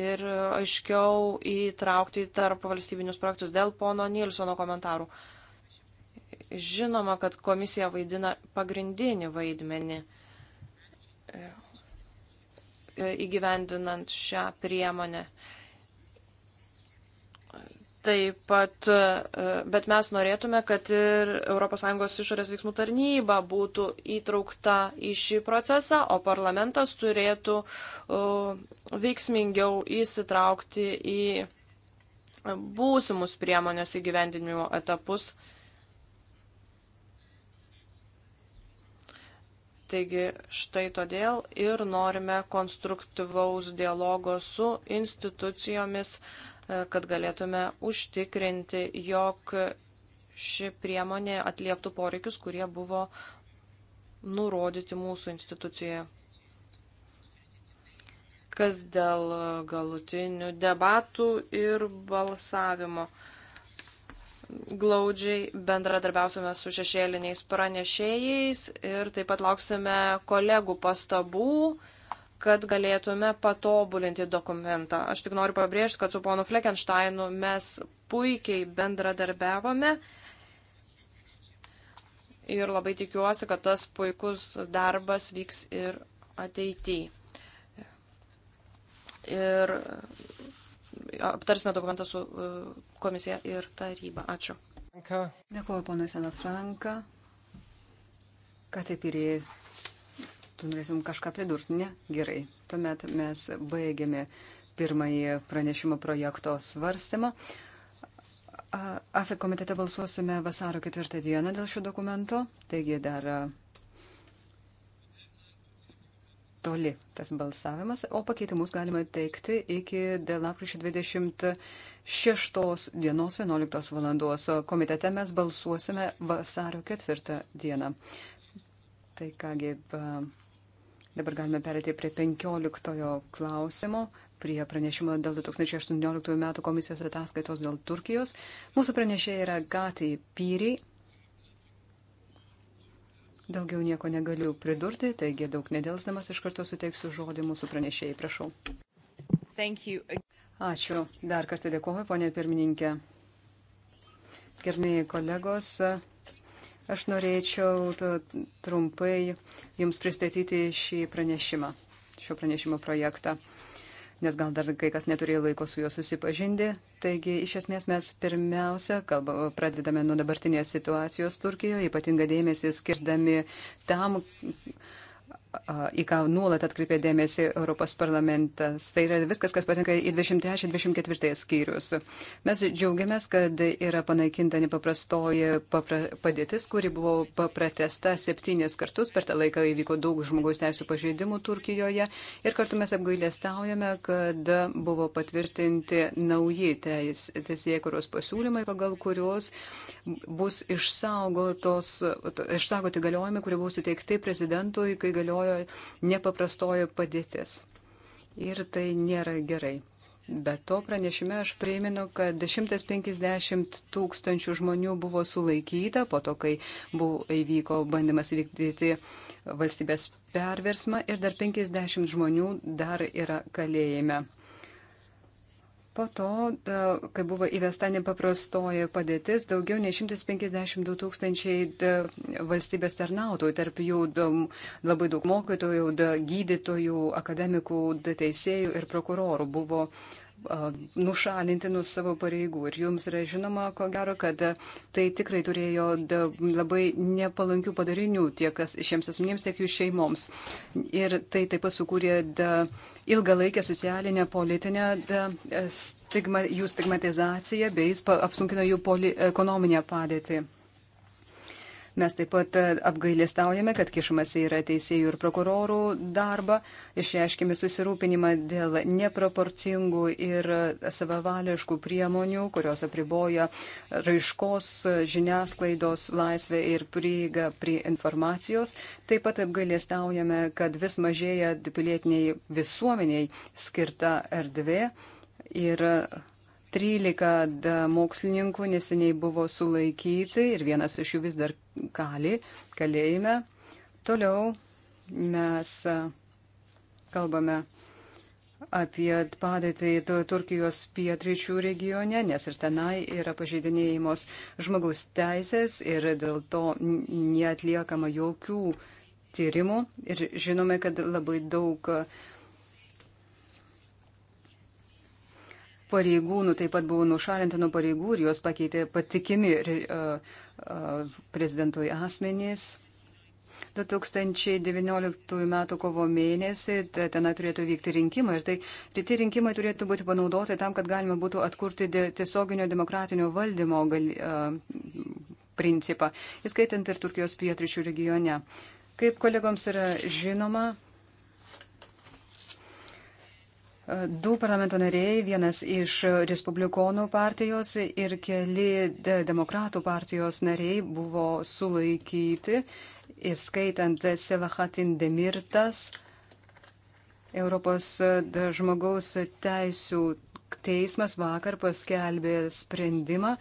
ir aiškiau įtraukti tarp valstybinius projektus dėl pono Nilsono komentarų. Žinoma, kad komisija vaidina pagrindinį vaidmenį e, įgyvendinant šią priemonę. Taip pat, e, bet mes norėtume, kad ir ES išorės veiksmų tarnyba būtų įtraukta į šį procesą, o parlamentas turėtų e, veiksmingiau įsitraukti į būsimus priemonės įgyvendinimo etapus. Taigi štai todėl ir norime konstruktyvaus dialogo su institucijomis, uh, kad galėtume užtikrinti, jog ši priemonė atlieptų poreikius, kurie buvo nurodyti mūsų institucijoje. Kas dėl galutinių debatų ir balsavimo. Glaudžiai bendradarbiausime su šešėliniais pranešėjais ir taip pat lauksime kolegų pastabų kad galėtume patobulinti dokumentą. Aš tik noriu pabrėžti, kad su ponu Fleckensteinu mes puikiai bendradarbiavome ir labai tikiuosi, kad tas puikus darbas vyks ir ateityje. Ir aptarsime dokumentą su e, komisija ir taryba. Ačiū. Dėkuoju, ponui Senafranka, kad taip ir Tu norėsim kažką pridurti? Ne? Gerai. Tuomet mes baigėme pirmąjį pranešimo projekto svarstymą. AFET komitete balsuosime vasaro ketvirtą dieną dėl šio dokumento, taigi dar toli tas balsavimas, o pakeitimus galima teikti iki lapkričio 26 dienos 11 valandos. Komitete mes balsuosime vasario ketvirtą dieną. Tai kągi. Uh, Dabar galime perėti prie 15 klausimo, prie pranešimo dėl 2018 m. komisijos ataskaitos dėl Turkijos. Mūsų pranešė yra Gatai Pyriai. Daugiau nieko negaliu pridurti, taigi daug nedėlstamas iš karto suteiksiu žodį mūsų pranešėjai, prašau. Ačiū. Dar kartą dėkoju, ponė pirmininkė. Gerbėjai kolegos, Aš norėčiau trumpai Jums pristatyti šį pranešimą, šio pranešimo projektą, nes gal dar kai kas neturėjo laiko su juo susipažinti. Taigi, iš esmės mes pirmiausia, kalba, pradedame nuo dabartinės situacijos Turkijoje, ypatinga dėmesį skirdami tam, į ką nuolat atkreipė dėmesį Europos parlamentas. Tai yra viskas, kas patinka į 23-24 skyrius. Mes džiaugiamės, kad yra panaikinta nepaprastoji papra padėtis, kuri buvo pratesta septynės kartus. Per tą laiką įvyko daug žmogaus teisų pažeidimų Turkijoje. Ir kartu mes apgailėstaujame, kad buvo patvirtinti nauji teis, teisėkuros pasiūlymai, pagal kuriuos bus išsaugotos, išsaugoti galiojimai, kurie buvo suteikti prezidentui, kai galiojo įsigaliojo nepaprastojo padėtis. Ir tai nėra gerai. Be to pranešime aš priiminu, kad 150 tūkstančių žmonių buvo sulaikyta po to, kai buvo įvyko bandymas vykdyti valstybės perversmą ir dar 50 žmonių dar yra kalėjime. Po to, da, kai buvo įvesta nepaprastoji padėtis, daugiau nei 152 tūkstančiai valstybės tarnautojų, tarp jų da, labai daug mokytojų, da, gydytojų, akademikų, da, teisėjų ir prokurorų buvo a, nušalinti nuo savo pareigų. Ir jums yra žinoma, ko gero, kad a, tai tikrai turėjo da, labai nepalankių padarinių tiek šiems asmenims, tiek jų šeimoms. Ir tai taip pat sukūrė da, ilgalaikę socialinę politinę stigma, jų stigmatizaciją bei apsunkino jų poli, ekonominę padėtį. Mes taip pat e, apgailėstaujame, kad kišamasi yra teisėjų ir prokurorų darba, išreiškime susirūpinimą dėl neproporcingų ir savavališkų priemonių, kurios apriboja raiškos žiniasklaidos laisvę ir prieigą prie informacijos. Taip pat apgailėstaujame, kad vis mažėja pilietiniai visuomeniai skirta erdvė. Ir 13 mokslininkų neseniai buvo sulaikyti ir vienas iš jų vis dar kali kalėjime. Toliau mes kalbame apie padėtį Turkijos pietryčių regione, nes ir tenai yra pažeidinėjimos žmogaus teisės ir dėl to neatliekama jokių tyrimų. Ir žinome, kad labai daug uh, pareigūnų taip pat buvo nušalinta nuo pareigų ir juos pakeitė patikimi prezidentui asmenys. 2019 m. kovo mėnesį tenai turėtų vykti rinkimai ir tai, tai tie rinkimai turėtų būti panaudoti tam, kad galima būtų atkurti tiesioginio demokratinio valdymo gal, uh, principą, įskaitant ir Turkijos pietričių regione. Kaip kolegoms yra žinoma, du parlamento nariai, vienas iš Respublikonų partijos ir keli Demokratų partijos nariai buvo sulaikyti, įskaitant Selahatin Demirtas, Europos žmogaus teisų teismas vakar paskelbė sprendimą,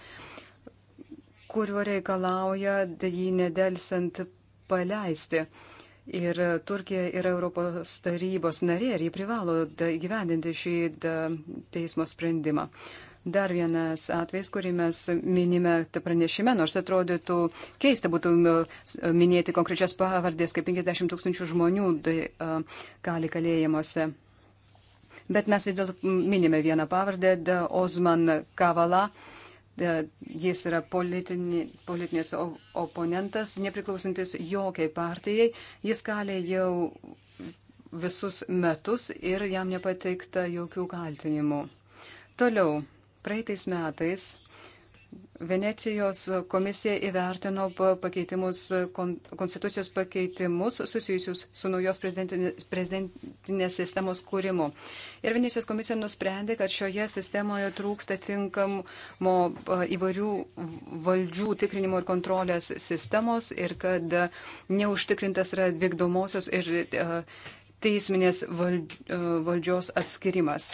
kuriuo reikalauja jį nedelsant paleisti. Ir e, Turkija yra Europos tarybos narė ir jį privalo gyvendinti šį teismo sprendimą. Dar vienas atvejs, kurį mes minime pranešime, nors atrodytų keista būtų minėti konkrečias pavardės, kaip 50 tūkstančių žmonių kali kalėjimuose. Bet mes vis dėlto minime vieną pavardę, Osman Kavala. Uh, E, jis yra politinė, politinės oponentas, nepriklausantis jokiai partijai. Jis kalė jau visus metus ir jam nepateikta jokių kaltinimų. Toliau, praeitais metais Venecijos komisija įvertino pakeitimus, kon, konstitucijos pakeitimus susijusius su naujos prezidentinės, prezidentinės sistemos kūrimu. Ir Venecijos komisija nusprendė, kad šioje sistemoje trūksta tinkamo įvairių valdžių tikrinimo ir kontrolės sistemos ir kad neužtikrintas yra vykdomosios ir teisminės valdžios atskirimas.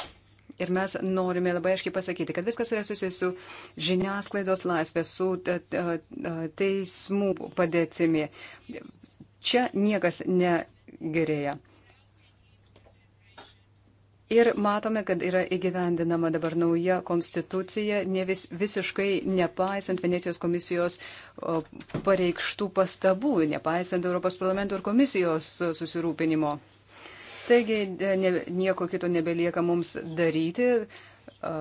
Ir mes norime labai aiškiai pasakyti, kad viskas yra susijęs su žiniasklaidos laisvė, su e, e, e, teismų padėtimi. Čia niekas negerėja. Ir matome, kad yra įgyvendinama dabar nauja konstitucija, ne vis, visiškai nepaisant Venecijos komisijos pareikštų pastabų, nepaisant Europos parlamento ir komisijos susirūpinimo. Taigi e, ne, nieko kito nebelieka mums daryti, e,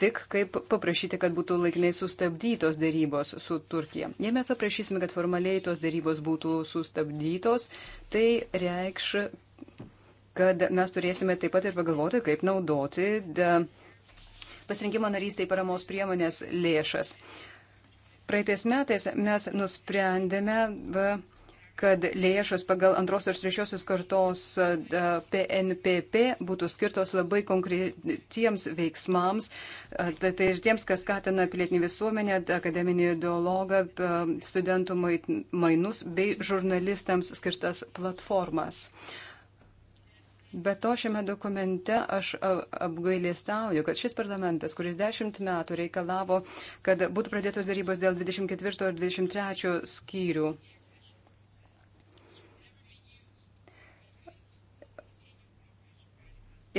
tik kaip paprašyti, kad būtų laikinai sustabdytos darybos su Turkija. Jei mes paprašysime, kad formaliai tos darybos būtų sustabdytos, tai reikš, kad mes turėsime taip pat ir pagalvoti, kaip naudoti e, pasirinkimo narystai paramos priemonės lėšas. Praeitais metais mes nusprendėme. Va, kad lėšos pagal antros ir trečiosios kartos PNPP e, būtų skirtos labai konkretiems veiksmams, e, tai, tai ir tiems, kas skatina pilietinį visuomenę, akademinį dialogą, studentų mainus bei žurnalistams skirtas platformas. Be to šiame dokumente aš apgailėstauju, kad šis parlamentas, kuris dešimt metų reikalavo, kad būtų pradėtos darybos dėl 24 ir 23 skyrių,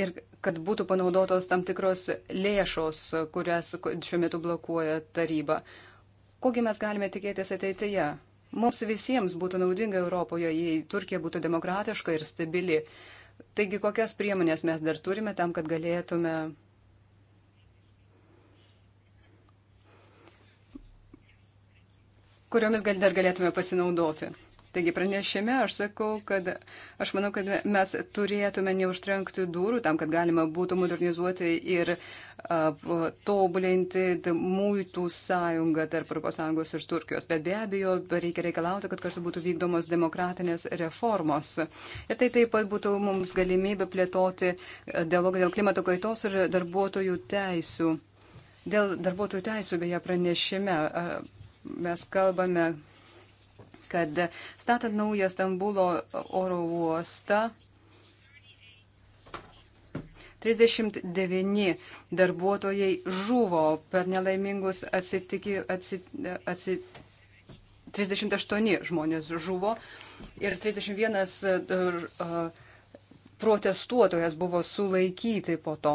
ir kad būtų panaudotos tam tikros lėšos, kurias šiuo metu blokuoja taryba. Kogi mes galime tikėtis ateityje? Mums visiems būtų naudinga Europoje, jei Turkija būtų demokratiška ir stabili. Taigi, kokias priemonės mes dar turime tam, kad galėtume kuriomis gal dar galėtume pasinaudoti. Taigi pranešime aš sakau, kad aš manau, kad mes turėtume neužtrenkti durų tam, kad galima būtų modernizuoti ir uh, tobulinti mūtų sąjungą tarp ES ir Turkijos. Bet be abejo, reikia reikalauti, kad kartu būtų vykdomos demokratinės reformos. Ir tai taip pat būtų mums galimybė plėtoti dialogą dėl klimato kaitos ir darbuotojų teisų. Dėl darbuotojų teisų beje pranešime mes kalbame kad statant naują Stambulo oro uostą 39 darbuotojai žuvo per nelaimingus atsitiki, atsit, atsit, 38 žmonės žuvo ir 31 e, protestuotojas buvo sulaikyti po to.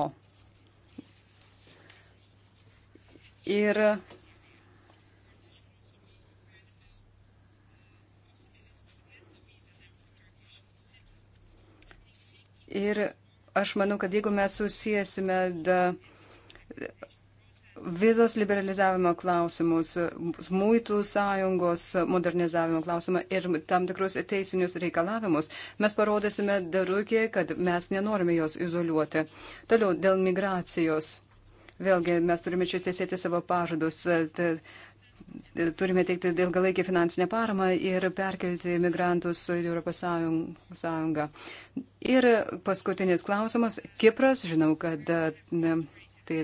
Ir Ir aš manau, kad jeigu mes susijęsime da, vizos liberalizavimo klausimus, muitų sąjungos modernizavimo klausimą ir tam tikrus teisinius reikalavimus, mes parodysime Darukė, kad mes nenorime jos izoliuoti. Toliau dėl migracijos. Vėlgi mes turime čia tiesėti savo pažadus. Tai, turime teikti ilgalaikį finansinę paramą ir perkelti migrantus į Europos Sąjungą. Ir paskutinis klausimas. Kipras, žinau, kad ne, tai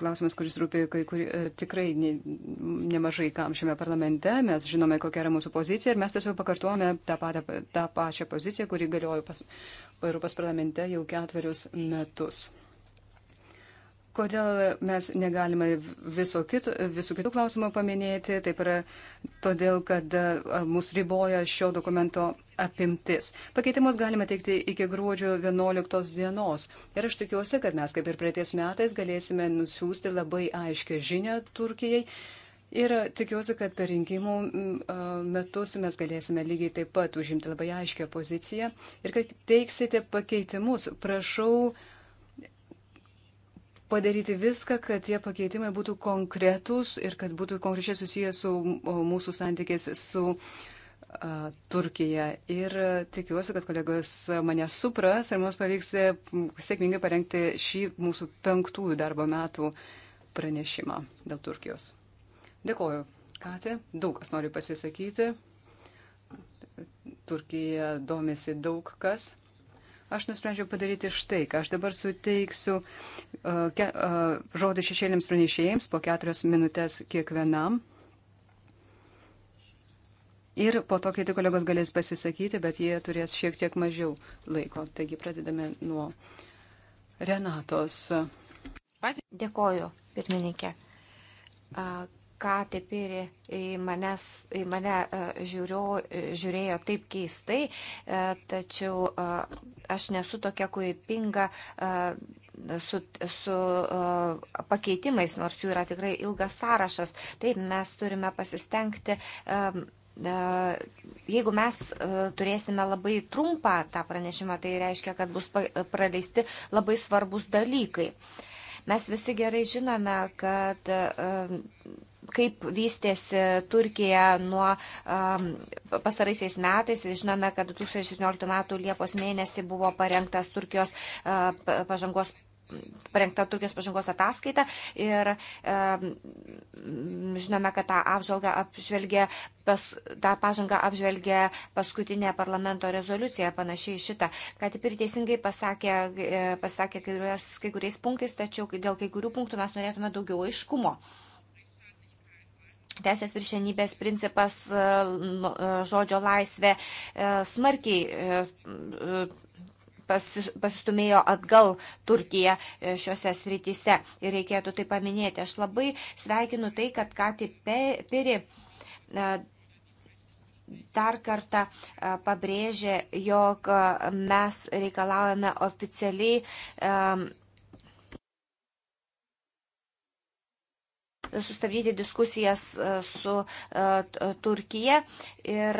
klausimas, kuris rūpi kai kur, e, tikrai ne, nemažai kam šiame parlamente. Mes žinome, kokia yra mūsų pozicija ir mes tiesiog pakartuojame tą, patą, tą pačią poziciją, kuri galiojo pas, Europos parlamente jau ketverius metus. Kodėl mes negalime viso kito, visų kitų klausimų paminėti, taip yra todėl, kad e, mus riboja šio dokumento apimtis. Pakeitimus galime teikti iki gruodžio 11 dienos. Ir aš tikiuosi, kad mes kaip ir praeities metais galėsime nusiųsti labai aiškę žinę Turkijai. Ir tikiuosi, kad per rinkimų e, metus mes galėsime lygiai taip pat užimti labai aiškę poziciją. Ir kad teiksite pakeitimus, prašau padaryti viską, kad tie pakeitimai būtų konkretūs ir kad būtų konkrečiai susijęs su mūsų santykės su a, Turkija. Ir tikiuosi, kad kolegos mane supras ir mums pavyks sėkmingai parengti šį mūsų penktųjų darbo metų pranešimą dėl Turkijos. Dėkoju, Katė. Daug kas nori pasisakyti. Turkija domisi daug kas. Aš nusprendžiau padaryti štai, ką aš dabar suteiksiu uh, ke, uh, žodį šešėlėms pranešėjams po keturias minutės kiekvienam. Ir po to kiti kolegos galės pasisakyti, bet jie turės šiek tiek mažiau laiko. Taigi pradedame nuo Renatos. Dėkoju, pirmininkė. Uh, ką Tepiri į, manęs, į mane e, žiūrio, e, žiūrėjo taip keistai, e, tačiau aš nesu tokia kūrybinga su, su pakeitimais, nors jų yra tikrai ilgas sąrašas. Taip, mes turime pasistengti jeigu mes turėsime labai trumpą tą pranešimą, tai reiškia, kad bus praleisti labai svarbus dalykai. Mes visi gerai žinome, kad kaip vystėsi Turkija nuo um, pastaraisiais metais. Žinome, kad 2017 m. Liepos mėnesį buvo parengtas Turkijos uh, pažangos parengta Turkijos pažangos ataskaita ir e, žinome, kad tą apžvalgą apžvelgė, pas, tą pažangą apžvelgė paskutinė parlamento rezoliucija, panašiai šitą, kad ir teisingai pasakė, e, pasakė kai, kuriais, kai kuriais punktais, tačiau dėl kai kurių punktų mes norėtume daugiau aiškumo. E, Teisės viršenybės principas, e, e, žodžio laisvė e, smarkiai pasistumėjo atgal Turkija šiuose srityse. Ir reikėtų tai paminėti. Aš labai sveikinu tai, kad Kati Piri dar kartą pabrėžė, jog mes reikalaujame oficialiai sustabdyti diskusijas e, su e, e, Turkija ir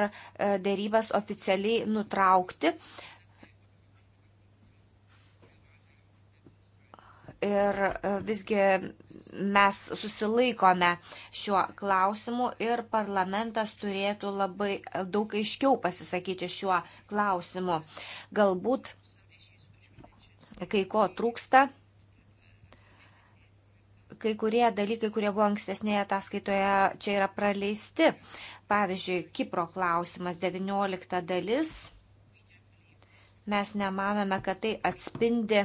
dėrybas oficialiai nutraukti. ir visgi mes susilaikome šiuo klausimu ir parlamentas turėtų labai daug aiškiau pasisakyti šiuo klausimu. Galbūt kai ko trūksta kai kurie dalykai, kurie buvo ankstesnėje ataskaitoje, čia yra praleisti. Pavyzdžiui, Kipro klausimas 19 dalis. Mes nemanome, kad tai atspindi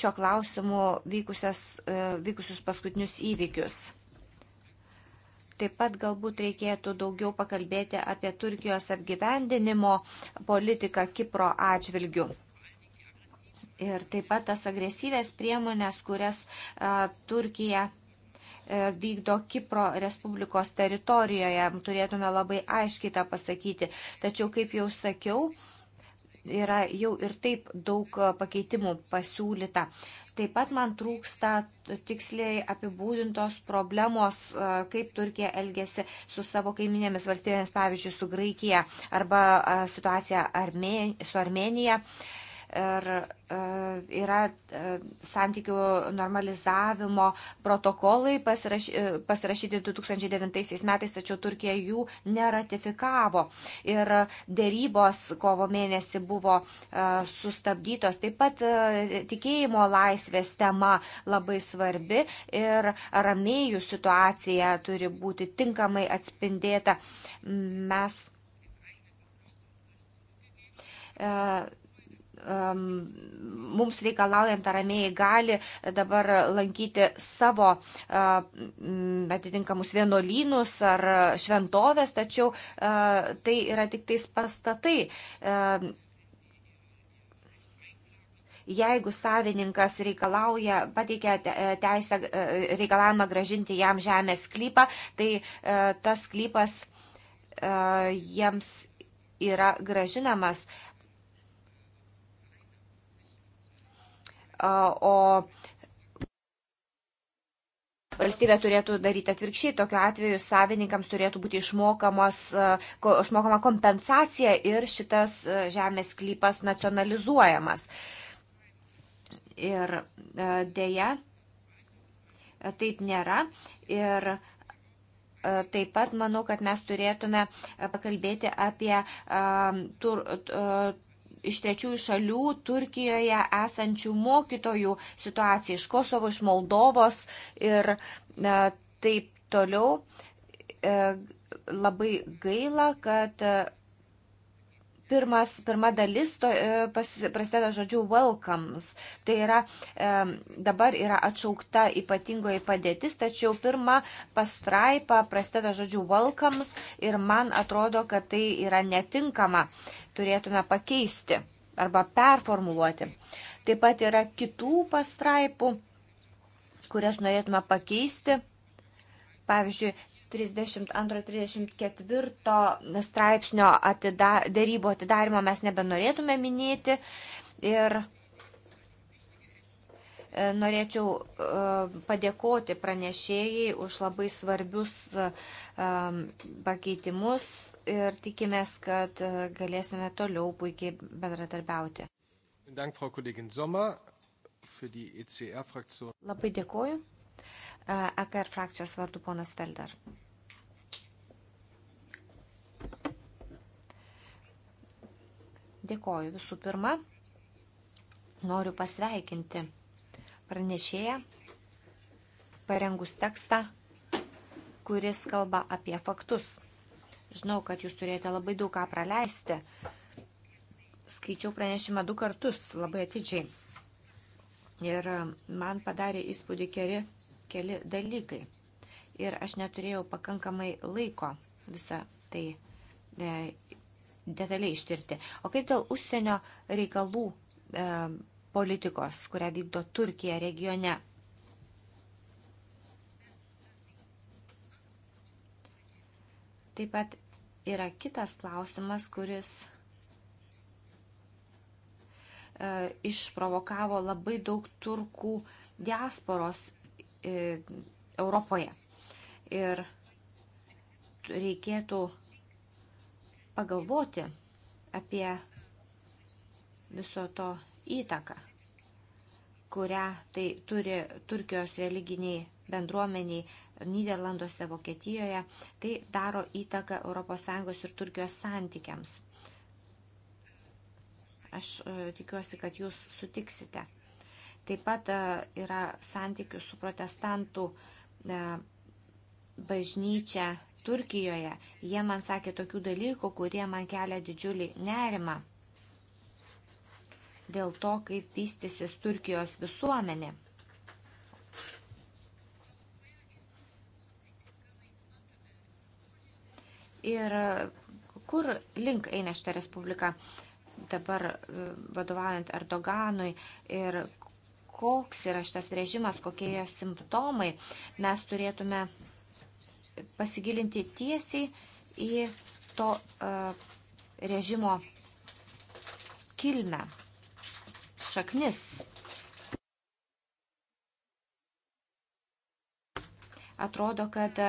šio klausimu vykusias, e, vykusius paskutinius įvykius. Taip pat galbūt reikėtų daugiau pakalbėti apie Turkijos apgyvendinimo politiką Kipro atžvilgių. Ir taip pat tas agresyvės priemonės, kurias a, Turkija a, vykdo Kipro Respublikos teritorijoje, turėtume labai aiškiai tą pasakyti. Tačiau, kaip jau sakiau, yra jau ir taip daug pakeitimų pasiūlyta. Taip pat man trūksta tiksliai apibūdintos problemos, kaip Turkija elgėsi su savo kaiminėmis valstybėmis, pavyzdžiui, su Graikija arba situacija Arme, su Armenija. Armenija ir e, yra e, santykių normalizavimo protokolai e, pasirašyti 2009 metais, tačiau Turkija jų neratifikavo. Ir dėrybos kovo mėnesį buvo sustabdytos. Taip pat tikėjimo laisvės tema labai svarbi ir ramėjų situacija turi būti tinkamai atspindėta. Mes mums reikalaujant aramėjai gali dabar lankyti savo atitinkamus vienuolynus ar šventovės, tačiau e, tai yra tik tais pastatai. Jeigu savininkas reikalauja, pateikia teisę, e, reikalavimą gražinti jam žemės sklypą, tai e, tas sklypas jiems yra gražinamas. Uh, o valstybė turėtų daryti atvirkščiai, tokiu atveju savininkams turėtų būti išmokama kompensacija ir šitas žemės klypas nacionalizuojamas. Ir dėja, taip nėra. Ir Taip pat manau, kad mes turėtume pakalbėti apie tur, iš trečiųjų šalių Turkijoje esančių mokytojų situaciją iš Kosovo, iš Moldovos ir e, taip toliau. E, labai gaila, kad Pirmas, pirma dalis to, e, pas, prasideda žodžiu welcomes. Tai yra e, dabar yra atšaukta ypatingoji padėtis, tačiau pirma pastraipa prasideda žodžiu welcomes ir man atrodo, kad tai yra netinkama. Turėtume pakeisti arba performuluoti. Taip pat yra kitų pastraipų, kurias norėtume pakeisti. Pavyzdžiui, 32-34 straipsnio atida, darybo atidarimo mes nebenorėtume minėti. Ir e, norėčiau e, padėkoti pranešėjai už labai svarbius e, pakeitimus ir tikimės, kad galėsime toliau puikiai bendradarbiauti. Labai dėkoju. EKR frakcijos vardu ponas Felder. Dėkoju visų pirma. Noriu pasveikinti pranešėją, parengus tekstą, kuris kalba apie faktus. Žinau, kad jūs turėjote labai daug ką praleisti. Skaičiau pranešimą du kartus labai atidžiai. Ir man padarė įspūdį keli keli dalykai. Ir aš neturėjau pakankamai laiko visą tai e, detaliai ištirti. O kaip dėl užsienio reikalų e, politikos, kurią vykdo Turkija regione? Taip pat yra kitas klausimas, kuris e, išprovokavo labai daug turkų diasporos E, Europoje. Ir reikėtų pagalvoti apie viso to įtaką, kurią tai turi Turkijos religiniai bendruomeniai Niderlanduose, Vokietijoje. Tai daro įtaką ES ir Turkijos santykiams. Aš e, tikiuosi, kad jūs sutiksite. Taip pat e, yra santykių su protestantų e, bažnyčia Turkijoje. Jie man sakė tokių dalykų, kurie man kelia didžiulį nerimą dėl to, kaip vystysis Turkijos visuomenė. Ir kur link eina šitą respubliką dabar e, vadovaujant Erdoganui ir koks yra šitas režimas, kokie jo simptomai, mes turėtume pasigilinti tiesiai į to e, režimo kilmę, šaknis. Atrodo, kad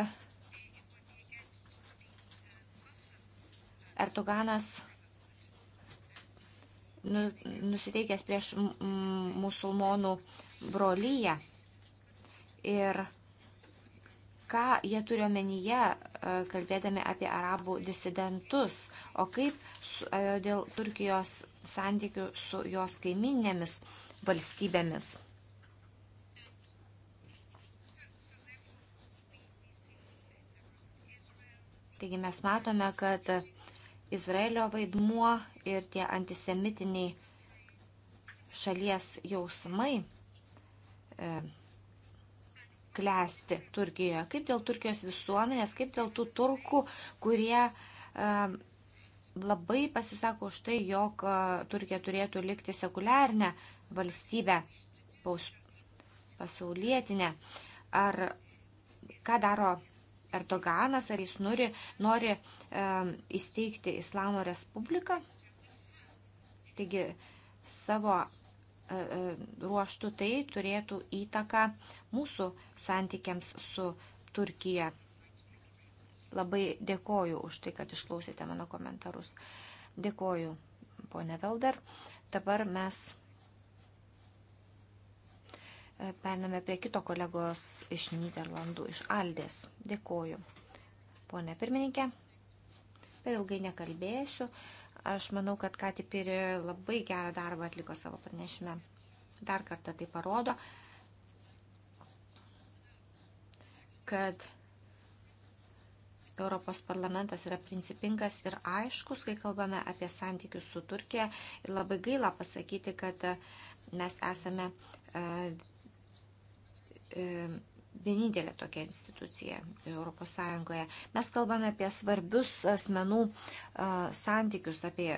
Erdoganas Nu, nusiteikęs prieš musulmonų brolyje. Ir ką jie turi omenyje, e, kalbėdami apie arabų disidentus, o kaip su, e, dėl Turkijos santykių su jos kaiminėmis valstybėmis. Taigi mes matome, kad Izraelio vaidmuo ir tie antisemitiniai šalies jausmai e, klesti Turkijoje, kaip dėl Turkijos visuomenės, kaip dėl tų turkų, kurie e, labai pasisako už tai, jog e, Turkija turėtų likti sekuliarnę valstybę, paus, pasaulietinę. Ar ką daro Erdoganas, ar jis nori, nori e, įsteigti Islamo Respubliką. Taigi savo e, e, ruoštų tai turėtų įtaką mūsų santykiams su Turkija. Labai dėkoju už tai, kad išklausėte mano komentarus. Dėkoju, ponė Velder. Dabar mes Pername prie kito kolegos iš Niderlandų, iš Aldės. Dėkoju. Pone pirmininkė, per ilgai nekalbėsiu. Aš manau, kad Kati Piri labai gerą darbą atliko savo pranešime. Dar kartą tai parodo, kad Europos parlamentas yra principingas ir aiškus, kai kalbame apie santykius su Turkija. Ir labai gaila pasakyti, kad mes esame e, e, vienintelė tokia institucija ES. Mes kalbame apie svarbius asmenų santykius, apie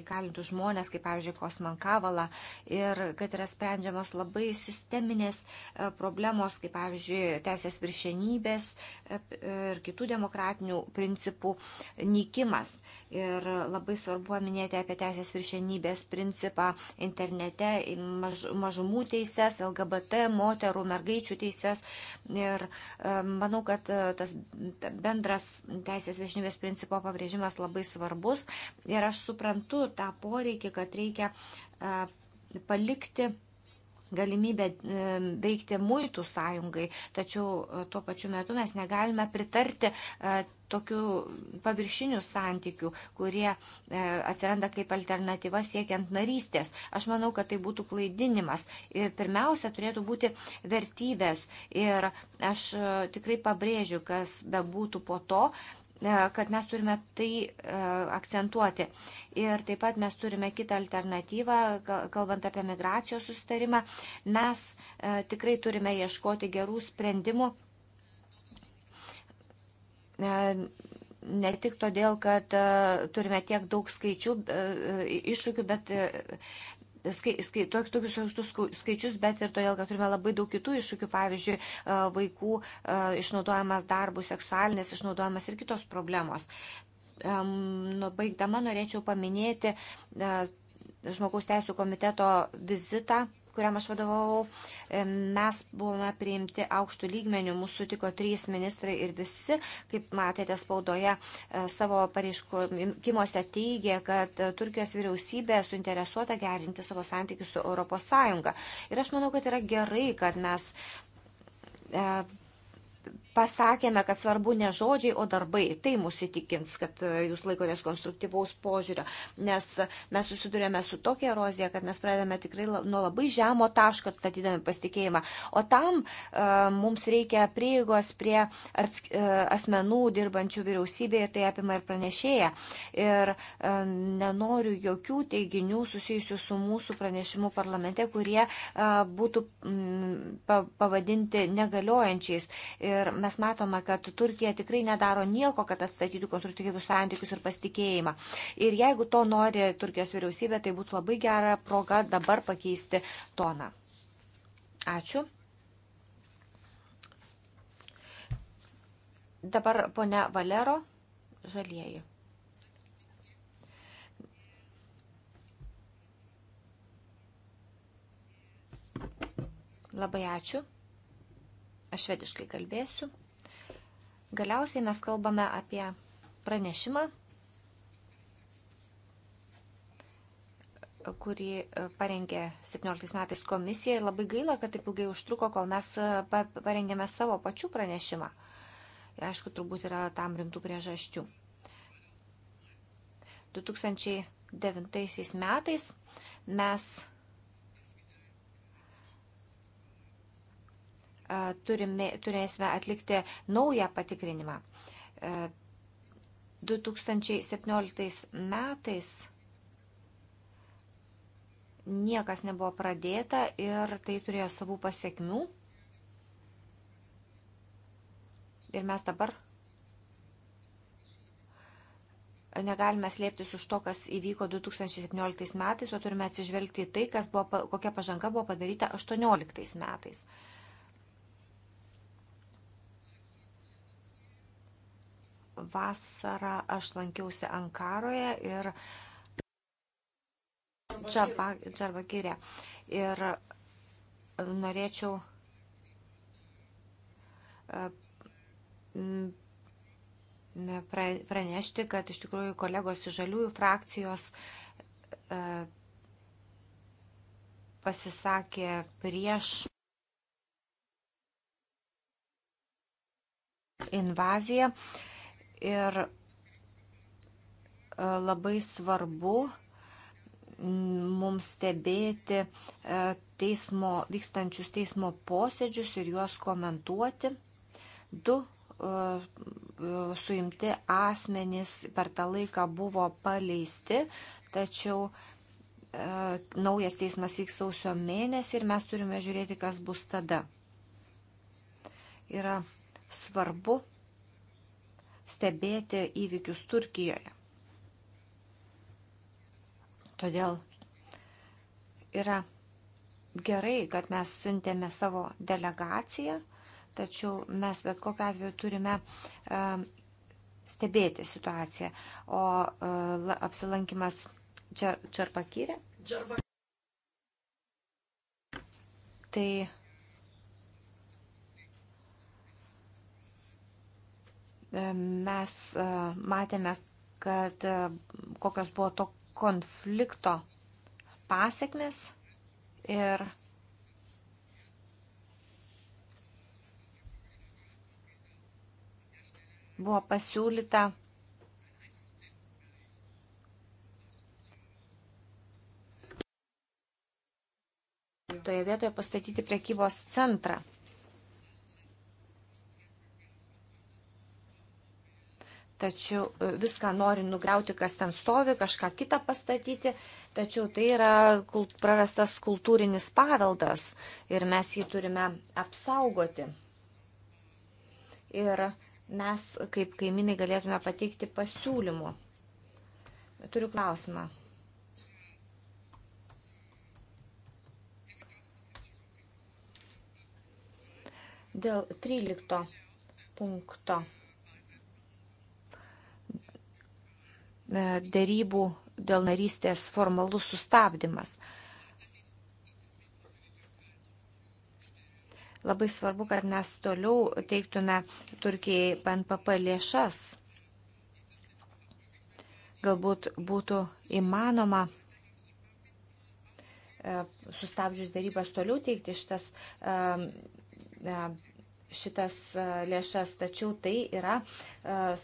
įkalintus žmonės, kaip pavyzdžiui Kosman Kavala, ir kad yra sprendžiamos labai sisteminės problemos, kaip pavyzdžiui teisės viršenybės ir kitų demokratinių principų nykimas. Ir labai svarbu paminėti apie teisės viršenybės principą internete, maž, mažumų teises, LGBT, moterų, mergaičių teises Ir e, manau, kad e, tas bendras teisės viešinybės principo pabrėžimas labai svarbus. Ir aš suprantu tą poreikį, kad reikia e, palikti galimybę e, veikti muitų sąjungai, tačiau e, tuo pačiu metu mes negalime pritarti e, tokių paviršinių santykių, kurie atsiranda kaip alternatyva siekiant narystės. Aš manau, kad tai būtų klaidinimas. Ir pirmiausia, turėtų būti vertybės. Ir aš tikrai pabrėžiu, kas bebūtų po to, E, kad mes turime tai e, akcentuoti. Ir taip pat mes turime kitą alternatyvą, kalbant apie migracijos sustarimą. Mes e, tikrai turime ieškoti gerų sprendimų. Ne tik todėl, kad turime tiek daug skaičių, iššūkių, bet skai, skai, tokius aukštus skaičius, bet ir todėl, kad turime labai daug kitų iššūkių, pavyzdžiui, e, vaikų e, išnaudojimas darbų, seksualinės išnaudojimas ir kitos problemos. Nu, baigdama norėčiau paminėti e, Žmogaus teisų komiteto vizitą kuriam aš vadovau, mes buvome priimti aukštų lygmenių, mūsų tiko trys ministrai ir visi, kaip matėte spaudoje, e, savo pareiškimuose teigė, kad e, Turkijos vyriausybė suinteresuota gerinti savo santykius su ES. Ir aš manau, kad yra gerai, kad mes e, pasakėme, kad svarbu ne žodžiai, o darbai. Tai mus įtikins, kad e, jūs laikotės konstruktyvaus požiūrio, nes mes susidurėme su tokia erozija, kad mes pradedame tikrai nuo labai žemo taško atstatydami pasitikėjimą. O tam uh, mums reikia prieigos prie atsk, uh, asmenų dirbančių vyriausybėje, tai apima ir pranešėja. Ir uh, nenoriu jokių teiginių susijusių su mūsų pranešimu parlamente, kurie uh, būtų mm, pa, pavadinti negaliojančiais. Ir mes matome, kad Turkija tikrai nedaro nieko, kad atstatytų konstruktyvius santykius ir pasitikėjimą. Ir jeigu to nori Turkijos vyriausybė, tai būtų labai gera proga dabar pakeisti toną. Ačiū. Dabar ponia Valero, žalieji. Labai ačiū. Aš švediškai kalbėsiu. Galiausiai mes kalbame apie pranešimą, kurį e, parengė 17 metais komisija ir labai gaila, kad taip ilgai užtruko, kol mes e, parengėme savo pačių pranešimą. Ir aišku, turbūt yra tam rimtų priežasčių. 2009 metais mes turime, turėsime atlikti naują patikrinimą. 2017 metais niekas nebuvo pradėta ir tai turėjo savų pasiekmių. Ir mes dabar negalime slėptis už to, kas įvyko 2017 metais, o turime atsižvelgti į tai, buvo, kokia pažanga buvo padaryta 2018 metais. vasarą aš lankiausi Ankaroje ir Džarbagirė. Ir e, norėčiau e, pranešti, kad iš tikrųjų kolegos iš žaliųjų frakcijos e, pasisakė prieš invaziją. Uh, Ir e, labai svarbu mums stebėti e, teismo, vykstančius teismo posėdžius ir juos komentuoti. Du e, suimti asmenys per tą laiką buvo paleisti, tačiau naujas teismas vyks sausio mėnesį ir mes turime žiūrėti, kas bus tada. Yra svarbu stebėti įvykius Turkijoje. Todėl yra gerai, kad mes siuntėme savo delegaciją, tačiau mes bet kokiu atveju turime e, stebėti situaciją. O e, apsilankimas Čerpakyrė. Džar, tai E, mes e, matėme, kad e, kokios buvo to konflikto pasiekmes ir buvo pasiūlyta toje vietoje pastatyti prekybos centrą. tačiau e, viską nori nugriauti, kas ten stovi, kažką kitą pastatyti, tačiau tai yra kult, prarastas kultūrinis paveldas ir mes jį turime apsaugoti. Ir mes kaip kaimynai galėtume pateikti pasiūlymų. Turiu klausimą. Dėl 13 punkto. E, dėrybų dėl narystės formalus sustabdymas. Labai svarbu, kad mes toliau teiktume Turkijai PNPP lėšas. Galbūt būtų įmanoma e, sustabdžius darybas toliau teikti šitas e, šitas e, lėšas, tačiau tai yra e,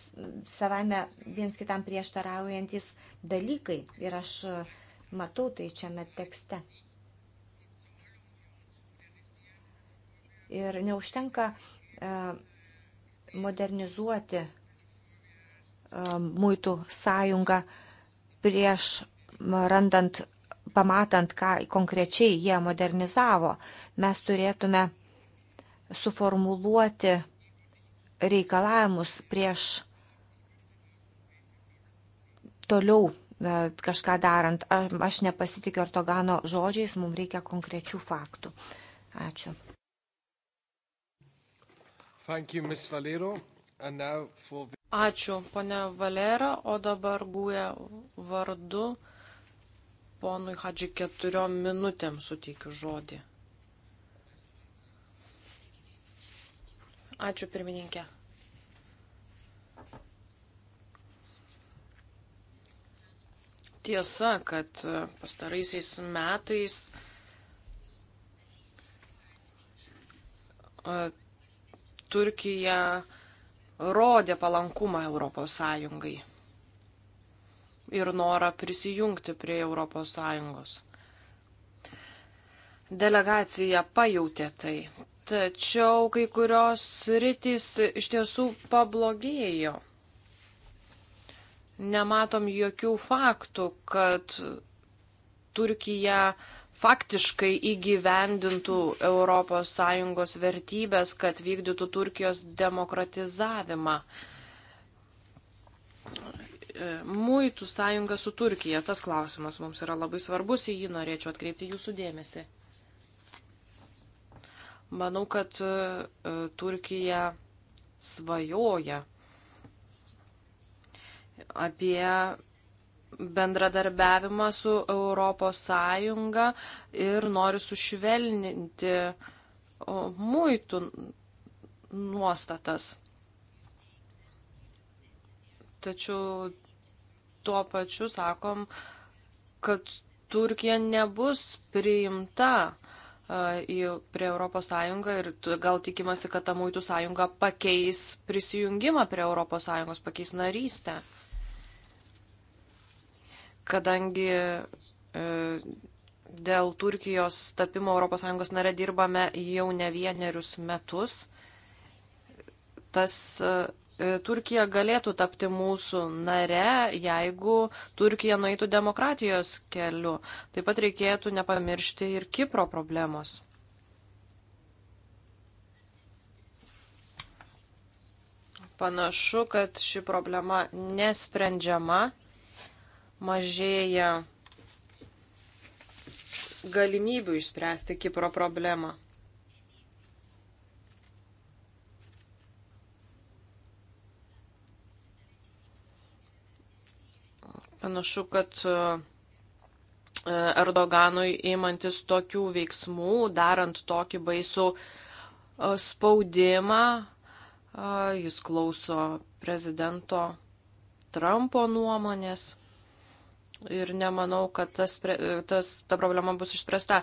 savame viens kitam prieštaraujantis dalykai ir aš e, matau tai šiame tekste. Ir neužtenka modernizuoti muitų sąjungą prieš randant, pamatant, ką konkrečiai jie modernizavo. Mes turėtume suformuluoti reikalavimus prieš toliau e, kažką darant. Aš nepasitikiu ortogano žodžiais, mums reikia konkrečių faktų. Ačiū. Thank you, Ms. Valero. For... Ačiū, ponia Valera, o dabar guė vardu ponui Hadži keturiom minutėm suteikiu žodį. Ačiū pirmininkė. Tiesa, kad pastaraisiais metais e, Turkija rodė palankumą Europos Sąjungai ir norą prisijungti prie Europos Sąjungos. Delegacija pajautė tai. Tačiau kai kurios rytis iš tiesų pablogėjo. Nematom jokių faktų, kad Turkija faktiškai įgyvendintų ES vertybės, kad vykdytų Turkijos demokratizavimą. Muitų sąjunga su Turkija, tas klausimas mums yra labai svarbus, į jį norėčiau atkreipti jūsų dėmesį. Manau, kad e, e, Turkija svajoja apie bendradarbiavimą su ES ir nori sušvelninti muitų nuostatas. Tačiau tuo pačiu sakom, kad Turkija nebus priimta prie ES ir gal tikimasi, kad ta muitų sąjunga pakeis prisijungimą prie ES, pakeis narystę. Kadangi e, dėl Turkijos tapimo ES nare dirbame jau ne vienerius metus, tas e, E, Turkija galėtų tapti mūsų nare, jeigu Turkija nueitų demokratijos keliu. Taip pat reikėtų nepamiršti ir Kipro problemos. Panašu, kad ši problema nesprendžiama, mažėja galimybių išspręsti Kipro problemą. Panašu, kad e, e, Erdoganui įmantis tokių veiksmų, darant tokį baisų e, spaudimą, jis klauso prezidento Trumpo nuomonės. Ir nemanau, kad tas, tas, ta problema bus išspręsta.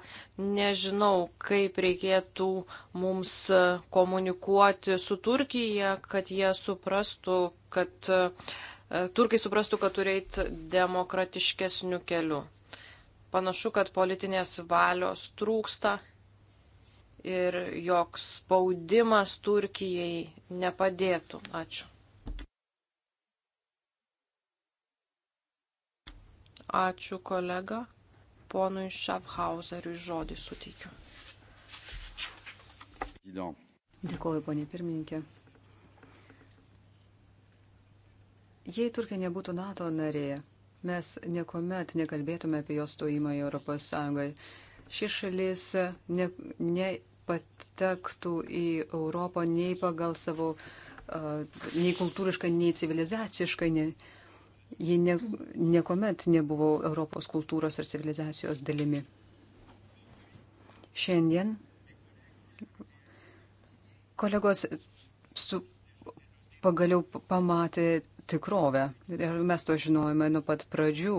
Nežinau, kaip reikėtų mums komunikuoti su Turkija, kad jie suprastų, kad uh, E, turkai suprastų, kad turi eiti demokratiškesniu keliu. Panašu, kad politinės valios trūksta ir joks spaudimas Turkijai nepadėtų. Ačiū. Ačiū kolega, ponui Šafhauseriui žodį suteikiu. Dėkuoju, ponė pirmininkė. Jei Turkija nebūtų NATO narė, mes niekuomet nekalbėtume apie jos stojimą į Europos Sąjungą. Ši šalis ne, nepatektų į Europą nei pagal savo, uh, nei kultūriškai, nei civilizaciškai. Ne, ji ne, niekuomet nebuvo Europos kultūros ir civilizacijos dalimi. Šiandien kolegos su, pagaliau pamatė tikrovę. Ir mes to žinojome nuo pat pradžių.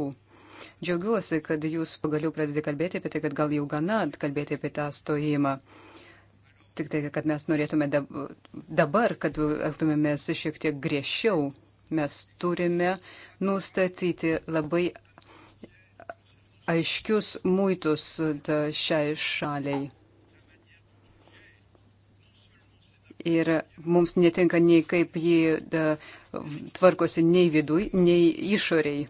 Džiaugiuosi, kad jūs pagaliau pradedate kalbėti apie tai, kad gal jau gana kalbėti apie tą stojimą. Tik tai, kad mes norėtume dabar, kad elgtumėmės šiek tiek griežčiau, mes turime nustatyti labai aiškius muitus šiai šaliai. ir mums netinka nei kaip ji da, tvarkosi nei viduj, nei išoriai.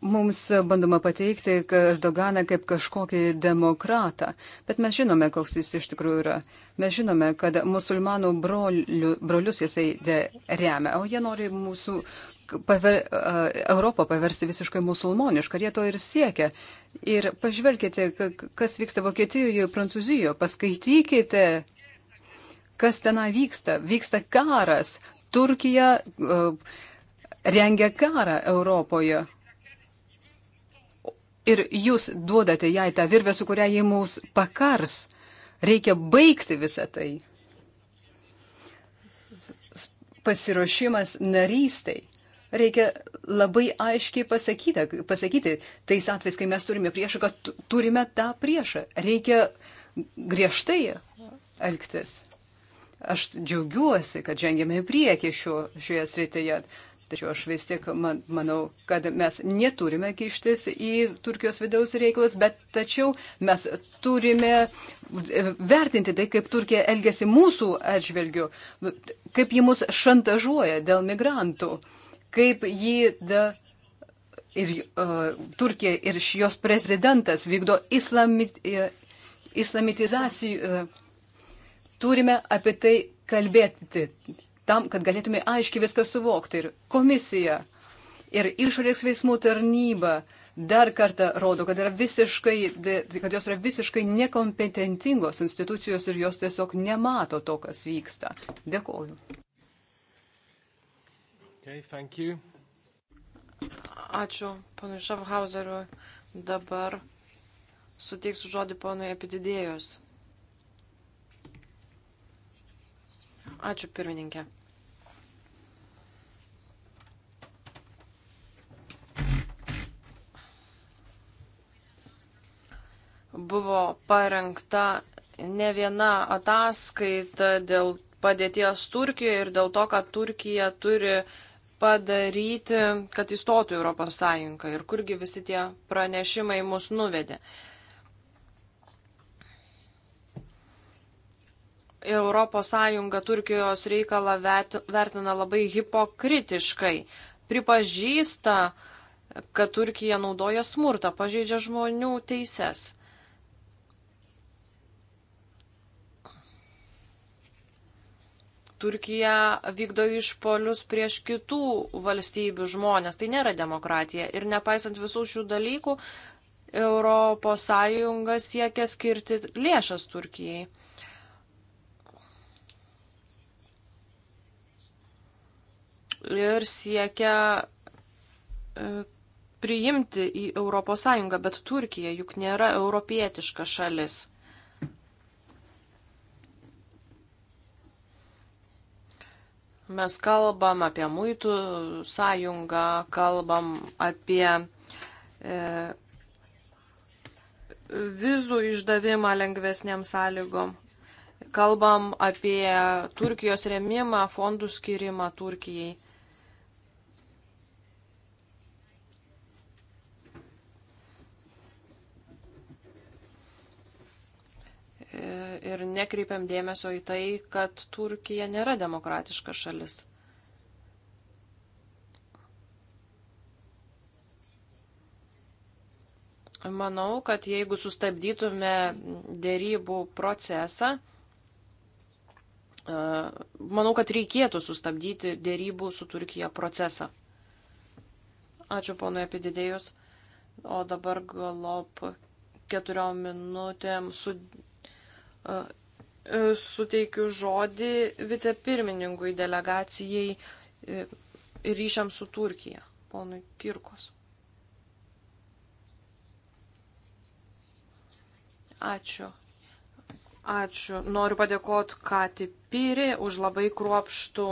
Mums bandoma pateikti Erdoganą kaip kažkokį demokratą, bet mes žinome, koks jis iš tikrųjų yra. Mes žinome, kad musulmanų broliu, brolius jisai remia, o jie nori mūsų paver, Europą paversti visiškai musulmonišką, jie to ir siekia. Ir pažvelkite, kas vyksta Vokietijoje, Prancūzijoje, paskaitykite, kas tenai vyksta. Vyksta karas. Turkija uh, rengia karą Europoje. Ir jūs duodate jai tą virvę, su kuria jie mus pakars. Reikia baigti visą tai pasiruošimas narystiai reikia labai aiškiai pasakyti, pasakyti tais atvejais, kai mes turime priešą, kad turime tą priešą. Reikia griežtai elgtis. Aš džiaugiuosi, kad žengėme į priekį šio, šioje srityje. Tačiau aš vis tiek man, manau, kad mes neturime kištis į Turkijos vidaus reikalus, bet tačiau mes turime vertinti tai, kaip Turkija elgesi mūsų atžvilgiu, kaip ji mus šantažuoja dėl migrantų. Uh, kaip jį da, ir, uh, Turkija ir jos prezidentas vykdo islamit, uh, e, islamitizaciją. Uh, e, turime apie tai kalbėti tam, kad galėtume aiškiai viską suvokti. Ir komisija, ir išorės veiksmų tarnyba dar kartą rodo, kad, visiškai, kad jos yra visiškai nekompetentingos institucijos ir jos tiesiog nemato to, kas vyksta. Dėkoju. Okay, thank you. Ačiū, panui Šafhauzeriu. Dabar suteiksiu žodį panui Epididėjus. Ačiū, pirmininkė. buvo parengta ne viena ataskaita dėl padėties Turkijoje ir dėl to, kad Turkija turi padaryti, kad įstotų Europos Sąjunga ir kurgi visi tie pranešimai mus nuvedė. Europos Sąjunga Turkijos reikalą vertina labai hipokritiškai. Pripažįsta, kad Turkija naudoja smurtą, pažeidžia žmonių teises. Turkija vykdo išpolius prieš kitų valstybių žmonės. Tai nėra demokratija. Ir nepaisant visų šių dalykų, ES siekia skirti lėšas Turkijai. Ir siekia e, priimti į ES, bet Turkija juk nėra europietiška šalis. Mes kalbam apie muitų sąjungą, kalbam apie e, vizų išdavimą lengvesniam sąlygom, kalbam apie Turkijos remimą, fondų skirimą Turkijai. ir nekreipiam dėmesio į tai, kad Turkija nėra demokratiška šalis. Manau, kad jeigu sustabdytume dėrybų procesą, e, manau, kad reikėtų sustabdyti dėrybų su Turkija procesą. Ačiū ponui apie didėjus. O dabar galop keturiom minutėm su suteikiu žodį vicepirmininkui delegacijai e, ryšiam su Turkija, ponui Kirkos. Ačiū. Ačiū. Noriu padėkoti Kati Pyri už labai kruopštų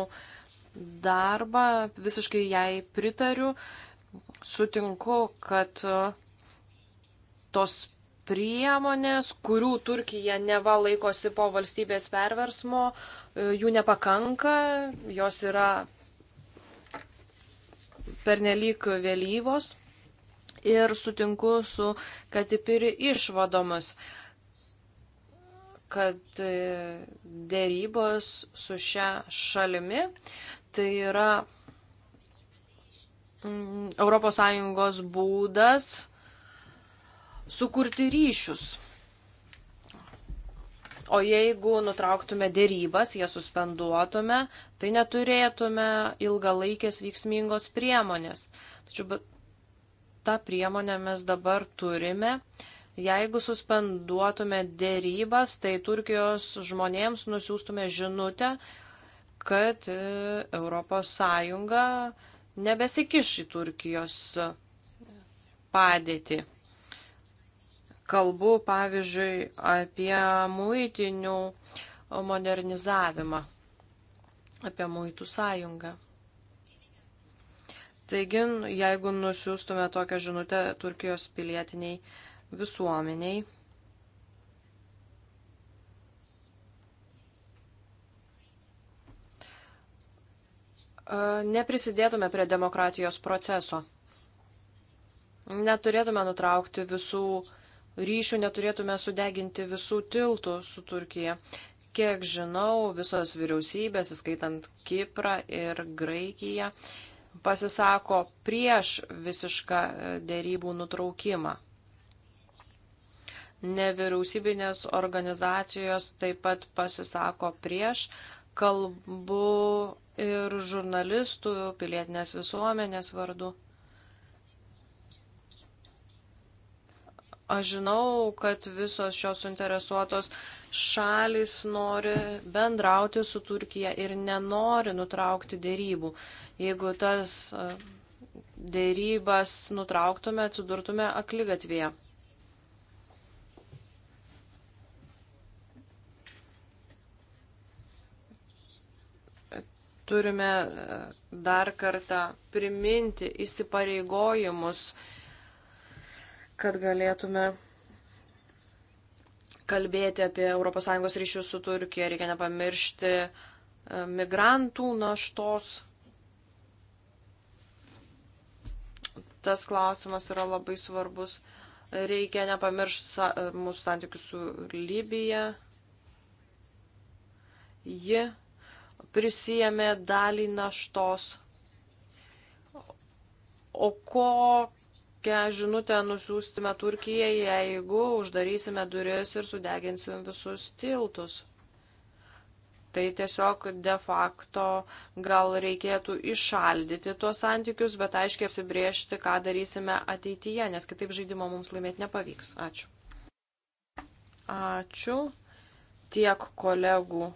darbą. Visiškai jai pritariu. Sutinku, kad tos priemonės, kurių Turkija neva laikosi po valstybės perversmo, e, jų nepakanka, jos yra pernelyg vėlyvos ir sutinku su Katipiri išvadomis, kad e, dėrybos su šia šalimi tai yra mm, ES būdas sukurti ryšius. O jeigu nutrauktume dėrybas, jas suspenduotume, tai neturėtume ilgalaikės veiksmingos priemonės. Tačiau tą priemonę mes dabar turime. Jeigu suspenduotume dėrybas, tai Turkijos žmonėms nusiųstume žinutę, kad ES nebesikiš į Turkijos padėtį. Kalbu, pavyzdžiui, apie muitinių modernizavimą, apie muitų sąjungą. Taigi, jeigu nusiųstume tokią žinutę Turkijos pilietiniai visuomeniai, e, neprisidėtume prie demokratijos proceso. Neturėtume nutraukti visų uh, ryšių neturėtume sudeginti visų tiltų su Turkija. Kiek žinau, visos vyriausybės, įskaitant Kiprą ir Graikiją, pasisako prieš visišką e, dėrybų nutraukimą. Nevyriausybinės organizacijos taip pat pasisako prieš, kalbu ir žurnalistų, pilietinės visuomenės vardu. Aš žinau, kad visos šios suinteresuotos šalis nori bendrauti su Turkija ir nenori nutraukti dėrybų. Jeigu tas e, dėrybas nutrauktume, atsidurtume aklygatvėje. Turime e, dar kartą priminti įsipareigojimus kad galėtume kalbėti apie ES ryšius su Turkija. Reikia nepamiršti e, migrantų naštos. Tas klausimas yra labai svarbus. Reikia nepamiršti e, mūsų santykių su Libija. Ji prisijėmė dalį naštos. O ko kokią žinutę nusiųstume Turkijai, jeigu uždarysime duris ir sudeginsim visus tiltus. Tai tiesiog de facto gal reikėtų išaldyti tuos santykius, bet aiškiai apsibriežti, ką darysime ateityje, nes kitaip žaidimo mums laimėti nepavyks. Ačiū. Ačiū. Tiek kolegų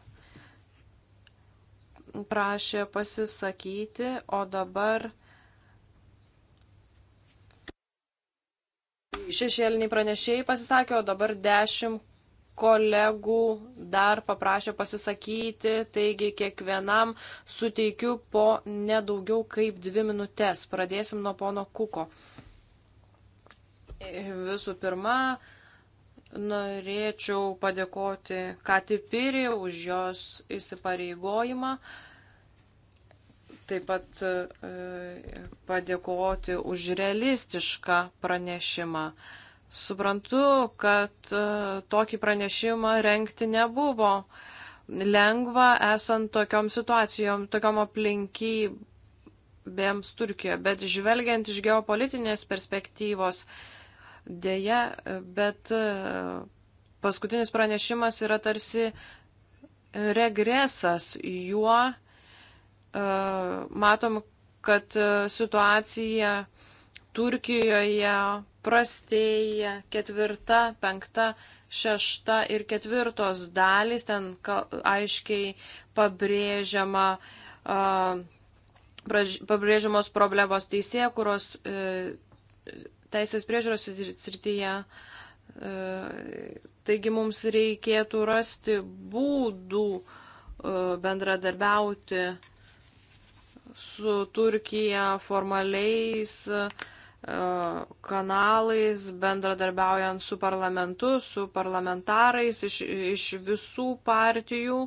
prašė pasisakyti, o dabar Šešėliniai pranešėjai pasisakė, o dabar dešimt kolegų dar paprašė pasisakyti, taigi kiekvienam suteikiu po nedaugiau kaip dvi minutės. Pradėsim nuo pono Kuko. Visų pirma, norėčiau padėkoti Katipirį už jos įsipareigojimą. Uh, taip pat e, padėkoti už realistišką pranešimą. Suprantu, kad e, tokį pranešimą renkti nebuvo lengva esant tokiom situacijom, tokiom aplinkybėms Turkijoje, bet žvelgiant iš geopolitinės perspektyvos, dėja, bet e, paskutinis pranešimas yra tarsi regresas, juo E, matom, kad e, situacija Turkijoje prastėja ketvirta, penkta, šešta ir ketvirtos dalys, ten aiškiai pabrėžiama, e, pabrėžiamos problemos teisėje, kurios teisės priežiūros srityje. Taigi mums reikėtų rasti būdų bendradarbiauti su Turkija formaliais e, kanalais, bendradarbiaujant su parlamentu, su parlamentarais iš, iš visų partijų.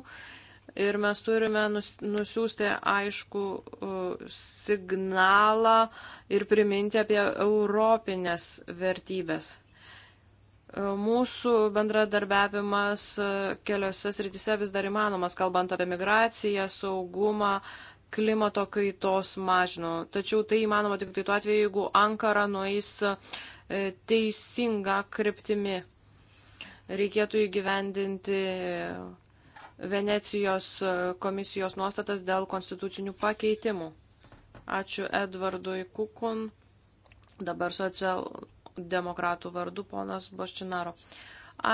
Ir mes turime nus, nusiųsti aišku e, signalą ir priminti apie europinės vertybės. E, mūsų bendradarbiavimas keliose srityse vis dar įmanomas, kalbant apie migraciją, saugumą, klimato kaitos mažino. Tačiau tai įmanoma tik tai tuo atveju, jeigu Ankara nueis e, teisinga kryptimi. Reikėtų įgyvendinti e, Venecijos e, komisijos nuostatas dėl konstitucinių pakeitimų. Ačiū Edvardui Kukun, dabar socialdemokratų vardu ponas Boščinaro.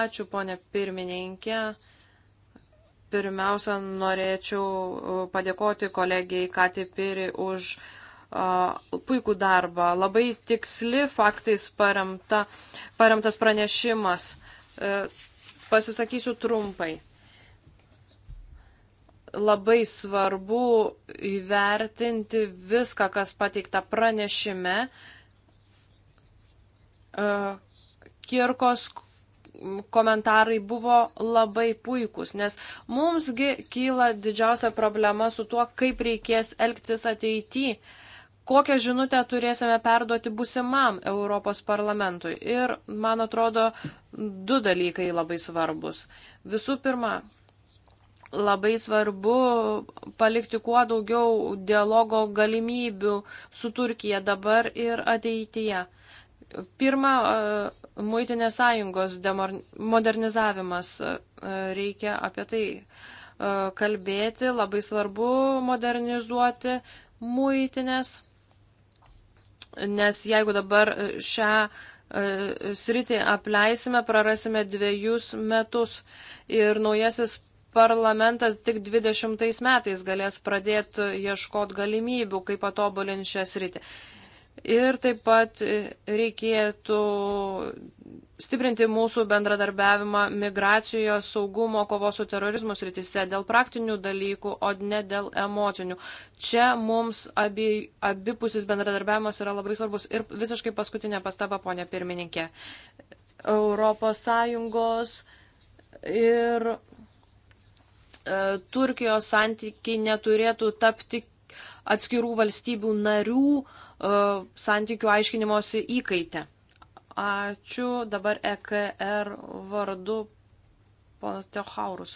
Ačiū ponė pirmininkė. Pirmiausia, norėčiau e, padėkoti kolegijai Kati Piri už a, puikų darbą. Labai tiksli faktais paremta, paremtas pranešimas. E, pasisakysiu trumpai. Labai svarbu įvertinti viską, kas pateikta pranešime. E, Kirkos komentarai buvo labai puikūs, nes mumsgi kyla didžiausia problema su tuo, kaip reikės elgtis ateityje kokią žinutę turėsime perduoti busimam Europos parlamentui. Ir, man atrodo, du dalykai labai svarbus. Visų pirma, labai svarbu palikti kuo daugiau dialogo galimybių su Turkija dabar ir ateityje. Pirma, Muitinės sąjungos modernizavimas e, reikia apie tai e, kalbėti, labai svarbu modernizuoti muitinės, nes jeigu dabar šią e, sritį apleisime, prarasime dviejus metus ir naujasis parlamentas tik 20 metais galės pradėti ieškot galimybių, kaip patobulinti šią sritį. Ir taip pat reikėtų stiprinti mūsų bendradarbiavimą migracijos, saugumo, kovos su terorizmu srityse dėl praktinių dalykų, o ne dėl emocinių. Čia mums abie, abipusis bendradarbiavimas yra labai svarbus. Ir visiškai paskutinė pastaba, ponė pirmininkė. Europos Sąjungos ir e, Turkijos santykiai neturėtų tapti atskirų valstybių narių E, santykių aiškinimosi įkaitę. Ačiū dabar EKR vardu ponas Teohaurus.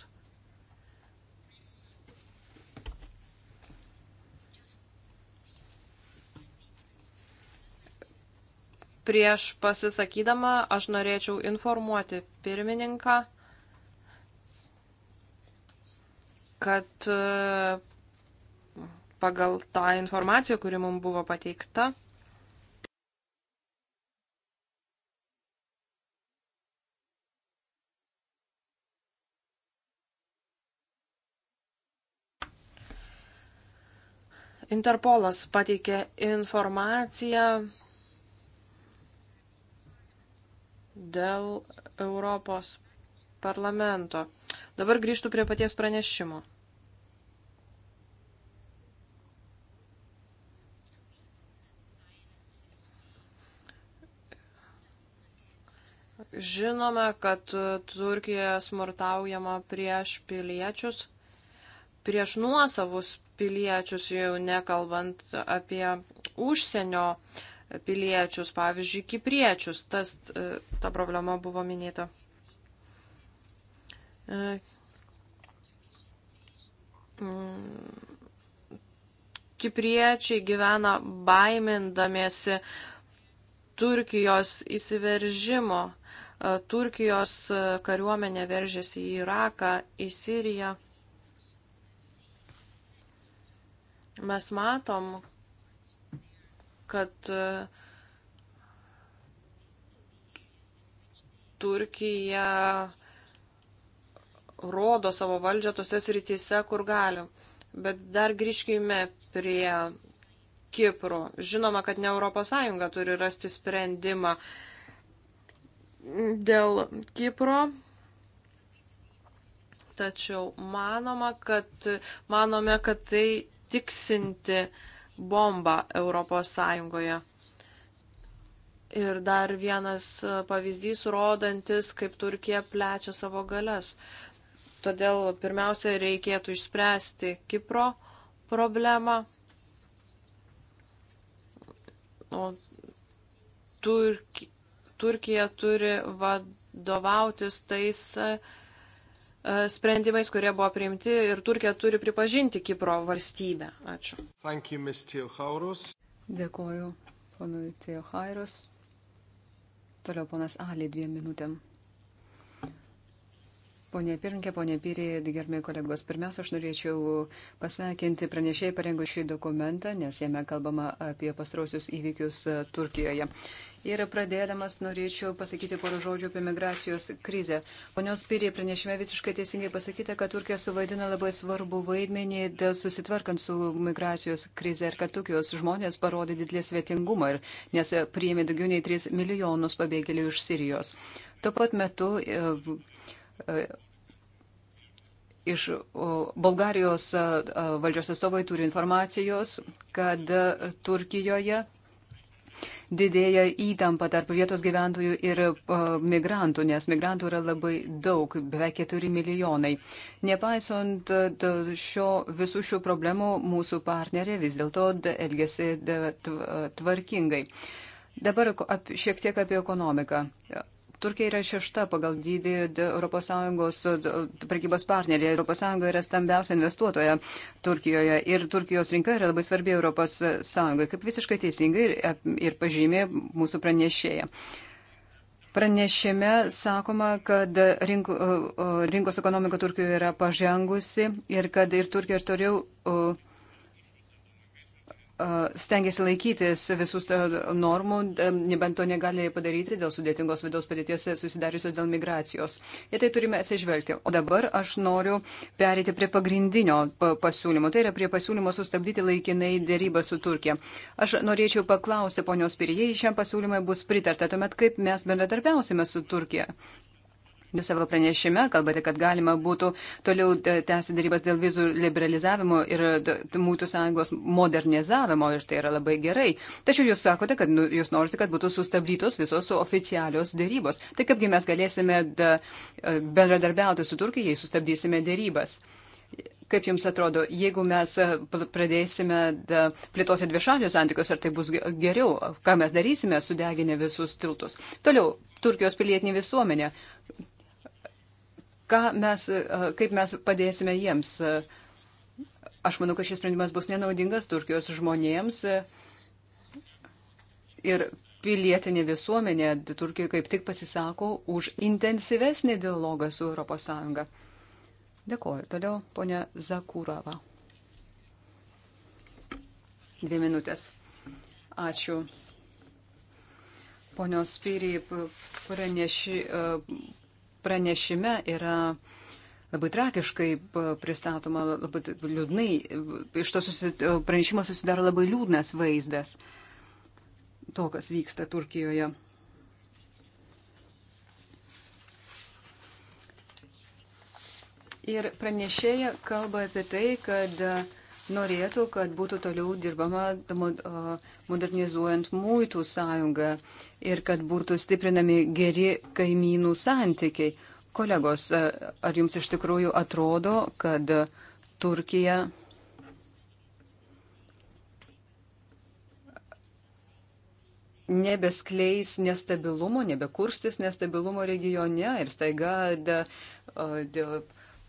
Prieš pasisakydama aš norėčiau informuoti pirmininką, kad e, pagal tą informaciją, kuri mums buvo pateikta. Interpolas pateikė informaciją dėl Europos parlamento. Dabar grįžtų prie paties pranešimo. Žinome, kad e, Turkijoje smurtaujama prieš piliečius, prieš nuosavus piliečius, jau nekalbant apie užsienio piliečius, pavyzdžiui, kipriečius. Tas e, ta problema buvo minėta. E, mm, kipriečiai gyvena baimindamiesi Turkijos įsiveržimo Turkijos kariuomenė veržėsi į Iraką, į Siriją. Mes matom, kad Turkija rodo savo valdžią tose srityse, kur gali. Bet dar grįžkime prie Kipro. Žinoma, kad ne ES turi rasti sprendimą uh, dėl Kipro. Tačiau manoma, kad, manome, kad tai tiksinti bomba Europos Sąjungoje. Ir dar vienas pavyzdys rodantis, kaip Turkija plečia savo galias. Todėl pirmiausia reikėtų išspręsti Kipro problemą. O Turkija Turkija turi vadovautis tais e, sprendimais, kurie buvo priimti ir Turkija turi pripažinti Kipro valstybę. Ačiū. You, Dėkoju, ponui Teohairus. Toliau ponas Ali dviem minutėm. Pone Pirinkė, ponė Pyrė, gerbėjai kolegos, pirmiausia, aš norėčiau pasveikinti pranešėjai parengus šį dokumentą, nes jame kalbama apie pastrausius įvykius e, Turkijoje. Ir pradėdamas norėčiau pasakyti porą žodžių apie migracijos krizę. Ponios Pyrė pranešime visiškai teisingai pasakyta, kad Turkija suvaidina labai svarbu vaidmenį susitvarkant su migracijos krize ir kad Turkijos žmonės parodė didelį svetingumą, nes priėmė daugiau nei 3 milijonus pabėgėlių iš Sirijos. Tuo pat metu e, e, iš Bulgarijos valdžios atstovai turi informacijos, kad Turkijoje didėja įtampa tarp vietos gyventojų ir migrantų, nes migrantų yra labai daug, beveik 4 milijonai. Nepaisant šio, visų šių problemų, mūsų partnerė vis dėlto elgesi tvarkingai. Dabar šiek tiek apie ekonomiką. Turkija yra šešta pagal dydį ES prekybos partnerė. ES yra stambiausia investuotoja Turkijoje ir Turkijos rinka yra labai svarbi ES, kaip visiškai teisingai ir, ir pažymė mūsų pranešėja. Pranešime sakoma, kad rink, rinkos ekonomika Turkijoje yra pažengusi ir kad ir Turkija ir toliau. Uh, stengiasi laikytis visus normų, nebent to negali padaryti dėl sudėtingos vidaus padėties susidariusios dėl migracijos. Į tai turime atsižvelgti. O dabar aš noriu perėti prie pagrindinio pasiūlymo. Tai yra prie pasiūlymo sustabdyti laikinai dėrybą su Turkija. Aš norėčiau paklausti ponios Pirijai, šiam pasiūlymai bus pritarta. Tuomet kaip mes bendradarbiausime su Turkija? Jūs savo pranešime kalbate, kad galima būtų toliau tęsti darybas dėl vizų liberalizavimo ir mūtų sąjungos modernizavimo ir tai yra labai gerai. Tačiau jūs sakote, kad nu, jūs norite, kad būtų sustabdytos visos oficialios darybos. Tai kaipgi mes galėsime da, e, bendradarbiauti su Turkija, jei sustabdysime darybas? Kaip Jums atrodo, jeigu mes e, pradėsime da, plėtoti dvišalius santykius, ar tai bus geriau, ką mes darysime, sudeginę visus tiltus? Toliau, Turkijos pilietinė visuomenė mes, kaip mes padėsime jiems. Aš manau, kad šis sprendimas bus nenaudingas Turkijos žmonėms ir pilietinė visuomenė Turkijoje kaip tik pasisako už intensyvesnį dialogą su ES. Dėkuoju. Toliau ponia Zakūrava. Dvi minutės. Ačiū. Ponios Spyry praneši, pranešime yra labai tragiškai pristatoma, labai liūdnai, iš to susi, pranešimo susidaro labai liūdnas vaizdas to, kas vyksta Turkijoje. Ir pranešėja kalba apie tai, kad norėtų, kad būtų toliau dirbama modernizuojant muitų sąjungą ir kad būtų stiprinami geri kaimynų santykiai. Kolegos, ar jums iš tikrųjų atrodo, kad Turkija nebeskleis nestabilumo, nebekurstis nestabilumo regione ir staiga de, de,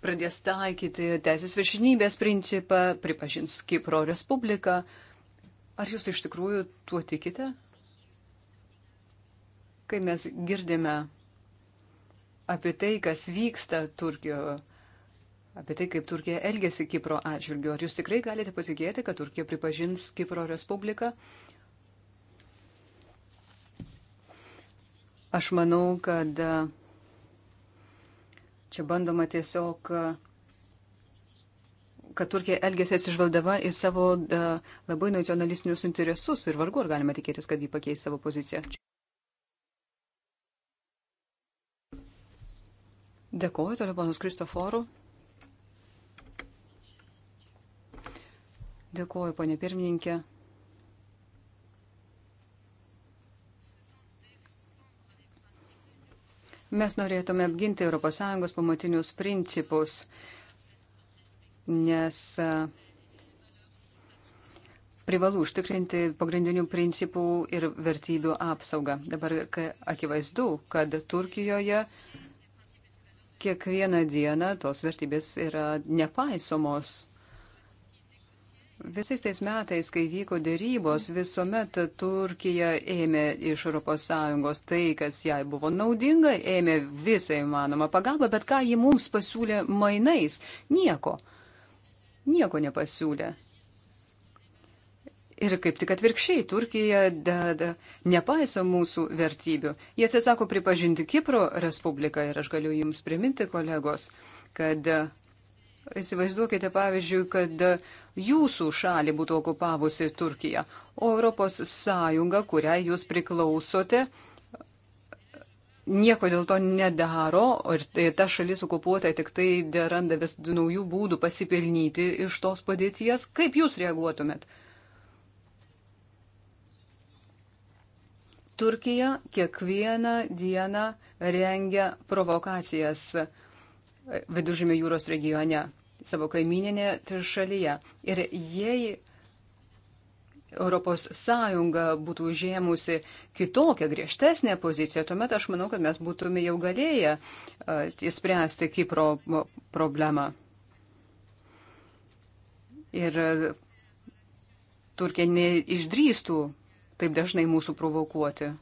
pradės taikyti teisės viršinybės principą, pripažins Kipro Respubliką. Ar jūs iš tikrųjų tuo tikite? Kai mes girdime apie tai, kas vyksta Turkijoje, apie tai, kaip Turkija elgesi Kipro atžvilgiu, ar jūs tikrai galite patikėti, kad Turkija pripažins Kipro Respubliką? Aš manau, kad uh, Čia bandoma tiesiog, kad Turkija elgėsi atsižvaldama į savo e, labai nacionalistinius interesus ir vargu ar galima tikėtis, kad jį pakeis savo poziciją. Dėkuoju toliau panus Kristoforų. Dėkuoju, ponė pirmininkė. Mes norėtume apginti ES pamatinius principus, nes privalu užtikrinti pagrindinių principų ir vertybių apsaugą. Dabar akivaizdu, kad Turkijoje kiekvieną dieną tos vertybės yra nepaisomos. Visais tais metais, kai vyko dėrybos, visuomet Turkija ėmė iš ES tai, kas jai buvo naudinga, ėmė visą įmanomą pagalbą, bet ką ji mums pasiūlė mainais? Nieko. Nieko nepasiūlė. Ir kaip tik atvirkščiai, Turkija da, da, nepaiso mūsų vertybių. Jie atsisako pripažinti Kipro Respubliką ir aš galiu jums priminti, kolegos, kad Įsivaizduokite, pavyzdžiui, kad jūsų šalį būtų okupavusi Turkija, o Europos Sąjunga, kuriai jūs priklausote, nieko dėl to nedaro, ir ta šalis okupuota tik tai randa vis naujų būdų pasipelnyti iš tos padėties. Kaip jūs reaguotumėt? Turkija kiekvieną dieną rengia provokacijas viduržymio jūros regione, savo kaimininėje šalyje. Ir jei ES būtų užėmusi kitokią, griežtesnę poziciją, tuomet aš manau, kad mes būtume jau galėję įspręsti Kipro problemą. Ir Turkija neišdrįstų taip dažnai mūsų provokuoti.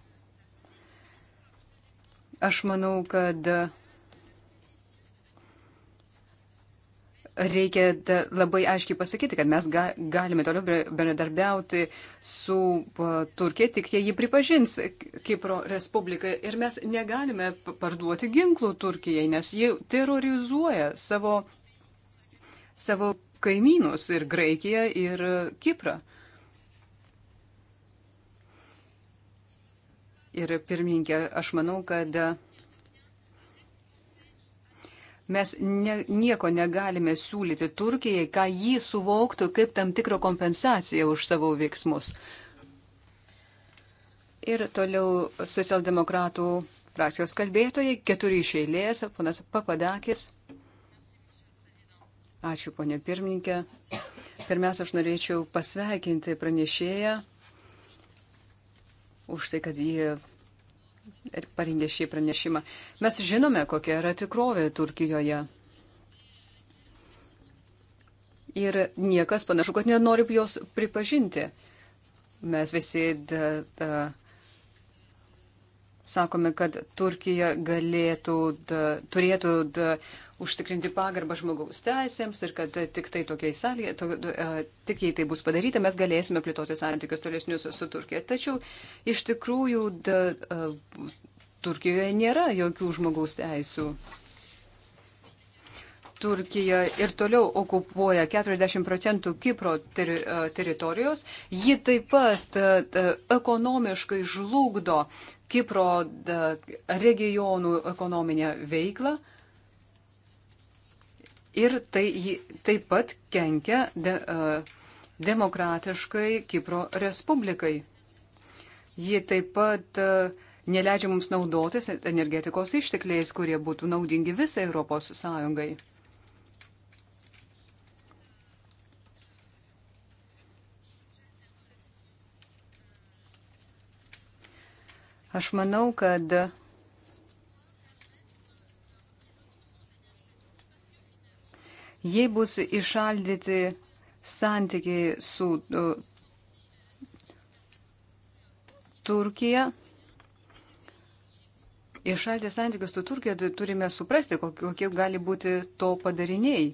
Aš manau, kad reikia labai aiškiai pasakyti, kad mes ga, galime toliau bendradarbiauti su Turkija, tik jie jį pripažins Kipro Respubliką ir mes negalime parduoti ginklų Turkijai, nes jie terrorizuoja savo, savo kaimynus ir Graikiją ir Kiprą. Ir pirmininkė, aš manau, kad Mes ne, nieko negalime siūlyti Turkijai, ką jį suvoktų kaip tam tikrą kompensaciją už savo veiksmus. Ir toliau socialdemokratų frakcijos kalbėtojai, keturi iš eilės, ponas Papadakis. Ačiū, ponė pirmininkė. Pirmiausia, aš norėčiau pasveikinti pranešėją už tai, kad jie parengė šį pranešimą. Mes žinome, kokia yra tikrovė Turkijoje. Ir niekas panašu, kad nenori jos pripažinti. Mes visi da, da, sakome, kad Turkija galėtų, da, turėtų da, užtikrinti pagarbą žmogaus teisėms ir kad tik tai tokiai sąlyje, to, tik jei tai bus padaryta, mes galėsime plėtoti santykius tolesnius su Turkija. Tačiau iš tikrųjų da, Turkijoje nėra jokių žmogaus teisų. Turkija ir toliau okupuoja 40 procentų Kipro ter, teritorijos, ji taip pat ekonomiškai žlugdo Kipro regionų ekonominę veiklą ir tai taip pat kenkia de, e, demokratiškai Kipro Respublikai. Ji taip pat e, neleidžia mums naudotis energetikos ištekliais, kurie būtų naudingi visai Europos Sąjungai. Aš manau, kad Jei bus išaldyti santykiai su Turkija, išaldė santykius su Turkija, tai turime suprasti, kokie gali būti to padariniai.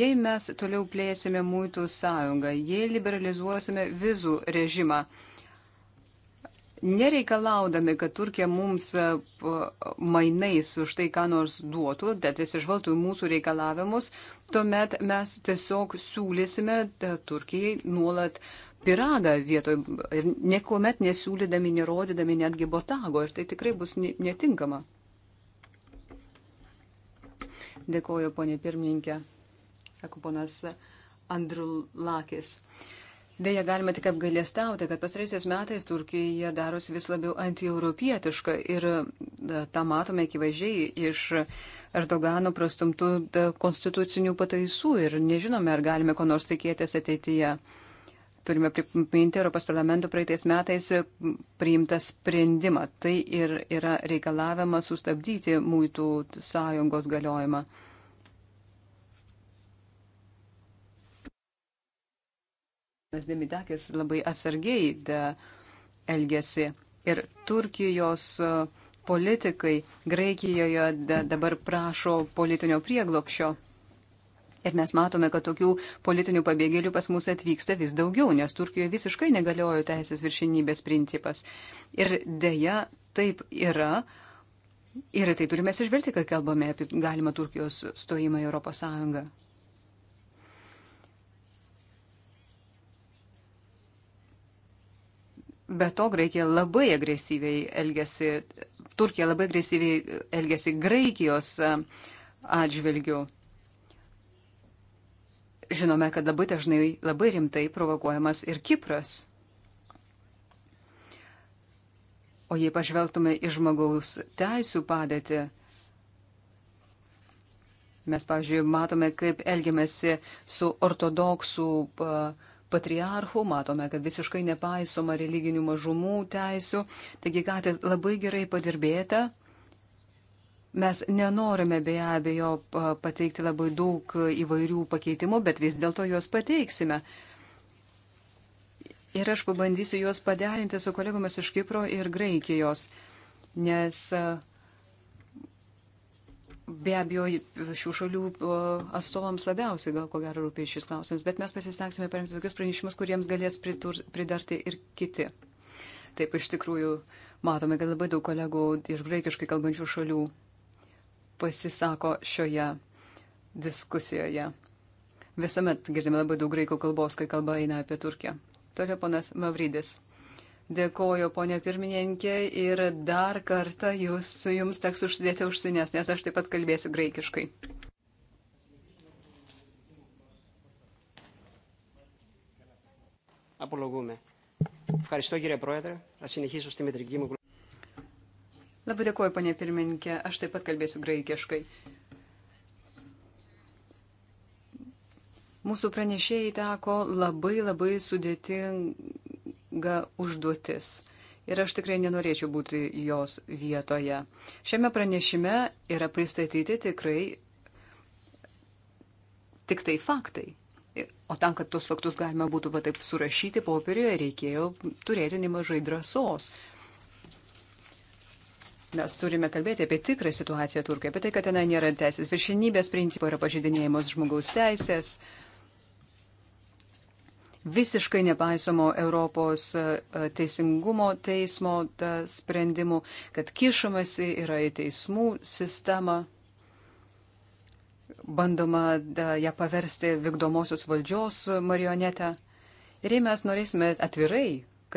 Jei mes toliau plėsime muitų sąjungą, jei liberalizuosime vizų režimą, nereikalaudami, kad Turkija mums e, mainais už tai, ką nors duotų, bet atsižvalgtų į mūsų reikalavimus, tuomet mes tiesiog siūlysime e, Turkijai nuolat piragą vietoj, niekuomet nesiūlydami, nerodydami netgi botago ir tai tikrai bus netinkama. Dėkoju, ponė pirmininkė, sako ponas Andrulakis. Uh, Deja, galima tik apgailestauti, kad pasraisiais metais Turkija darosi vis labiau antieuropietiška ir tą matome akivaizdžiai iš Erdogano prastumtų konstitucinių pataisų ir nežinome, ar galime ko nors tikėtis ateityje. Turime priminti Europos parlamento praeitais metais priimtą sprendimą. Tai ir yra reikalavimas sustabdyti mūtų sąjungos galiojimą. Mes Demidakis labai atsargiai de elgesi. Ir Turkijos e, politikai Graikijoje de dabar prašo politinio prieglopšio. Ir mes matome, kad tokių politinių pabėgėlių pas mus atvyksta vis daugiau, nes Turkijoje visiškai negaliojo teisės viršinybės principas. Ir dėja, taip yra. Ir tai turime sižvelgti, kai kalbame apie galimą Turkijos stojimą į Europos Sąjungą. Be to, Graikija labai agresyviai elgesi, Turkija labai agresyviai elgesi Graikijos e, atžvilgių. Žinome, kad labai dažnai labai rimtai provokuojamas ir Kipras. O jei pažvelgtume į žmogaus teisų padėtį, mes, pavyzdžiui, matome, kaip elgiamasi su ortodoksų uh, patriarchų, matome, kad visiškai nepaisoma religinių mažumų teisų. Taigi, ką tai labai gerai padirbėta. Mes nenorime be abejo pateikti labai daug įvairių pakeitimų, bet vis dėlto juos pateiksime. Ir aš pabandysiu juos paderinti su kolegomis iš Kipro ir Graikijos, nes Be abejo, šių šalių atstovams labiausiai gal ko gero rūpė šis klausimas, bet mes pasistengsime parengti tokius pranešimus, kuriems galės pritur, pridarti ir kiti. Taip, iš tikrųjų, matome, kad labai daug kolegų iš graikiškai kalbančių šalių pasisako šioje diskusijoje. Visuomet girdime labai daug graikų kalbos, kai kalba eina apie Turkiją. Toliau ponas Mavrydis. Dėkoju, ponė pirmininkė, ir dar kartą jūs, jums teks užsidėti užsinės, nes aš taip pat kalbėsiu graikiškai. Apologume. Ευχαριστώ κύριε Πρόεδρε. Θα συνεχίσω στη μετρική μου γλώσσα. Labai dėkuoju, ponė pirmininkė. Aš taip pat kalbėsiu graikiškai. Mūsų pranešėjai teko labai labai sudėting, užduotis. Ir aš tikrai nenorėčiau būti jos vietoje. Šiame pranešime yra pristatyti tikrai tik tai faktai. O tam, kad tuos faktus galima būtų va taip surašyti popieriuje, reikėjo turėti nemažai drąsos. Mes turime kalbėti apie tikrą situaciją Turkijoje, apie tai, kad tenai nėra teisės viršinybės principo, yra pažydinėjimas žmogaus teisės. Uh, visiškai nepaisomo Europos e, e, teisingumo teismo e, sprendimų, kad kišamasi yra į teismų sistemą, bandoma ją paversti vykdomosios valdžios marionetę. Ir jei mes norėsime atvirai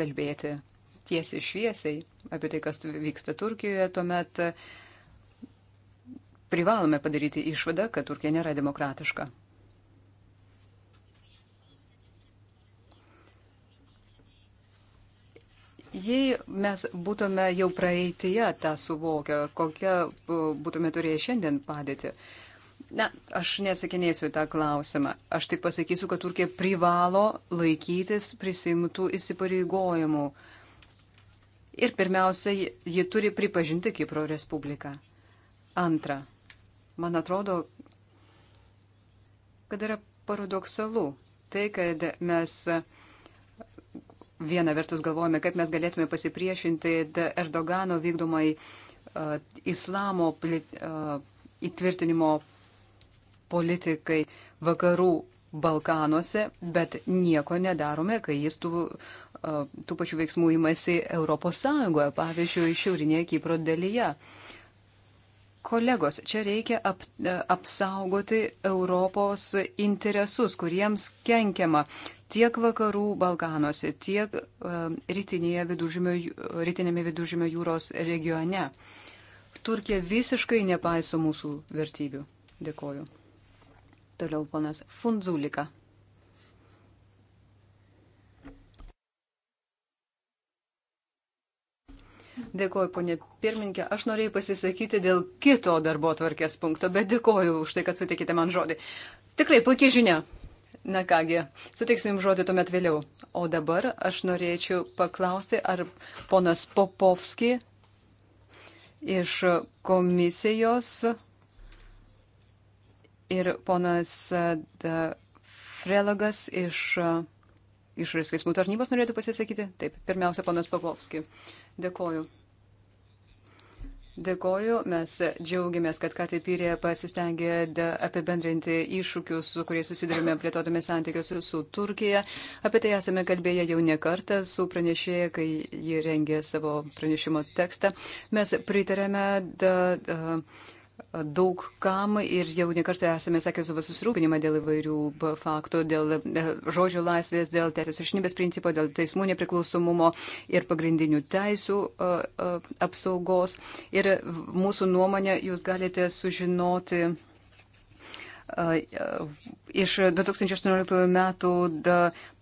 kalbėti tiesiai šviesiai apie tai, kas vyksta Turkijoje, tuomet privalome padaryti išvadą, kad Turkija nėra demokratiška. Jei mes būtume jau praeitėje tą suvokę, kokią e, būtume turėję šiandien padėti, Na, aš nesakinėsiu tą klausimą. Aš tik pasakysiu, kad Turkija privalo laikytis prisimtų įsipareigojimų. Ir pirmiausia, ji turi pripažinti Kipro Respubliką. Antra, man atrodo, kad yra paradoksalu tai, kad mes. Uh, Viena vertus galvojame, kaip mes galėtume pasipriešinti Erdogano vykdomai uh, islamo plit, uh, įtvirtinimo politikai vakarų Balkanuose, bet nieko nedarome, kai jis tų, uh, tų pačių veiksmų imasi Europos Sąjungoje, pavyzdžiui, šiaurinėje Kipro dalyje. Kolegos, čia reikia ap, apsaugoti Europos interesus, kuriems kenkiama tiek vakarų Balkanuose, tiek viduržymio, e, rytinėme viduržymio jūros regione. Turkija visiškai nepaiso mūsų vertybių. Dėkoju. Toliau ponas Fundzulika. Dėkoju, ponė pirmininkė. Aš norėjau pasisakyti dėl kito darbo tvarkės punkto, bet dėkoju už tai, kad sutikite man žodį. Tikrai puikiai žinia. Na kągi, suteiksiu jums žodį tuomet vėliau. O dabar aš norėčiau paklausti, ar ponas Popovski iš komisijos ir ponas Frelagas iš išorės veiksmų tarnybos norėtų pasisakyti. Taip, pirmiausia, ponas Popovski. Dėkoju. Dėkoju, mes džiaugiamės, kad Katė Pyrė pasistengė apibendrinti iššūkius, su kuriais susidurime plėtodami santykius su Turkija. Apie tai esame kalbėję jau ne kartą su pranešėja, kai ji rengė savo pranešimo tekstą. Mes pritarėme. Da, da, daug kam ir jau nekartą esame sakę savo susirūpinimą dėl įvairių faktų, dėl e, žodžio laisvės, dėl teisės viršinybės principo, dėl teismų nepriklausomumo ir pagrindinių teisų e, e, apsaugos. Ir mūsų nuomonę jūs galite sužinoti iš 2018 metų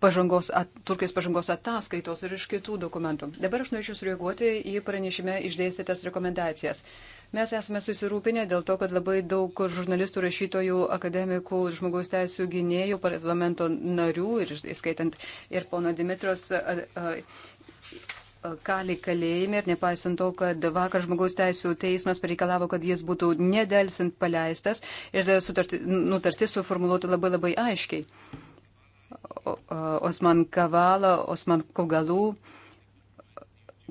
pažangos, at, Turkijos pažangos ataskaitos ir iš kitų dokumentų. Dabar aš norėčiau sureaguoti į pranešime išdėstytas rekomendacijas. Uh, Mes esame susirūpinę dėl to, kad labai daug žurnalistų, rašytojų, akademikų, žmogaus teisų gynėjų, parlamento narių, ir, skaitant ir pono Dimitros, kali kalėjime ir nepaisant to, kad vakar žmogaus teisų teismas pareikalavo, kad jis būtų nedelsint paleistas ir sutarti, nutartis suformuoluota labai labai aiškiai. Osman Kavala, Osman Kogalų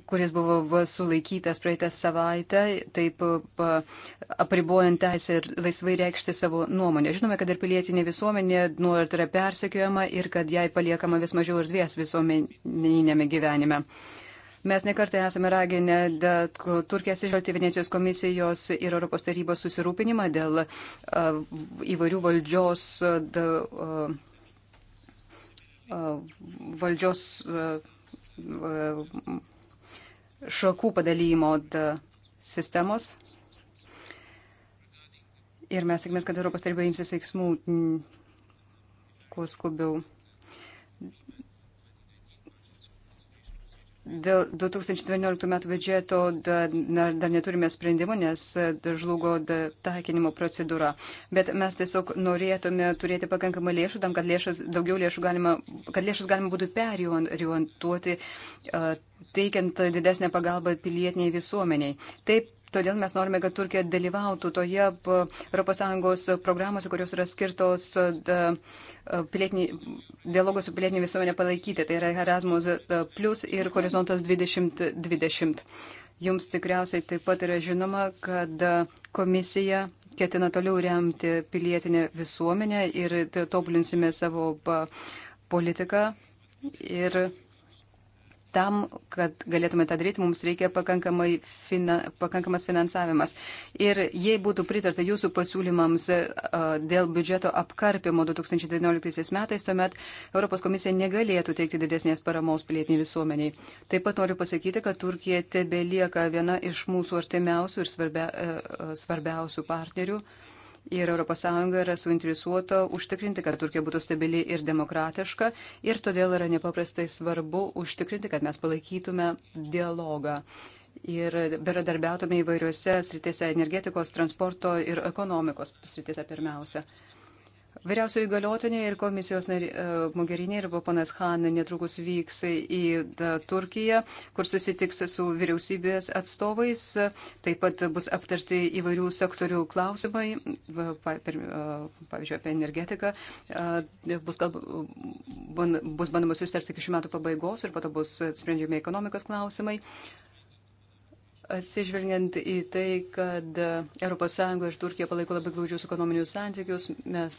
kuris buvo sulaikytas praeitą savaitę, taip apribojant teisę ir laisvai reikšti savo nuomonę. Žinome, kad ir pilietinė visuomenė nuolat yra persekiojama ir kad jai paliekama vis mažiau erdvės visuomeninėme gyvenime. Mes nekartai esame raginę Turkiją atsižvelgti Venecijos komisijos ir Europos tarybos susirūpinimą dėl uh, įvairių valdžios, uh, uh, valdžios uh, šakų padalymo sistemos. Ir mes tikimės, kad Europos taryba imsis veiksmų kuo skubiau. Dėl 2019 metų biudžeto dar, dar neturime sprendimo, nes žlugo taikinimo procedūra. Bet mes tiesiog norėtume turėti pakankamą lėšų tam, kad lėšas, daugiau lėšų galima, kad lėšas galima būtų perjuontuoti uh, teikiant didesnę pagalbą pilietiniai visuomeniai. Taip, todėl mes norime, kad Turkija dalyvautų toje ES programose, kurios yra skirtos e, e, dialogo su pilietinė visuomenė palaikyti. Tai yra Erasmus e, Plus ir Horizontas 2020. Jums tikriausiai taip pat yra žinoma, kad komisija ketina toliau remti pilietinę visuomenę ir tobulinsime savo politiką. Ir tam, kad galėtume tą daryti, mums reikia fina, pakankamas finansavimas. Ir jei būtų pritarta jūsų pasiūlymams e, dėl biudžeto apkarpimo 2019 metais, tuomet Europos komisija negalėtų teikti didesnės paramos pilietiniai visuomeniai. Taip pat noriu pasakyti, kad Turkija tebelieka viena iš mūsų artimiausių ir svarbia, e, e, svarbiausių partnerių. Ir ES yra suinteresuota užtikrinti, kad Turkija būtų stabili ir demokratiška. Ir todėl yra nepaprastai svarbu užtikrinti, kad mes palaikytume dialogą. Ir beradarbiautume įvairiuose sritėse - energetikos, transporto ir ekonomikos sritėse pirmiausia. Vyriausio įgaliotinė ir komisijos e, Mogerinė ir ponas Han netrukus vyks į e, Turkiją, kur susitiks su vyriausybės atstovais. Taip pat bus aptarti įvairių sektorių klausimai, e, pavyzdžiui, apie energetiką. Bus, kalb, bus bandoma susitarti iki šių metų pabaigos ir pato bus sprendžiami ekonomikos klausimai. Uh, Atsižvelgiant į tai, kad ES ir Turkija palaiko labai glaudžius ekonominius santykius, mes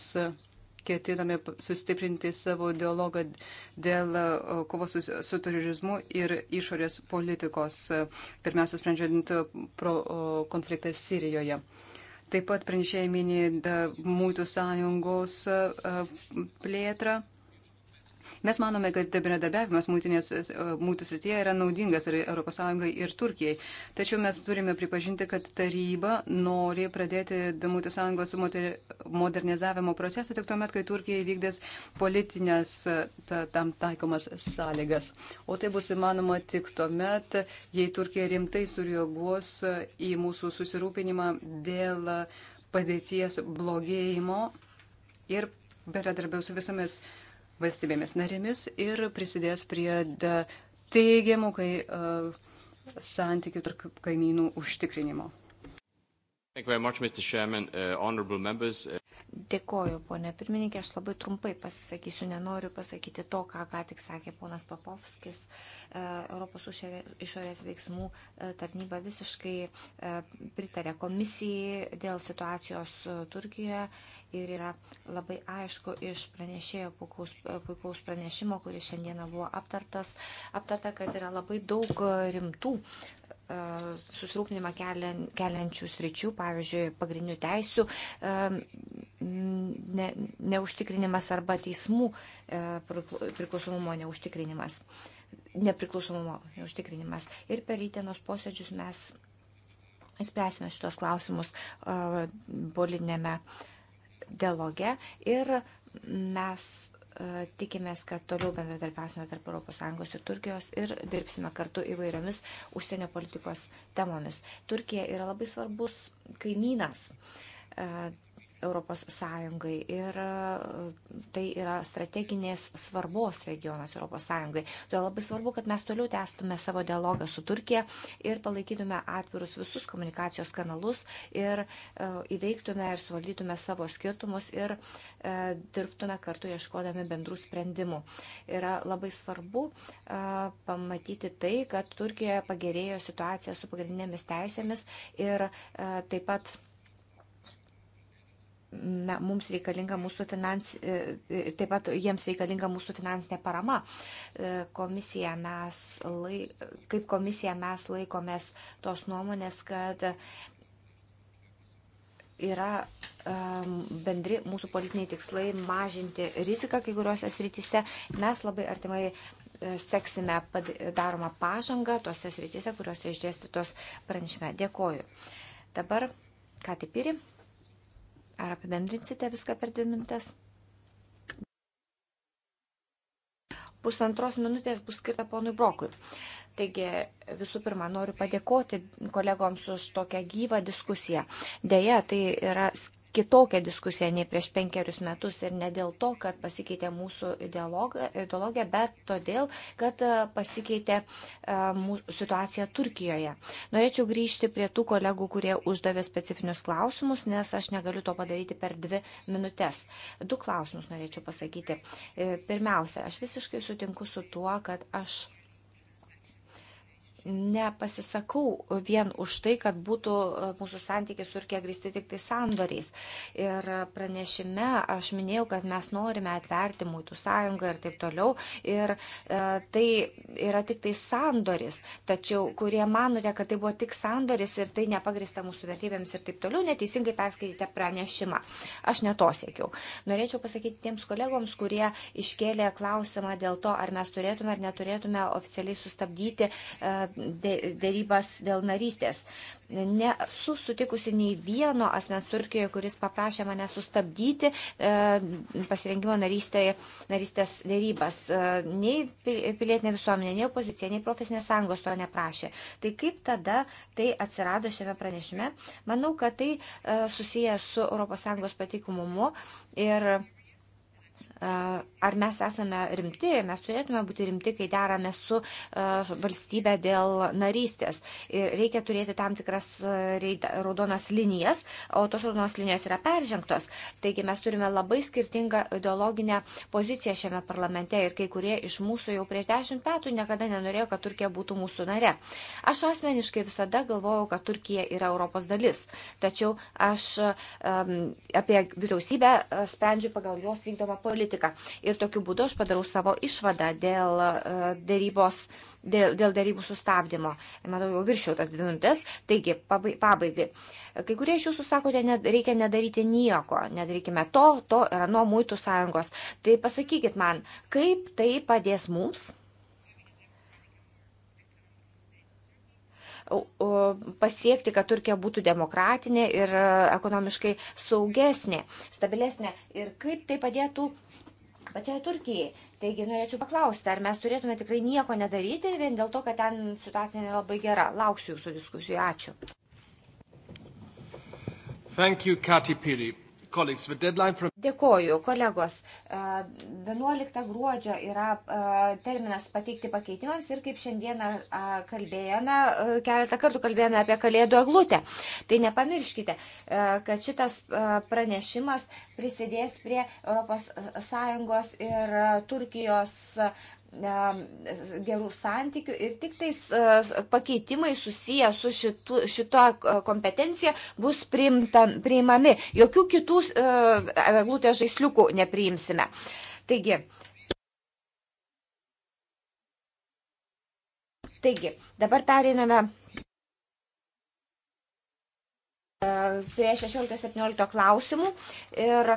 ketiname sustiprinti savo dialogą dėl e, kovos su, su terorizmu ir išorės politikos, e, pirmiausia, sprendžiant pro, o, konfliktą Sirijoje. Taip pat pranešėjai minė Mūtų sąjungos e, plėtrą Mes manome, kad bendradarbiavimas mūtų srityje yra naudingas ir ES ir Turkijai. Tačiau mes turime pripažinti, kad taryba nori pradėti mūtų sąjungos modernizavimo procesą tik tuomet, kai Turkija įvykdės politinės ta, tam taikomas sąlygas. O tai bus įmanoma tik tuomet, jei Turkija rimtai surieguos į mūsų susirūpinimą dėl padėties blogėjimo ir bendradarbiaus su visomis valstybėmis narėmis ir prisidės prie teigiamų kai, uh, santykių tarp kaimynų užtikrinimo. Much, Chairman, uh, uh, Dėkoju, ponė pirmininkė, aš labai trumpai pasisakysiu, nenoriu pasakyti to, ką ką tik sakė ponas Papovskis. Uh, Europos išorės veiksmų uh, tarnyba visiškai pritarė komisijai dėl situacijos Turkijoje ir yra labai aišku iš pranešėjo puikaus, puikaus pranešimo, kuris šiandieną buvo aptartas, aptarta, kad yra labai daug rimtų e, susirūpinimą keliančių sričių, pavyzdžiui, pagrindinių teisių e, ne, neužtikrinimas arba teismų e, priklausomumo neužtikrinimas, nepriklausomumo neužtikrinimas. Ir per rytienos posėdžius mes spręsime šitos klausimus politinėme. Uh, dialoge ir mes e, tikimės, kad toliau bendradarbiausime tarp ES ir Turkijos ir dirbsime kartu įvairiomis užsienio politikos temomis. Turkija yra labai svarbus kaimynas. E, Europos Sąjungai ir e, tai yra strateginės svarbos regionas Europos Sąjungai. Todėl labai svarbu, kad mes toliau tęstume savo dialogą su Turkija ir palaikytume atvirus visus komunikacijos kanalus ir e, įveiktume ir suvaldytume savo skirtumus ir e, dirbtume kartu ieškodami bendrų sprendimų. Yra labai svarbu pamatyti tai, kad Turkijoje pagerėjo situacija su pagrindinėmis teisėmis ir taip pat mums reikalinga mūsų finans, e, e, taip pat jiems reikalinga mūsų finansinė parama. E, komisija mes, lai, kaip komisija mes laikomės tos nuomonės, kad yra um, bendri mūsų politiniai tikslai mažinti riziką kai kuriuose srityse. Mes labai artimai seksime daromą pažangą tose srityse, kuriuose išdėstytos pranešime. Dėkoju. Dabar, ką tik piri? Ar apibendrinsite viską per dvi minutės? Pusantros minutės bus skirta ponui Brokui. Taigi visų pirma noriu padėkoti kolegoms už tokią gyvą diskusiją. Deja, tai yra kitokia diskusija nei prieš penkerius metus ir ne dėl to, kad pasikeitė mūsų ideologija, bet todėl, kad e, pasikeitė e, situacija Turkijoje. Norėčiau grįžti prie tų kolegų, kurie uždavė specifinius klausimus, nes aš negaliu to padaryti per dvi minutės. Du klausimus norėčiau pasakyti. E, pirmiausia, aš visiškai sutinku su tuo, kad aš nepasisakau vien už tai, kad būtų e, mūsų santykiai surkė grįsti tik tai sandoriais. Ir e, pranešime aš minėjau, kad mes norime atverti mūtų sąjungą ir taip toliau. Ir e, tai yra tik tai sandoris. Tačiau, kurie manote, kad tai buvo tik sandoris ir tai nepagrįsta mūsų vertybėms ir taip toliau, neteisingai perskaitėte pranešimą. Aš neto siekiau. Norėčiau pasakyti tiems kolegoms, kurie iškėlė klausimą dėl to, ar mes turėtume ar neturėtume oficialiai sustabdyti e, dėrybas dėl narystės. Nesu sutikusi nei vieno asmens Turkijoje, kuris paprašė mane sustabdyti e, pasirinkimo narystė, narystės dėrybas. E, nei pilietinė visuomenė, nei opozicija, nei profesinės sąjungos to neprašė. Tai kaip tada tai atsirado šiame pranešime? Manau, kad tai e, susiję su ES patikumumu ir ar mes esame rimti, mes turėtume būti rimti, kai derame su valstybė dėl narystės. Ir reikia turėti tam tikras raudonas linijas, o tos raudonos linijos yra peržengtos. Taigi mes turime labai skirtingą ideologinę poziciją šiame parlamente ir kai kurie iš mūsų jau prieš dešimt metų niekada nenorėjo, kad Turkija būtų mūsų nare. Aš asmeniškai visada galvojau, kad Turkija yra Europos dalis. Tačiau aš um, apie vyriausybę sprendžiu pagal jos vykdomą politiką politiką. Ir tokiu būdu aš padarau savo išvadą dėl e, dėrybos. Dėl, dėl darybų sustabdymo. Matau, jau viršiau tas dvi minutės. Taigi, pabaigai. Kai kurie iš jūsų sakote, ne, reikia nedaryti nieko. Nedarykime to, to ir ano muitų sąjungos. Tai pasakykit man, kaip tai padės mums? pasiekti, kad Turkija būtų demokratinė ir e, ekonomiškai saugesnė, stabilesnė. Ir kaip tai padėtų pačiai Turkijai. Taigi norėčiau paklausti, ar mes turėtume tikrai nieko nedaryti vien dėl to, kad ten situacija nėra labai gera. Lauksiu jūsų diskusijų. Ačiū. Thank you, Kati Piri. Dėkoju, kolegos. 11 gruodžio yra terminas pateikti pakeitimams ir kaip šiandieną kalbėjome, keletą kartų kalbėjome apie kalėdų aglutę. Tai nepamirškite, kad šitas pranešimas prisidės prie ES ir Turkijos gerų santykių ir tik tais e, pakeitimai susiję su šitu, šito kompetencija bus priimta, priimami. Jokių kitų e, eglutės žaisliukų nepriimsime. Taigi, taigi dabar pereiname prie 16-17 klausimų ir e,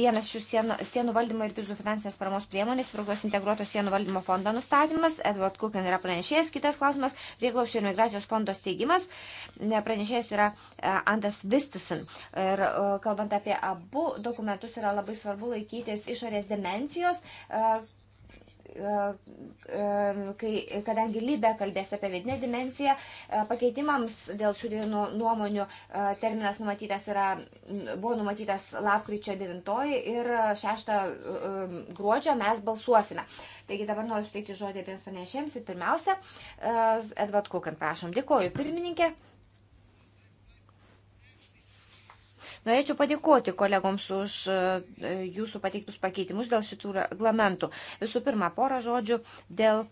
vienas šių sienų, sienų valdymo ir vizų finansinės paramos priemonės, Europos integruoto sienų valdymo fondo nustatymas, Edward Kukan yra pranešėjas, kitas klausimas, Rieglaušio ir migracijos fondo steigimas, pranešėjas yra e, Andas Vistison. Ir e, kalbant apie abu dokumentus yra labai svarbu laikytis išorės dimensijos, E, e, kai, kadangi Lybė kalbės apie vidinę dimenciją, e, pakeitimams dėl šių dienų nuomonių terminas numatytas yra, buvo numatytas lapkričio 9 ir 6 gruodžio mes balsuosime. Taigi dabar noriu suteikti žodį apie pranešėjams ir pirmiausia, Edvard Kukan, prašom, dėkoju pirmininkė. Norėčiau padėkoti kolegoms už e, jūsų pateiktus pakeitimus dėl šitų reglamentų. Visų pirma, porą žodžių dėl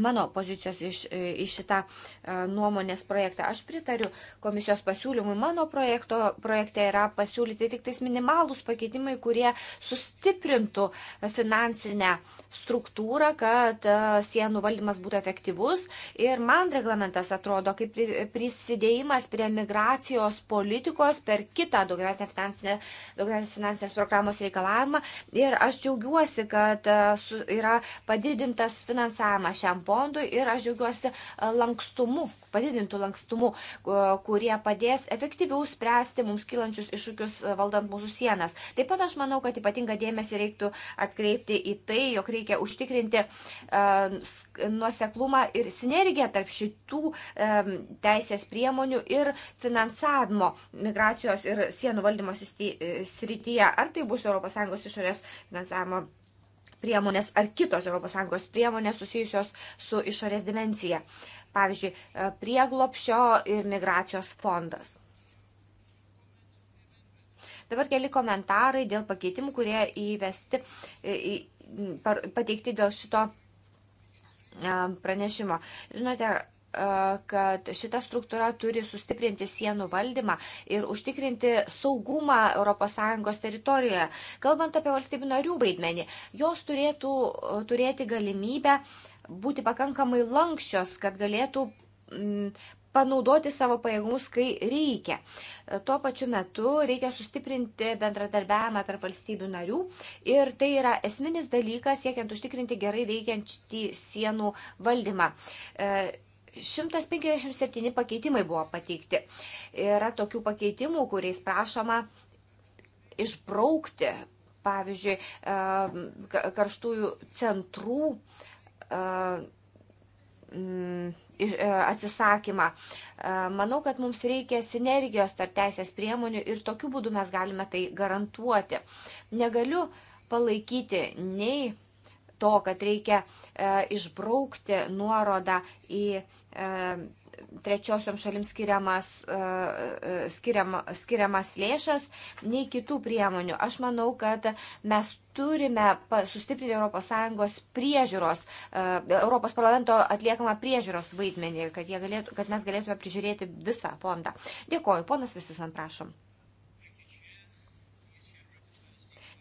mano pozicijos iš, e, į šitą e, nuomonės projektą. Aš pritariu komisijos pasiūlymui. Mano projekto, projekte yra pasiūlyti tik tais minimalūs pakeitimai, kurie sustiprintų finansinę struktūrą, kad e, sienų valdymas būtų efektyvus. Ir man reglamentas atrodo kaip prisidėjimas prie migracijos politikos per kitą daugiametės finansinė, finansinės programos reikalavimą. Ir aš džiaugiuosi, kad yra padidintas finansavimas šiam fondui ir aš džiaugiuosi e, lankstumu, padidintų lankstumu, e, kurie padės efektyviau spręsti mums kylančius iššūkius e, valdant mūsų sienas. Taip pat aš manau, kad ypatinga dėmesį reiktų atkreipti į tai, jog reikia užtikrinti nuoseklumą ir sinergiją tarp šitų teisės priemonių ir finansavimo migracijos ir sienų valdymo srityje. Ar tai bus ES išorės finansavimo priemonės ar kitos ES priemonės susijusios su išorės dimencija. Pavyzdžiui, e, prieglopšio ir migracijos fondas. Dabar keli komentarai dėl pakeitimų, kurie įvesti, e, pateikti dėl šito e, pranešimo. Žinote, kad šita struktūra turi sustiprinti sienų valdymą ir užtikrinti saugumą ES teritorijoje. Kalbant apie valstybių narių vaidmenį, jos turėtų uh, turėti galimybę būti pakankamai lankščios, kad galėtų mm, panaudoti savo pajėgumus, kai reikia. Tuo pačiu metu reikia sustiprinti bendradarbiavimą tarp valstybių narių ir tai yra esminis dalykas siekiant užtikrinti gerai veikiantį sienų valdymą. E, 157 pakeitimai buvo pateikti. Yra tokių pakeitimų, kuriais prašoma išbraukti, pavyzdžiui, karštųjų centrų e, atsisakymą. E, manau, kad mums reikia sinergijos tarp teisės priemonių ir tokiu būdu mes galime tai garantuoti. Negaliu palaikyti nei to, kad reikia e, išbraukti nuorodą į e, trečiosiom šalim skiriamas, e, skiriam, skiriamas lėšas, nei kitų priemonių. Aš manau, kad mes turime sustiprinti ES priežiūros, Europos parlamento atliekamą priežiūros vaidmenį, kad, galėtų, kad mes galėtume prižiūrėti visą fondą. Dėkoju, ponas Visisan, prašom.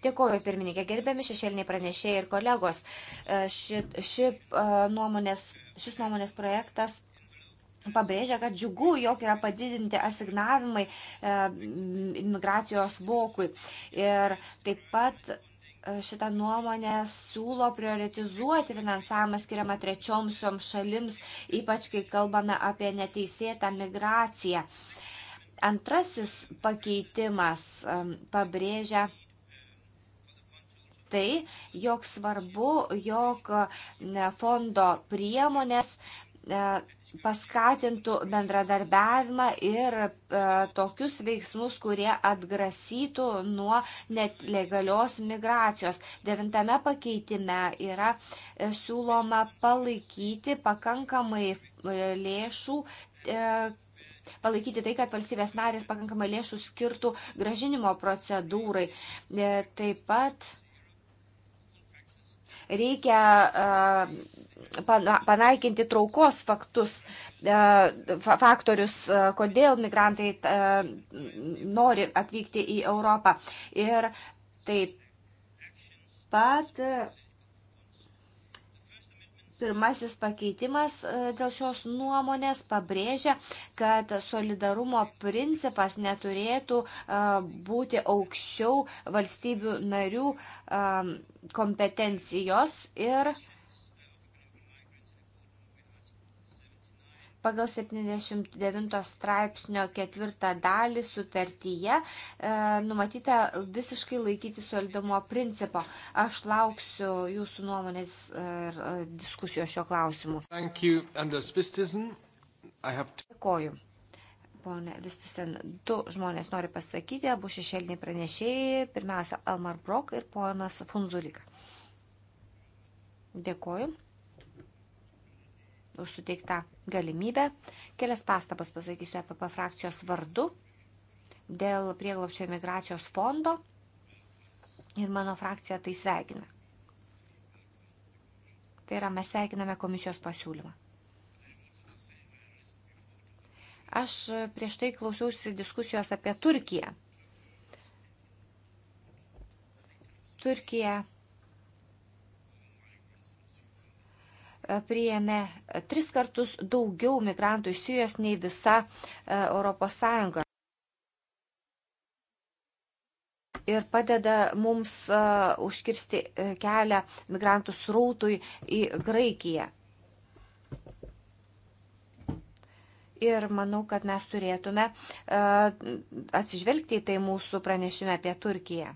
Dėkuoju, pirmininkė, gerbiami šešėliniai pranešėjai ir kolegos. E, ši, ši, e, nuomonės, šis nuomonės projektas pabrėžia, kad džiugu, jog yra padidinti asignavimai e, imigracijos vokui. Ir taip pat šitą nuomonę siūlo prioritizuoti finansavimą skiriamą trečioms šalims, ypač kai kalbame apie neteisėtą migraciją. Antrasis pakeitimas pabrėžia tai, jog svarbu, jog fondo priemonės e, paskatintų bendradarbiavimą ir e, tokius veiksmus, kurie atgrasytų nuo nelegalios migracijos. Devintame pakeitime yra e, siūloma palaikyti pakankamai e, lėšų. E, Palaikyti tai, kad valstybės narės pakankamai lėšų skirtų gražinimo procedūrai. E, taip pat Reikia e, panaikinti traukos faktus, e, faktorius, e, kodėl migrantai nori atvykti į Europą. Ir taip pat Pirmasis pakeitimas e, dėl šios nuomonės pabrėžia, kad solidarumo principas neturėtų e, būti aukščiau valstybių narių e, kompetencijos ir pagal 79 straipsnio ketvirtą dalį sutartyje e, numatyta visiškai laikyti solidumo principo. Aš lauksiu jūsų nuomonės ir e, diskusijos šio klausimu. Dėkoju. Pone Vistisen, du žmonės nori pasakyti, abu šešėliniai pranešėjai, pirmiausia Elmar Brok ir ponas Funzulika. Dėkoju už suteiktą galimybę. Kelias pastabas pasakysiu EPP frakcijos vardu dėl prieglopščio migracijos fondo ir mano frakcija tai sveikina. Tai yra, mes sveikiname komisijos pasiūlymą. Aš prieš tai klausiausi diskusijos apie Turkiją. Turkija E, priėmė tris kartus daugiau migrantų iš Sirijos nei visa ES. Ir padeda mums e, užkirsti e, kelią migrantų srautui į Graikiją. ir manau, kad mes turėtume atsižvelgti į tai mūsų pranešime apie Turkiją.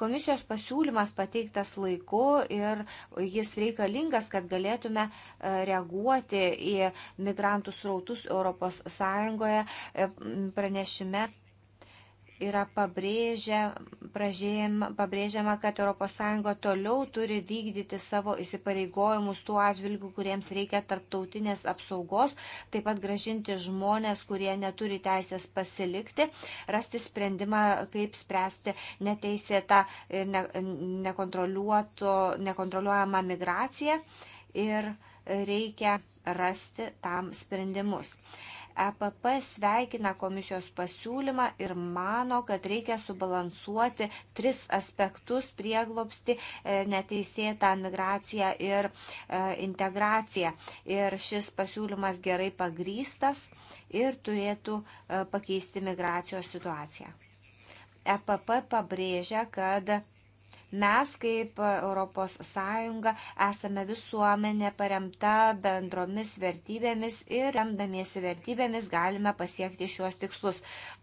Komisijos pasiūlymas pateiktas laiku ir jis reikalingas, kad galėtume e, reaguoti į migrantų srautus ES. E, pranešime yra pabrėžia, pražėjama, pabrėžiama, kad ES toliau turi vykdyti savo įsipareigojimus tuo atžvilgiu, kuriems reikia tarptautinės apsaugos, taip pat gražinti žmonės, kurie neturi teisės pasilikti, rasti sprendimą, kaip spręsti neteisėtą ir ne, nekontroliuojamą migraciją ir reikia rasti tam sprendimus. EPP sveikina komisijos pasiūlymą ir mano, kad reikia subalansuoti tris aspektus - prieglopsti, e, neteisėtą migraciją ir e, integraciją. Ir šis pasiūlymas gerai pagrystas ir turėtų e, pakeisti migracijos situaciją. EPP pabrėžia, kad Mes kaip ES esame visuomenė paremta bendromis vertybėmis ir remdamiesi vertybėmis galime pasiekti šiuos tikslus.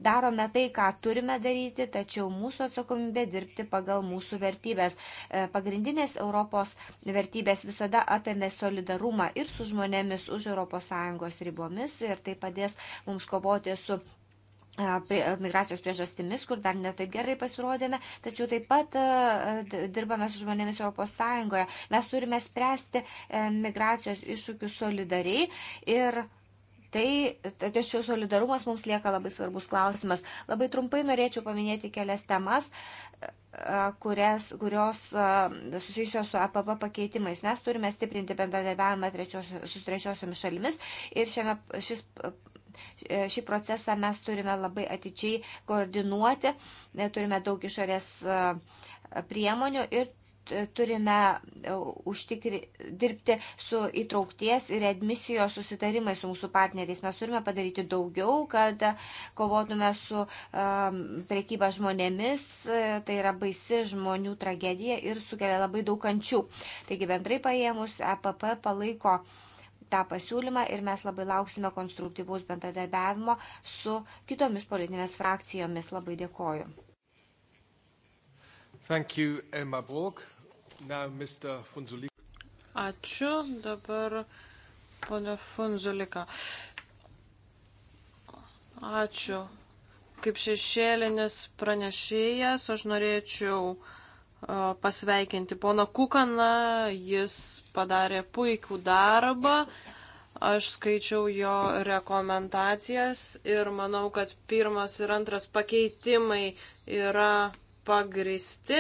Darome tai, ką turime daryti, tačiau mūsų atsakomybė dirbti pagal mūsų vertybės. E, pagrindinės Europos vertybės visada apėmė solidarumą ir su žmonėmis už ES ribomis ir tai padės mums kovoti su migracijos priežastimis, kur dar netaip gerai pasirodėme, tačiau taip pat dirbame su žmonėmis ES. Mes turime spręsti e, migracijos iššūkius solidariai ir tai, tačiau solidarumas mums lieka labai svarbus klausimas. Labai trumpai norėčiau paminėti kelias temas e, kurias, kurios susijusios su APP pakeitimais. Mes turime stiprinti bendradarbiavimą trečios, su trečiosiomis šalimis ir šiame, šis E, šį procesą mes turime labai atidžiai koordinuoti, e, turime daug išorės e, priemonių ir turime užtikri, dirbti su įtraukties ir admisijos susitarimai su mūsų partneriais. Mes turime padaryti daugiau, kad kovotume su um, priekyba žmonėmis. Tai yra baisi žmonių tragedija ir sukelia labai daug kančių. Taigi bendrai paėmus, EPP palaiko uh, tą pasiūlymą ir mes labai lauksime konstruktyvaus bendradarbiavimo su kitomis politinėmis frakcijomis. Labai dėkoju. Thank you, Emma Borg. Now, Mr. Funzulika. Ačiū. Dabar ponia Funzulika. Ačiū. Kaip šešėlinis pranešėjas, aš norėčiau pasveikinti poną Kukaną. Jis padarė puikų darbą. Aš skaičiau jo rekomendacijas ir manau, kad pirmas ir antras pakeitimai yra pagristi,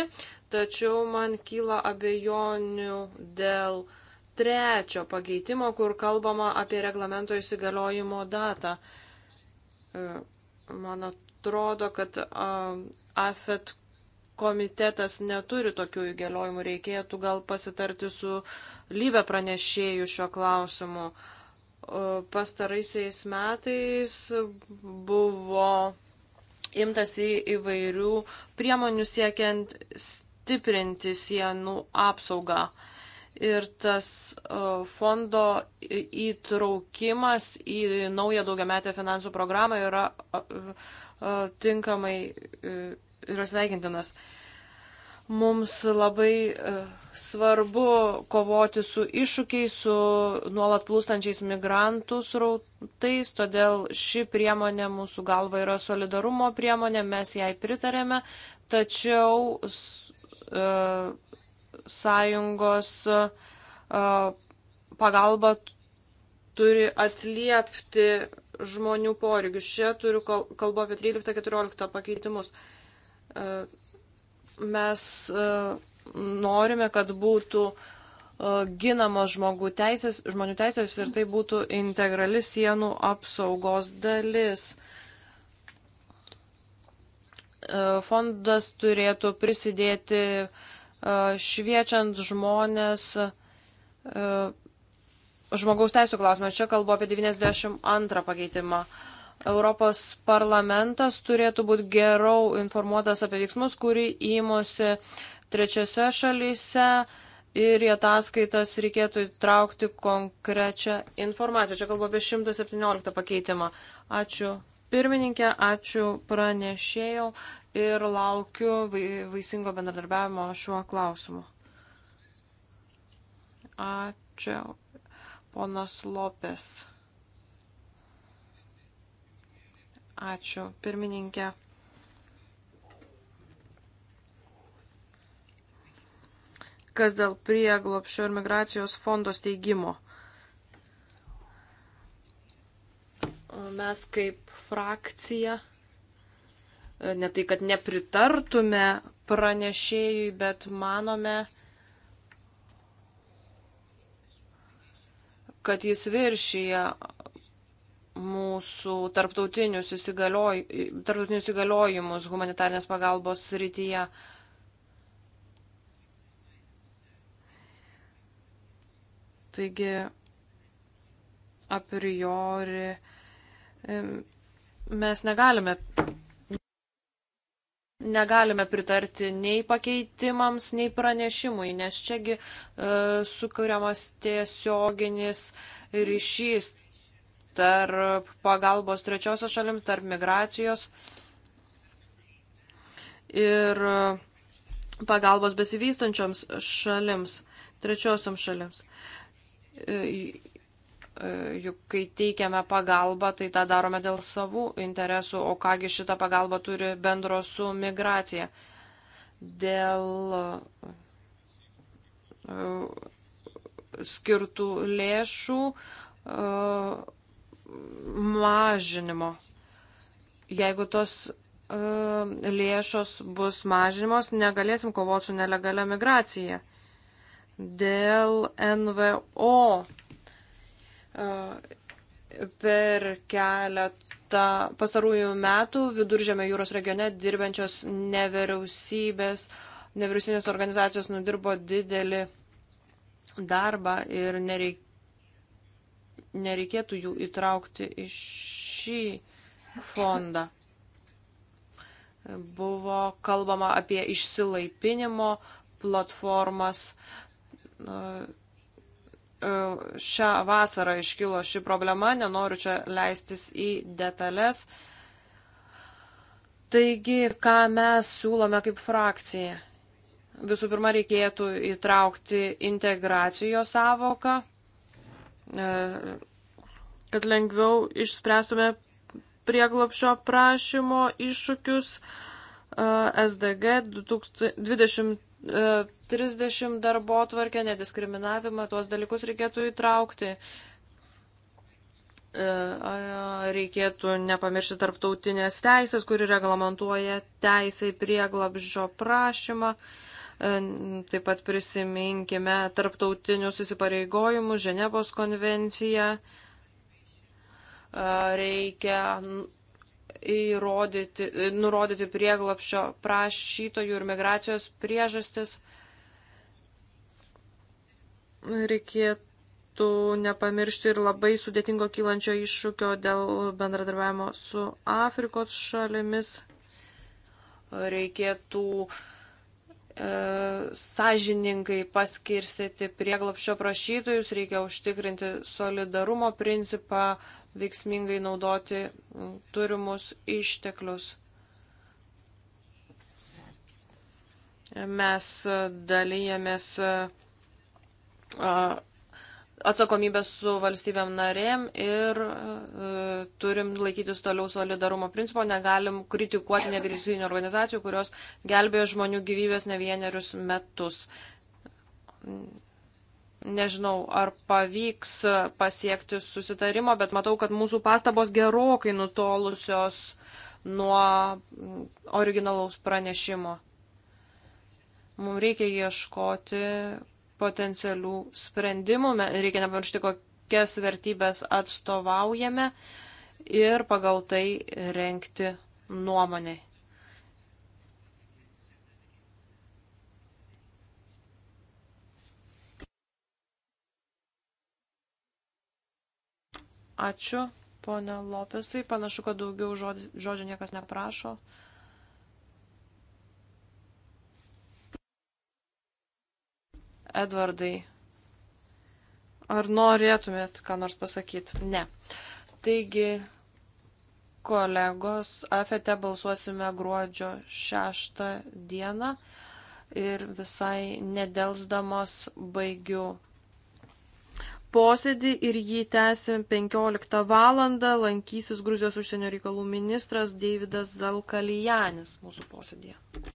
tačiau man kyla abejonių dėl trečio pakeitimo, kur kalbama apie reglamento įsigaliojimo datą. E, man atrodo, kad AFET komitetas neturi tokių įgaliojimų, reikėtų gal pasitarti su lybe pranešėjų šiuo klausimu. Pastaraisiais metais buvo imtasi įvairių priemonių siekiant stiprinti sienų apsaugą. Ir tas fondo įtraukimas į naują daugiametę finansų programą yra tinkamai e, yra sveikintinas. Mums labai e, svarbu kovoti su iššūkiais, su nuolat plūstančiais migrantų srautais, todėl ši priemonė mūsų galva yra solidarumo priemonė, mes jai pritarėme, tačiau e, sąjungos e, pagalba turi atliepti žmonių poreikius. Čia turiu kalbu apie 13-14 pakeitimus. E, mes e, norime, kad būtų e, ginamos žmogų teisės, žmonių teisės ir tai būtų integrali sienų apsaugos dalis. Fondas turėtų prisidėti šviečiant žmonės žmogaus teisų klausimą. Čia kalbu apie 92 pakeitimą. Europos parlamentas turėtų būti geriau informuotas apie veiksmus, kurį įmosi trečiose šalyse ir į ataskaitas reikėtų įtraukti konkrečią informaciją. Čia kalbu apie 117 pakeitimą. Ačiū pirmininkė, ačiū pranešėjau ir laukiu vaisingo bendradarbiavimo šiuo klausimu. Ačiū, ponas Lopes. Ačiū, pirmininkė. Kas dėl prieglopšio ir migracijos fondo steigimo? Mes kaip frakcija, ne tai, kad nepritartume pranešėjui, bet manome, kad jis viršyje mūsų tarptautinius, įsigalioj, tarptautinius įgaliojimus humanitarnės pagalbos srityje. Taigi, a priori, mes negalime, negalime pritarti nei pakeitimams, nei pranešimui, nes čiagi e, sukūriamas tiesioginis ryšys tarp pagalbos trečiosios šalim, tarp migracijos ir pagalbos besivystančioms šalims, trečiosioms šalims. E, e, juk kai teikiame pagalbą, tai tą darome dėl savų interesų, o kągi šita pagalba turi bendro su migracija. Dėl e, skirtų lėšų mažinimo. Jeigu tos uh, lėšos bus mažinimos, negalėsim kovoti su nelegalia migracija. Dėl NVO uh, e, per keletą pastarųjų metų viduržėme jūros regione dirbančios nevyriausybės, nevyriausybės organizacijos nudirbo didelį darbą ir nereikia nereikėtų jų įtraukti į šį fondą. Buvo kalbama apie išsilaipinimo platformas. E, šią vasarą iškilo ši problema, nenoriu čia leistis į detalės. Taigi, ką mes siūlome kaip frakcija? Visų pirma, reikėtų įtraukti integracijos savoką E, kad lengviau išspręstume prieglopšio prašymo iššūkius. E, e, SDG 2030 darbo tvarkę, nediskriminavimą, tuos dalykus reikėtų įtraukti. Reikėtų nepamiršti tarptautinės teisės, kuri reglamentuoja teisę į prieglabžio prašymą. E, taip pat prisiminkime tarptautinius įsipareigojimus, Ženevos konvenciją. E, reikia įrodyti, nurodyti prieglapščio prašytojų ir migracijos priežastis. Reikėtų nepamiršti ir labai sudėtingo kylančio iššūkio dėl bendradarbiavimo su Afrikos šalimis. Reikėtų uh, E, sąžiningai paskirstyti prieglapščio prašytojus, reikia užtikrinti solidarumo principą, veiksmingai naudoti turimus išteklius. Mes e, dalyjamės e, atsakomybę su valstybėm narėm ir e, turim laikytis toliau solidarumo principo, negalim kritikuoti nevyriausybinio organizacijų, kurios gelbėjo žmonių gyvybės ne vienerius metus. Nežinau, ar pavyks pasiekti susitarimo, bet matau, kad mūsų pastabos gerokai nutolusios nuo originalaus pranešimo. Mums reikia ieškoti potencialių sprendimų. Reikia nepamiršti, kokias vertybės atstovaujame ir pagal tai renkti nuomonę. Ačiū, ponė Lopesai. Panašu, kad daugiau žodžio niekas neprašo. Edvardai, ar norėtumėt ką nors pasakyti? Ne. Taigi, kolegos, afete balsuosime gruodžio 6 dieną ir visai nedelsdamas baigiu posėdį ir jį tęsim 15 val. lankysis Gruzijos užsienio reikalų ministras Deividas Zalkalijanis mūsų posėdėje.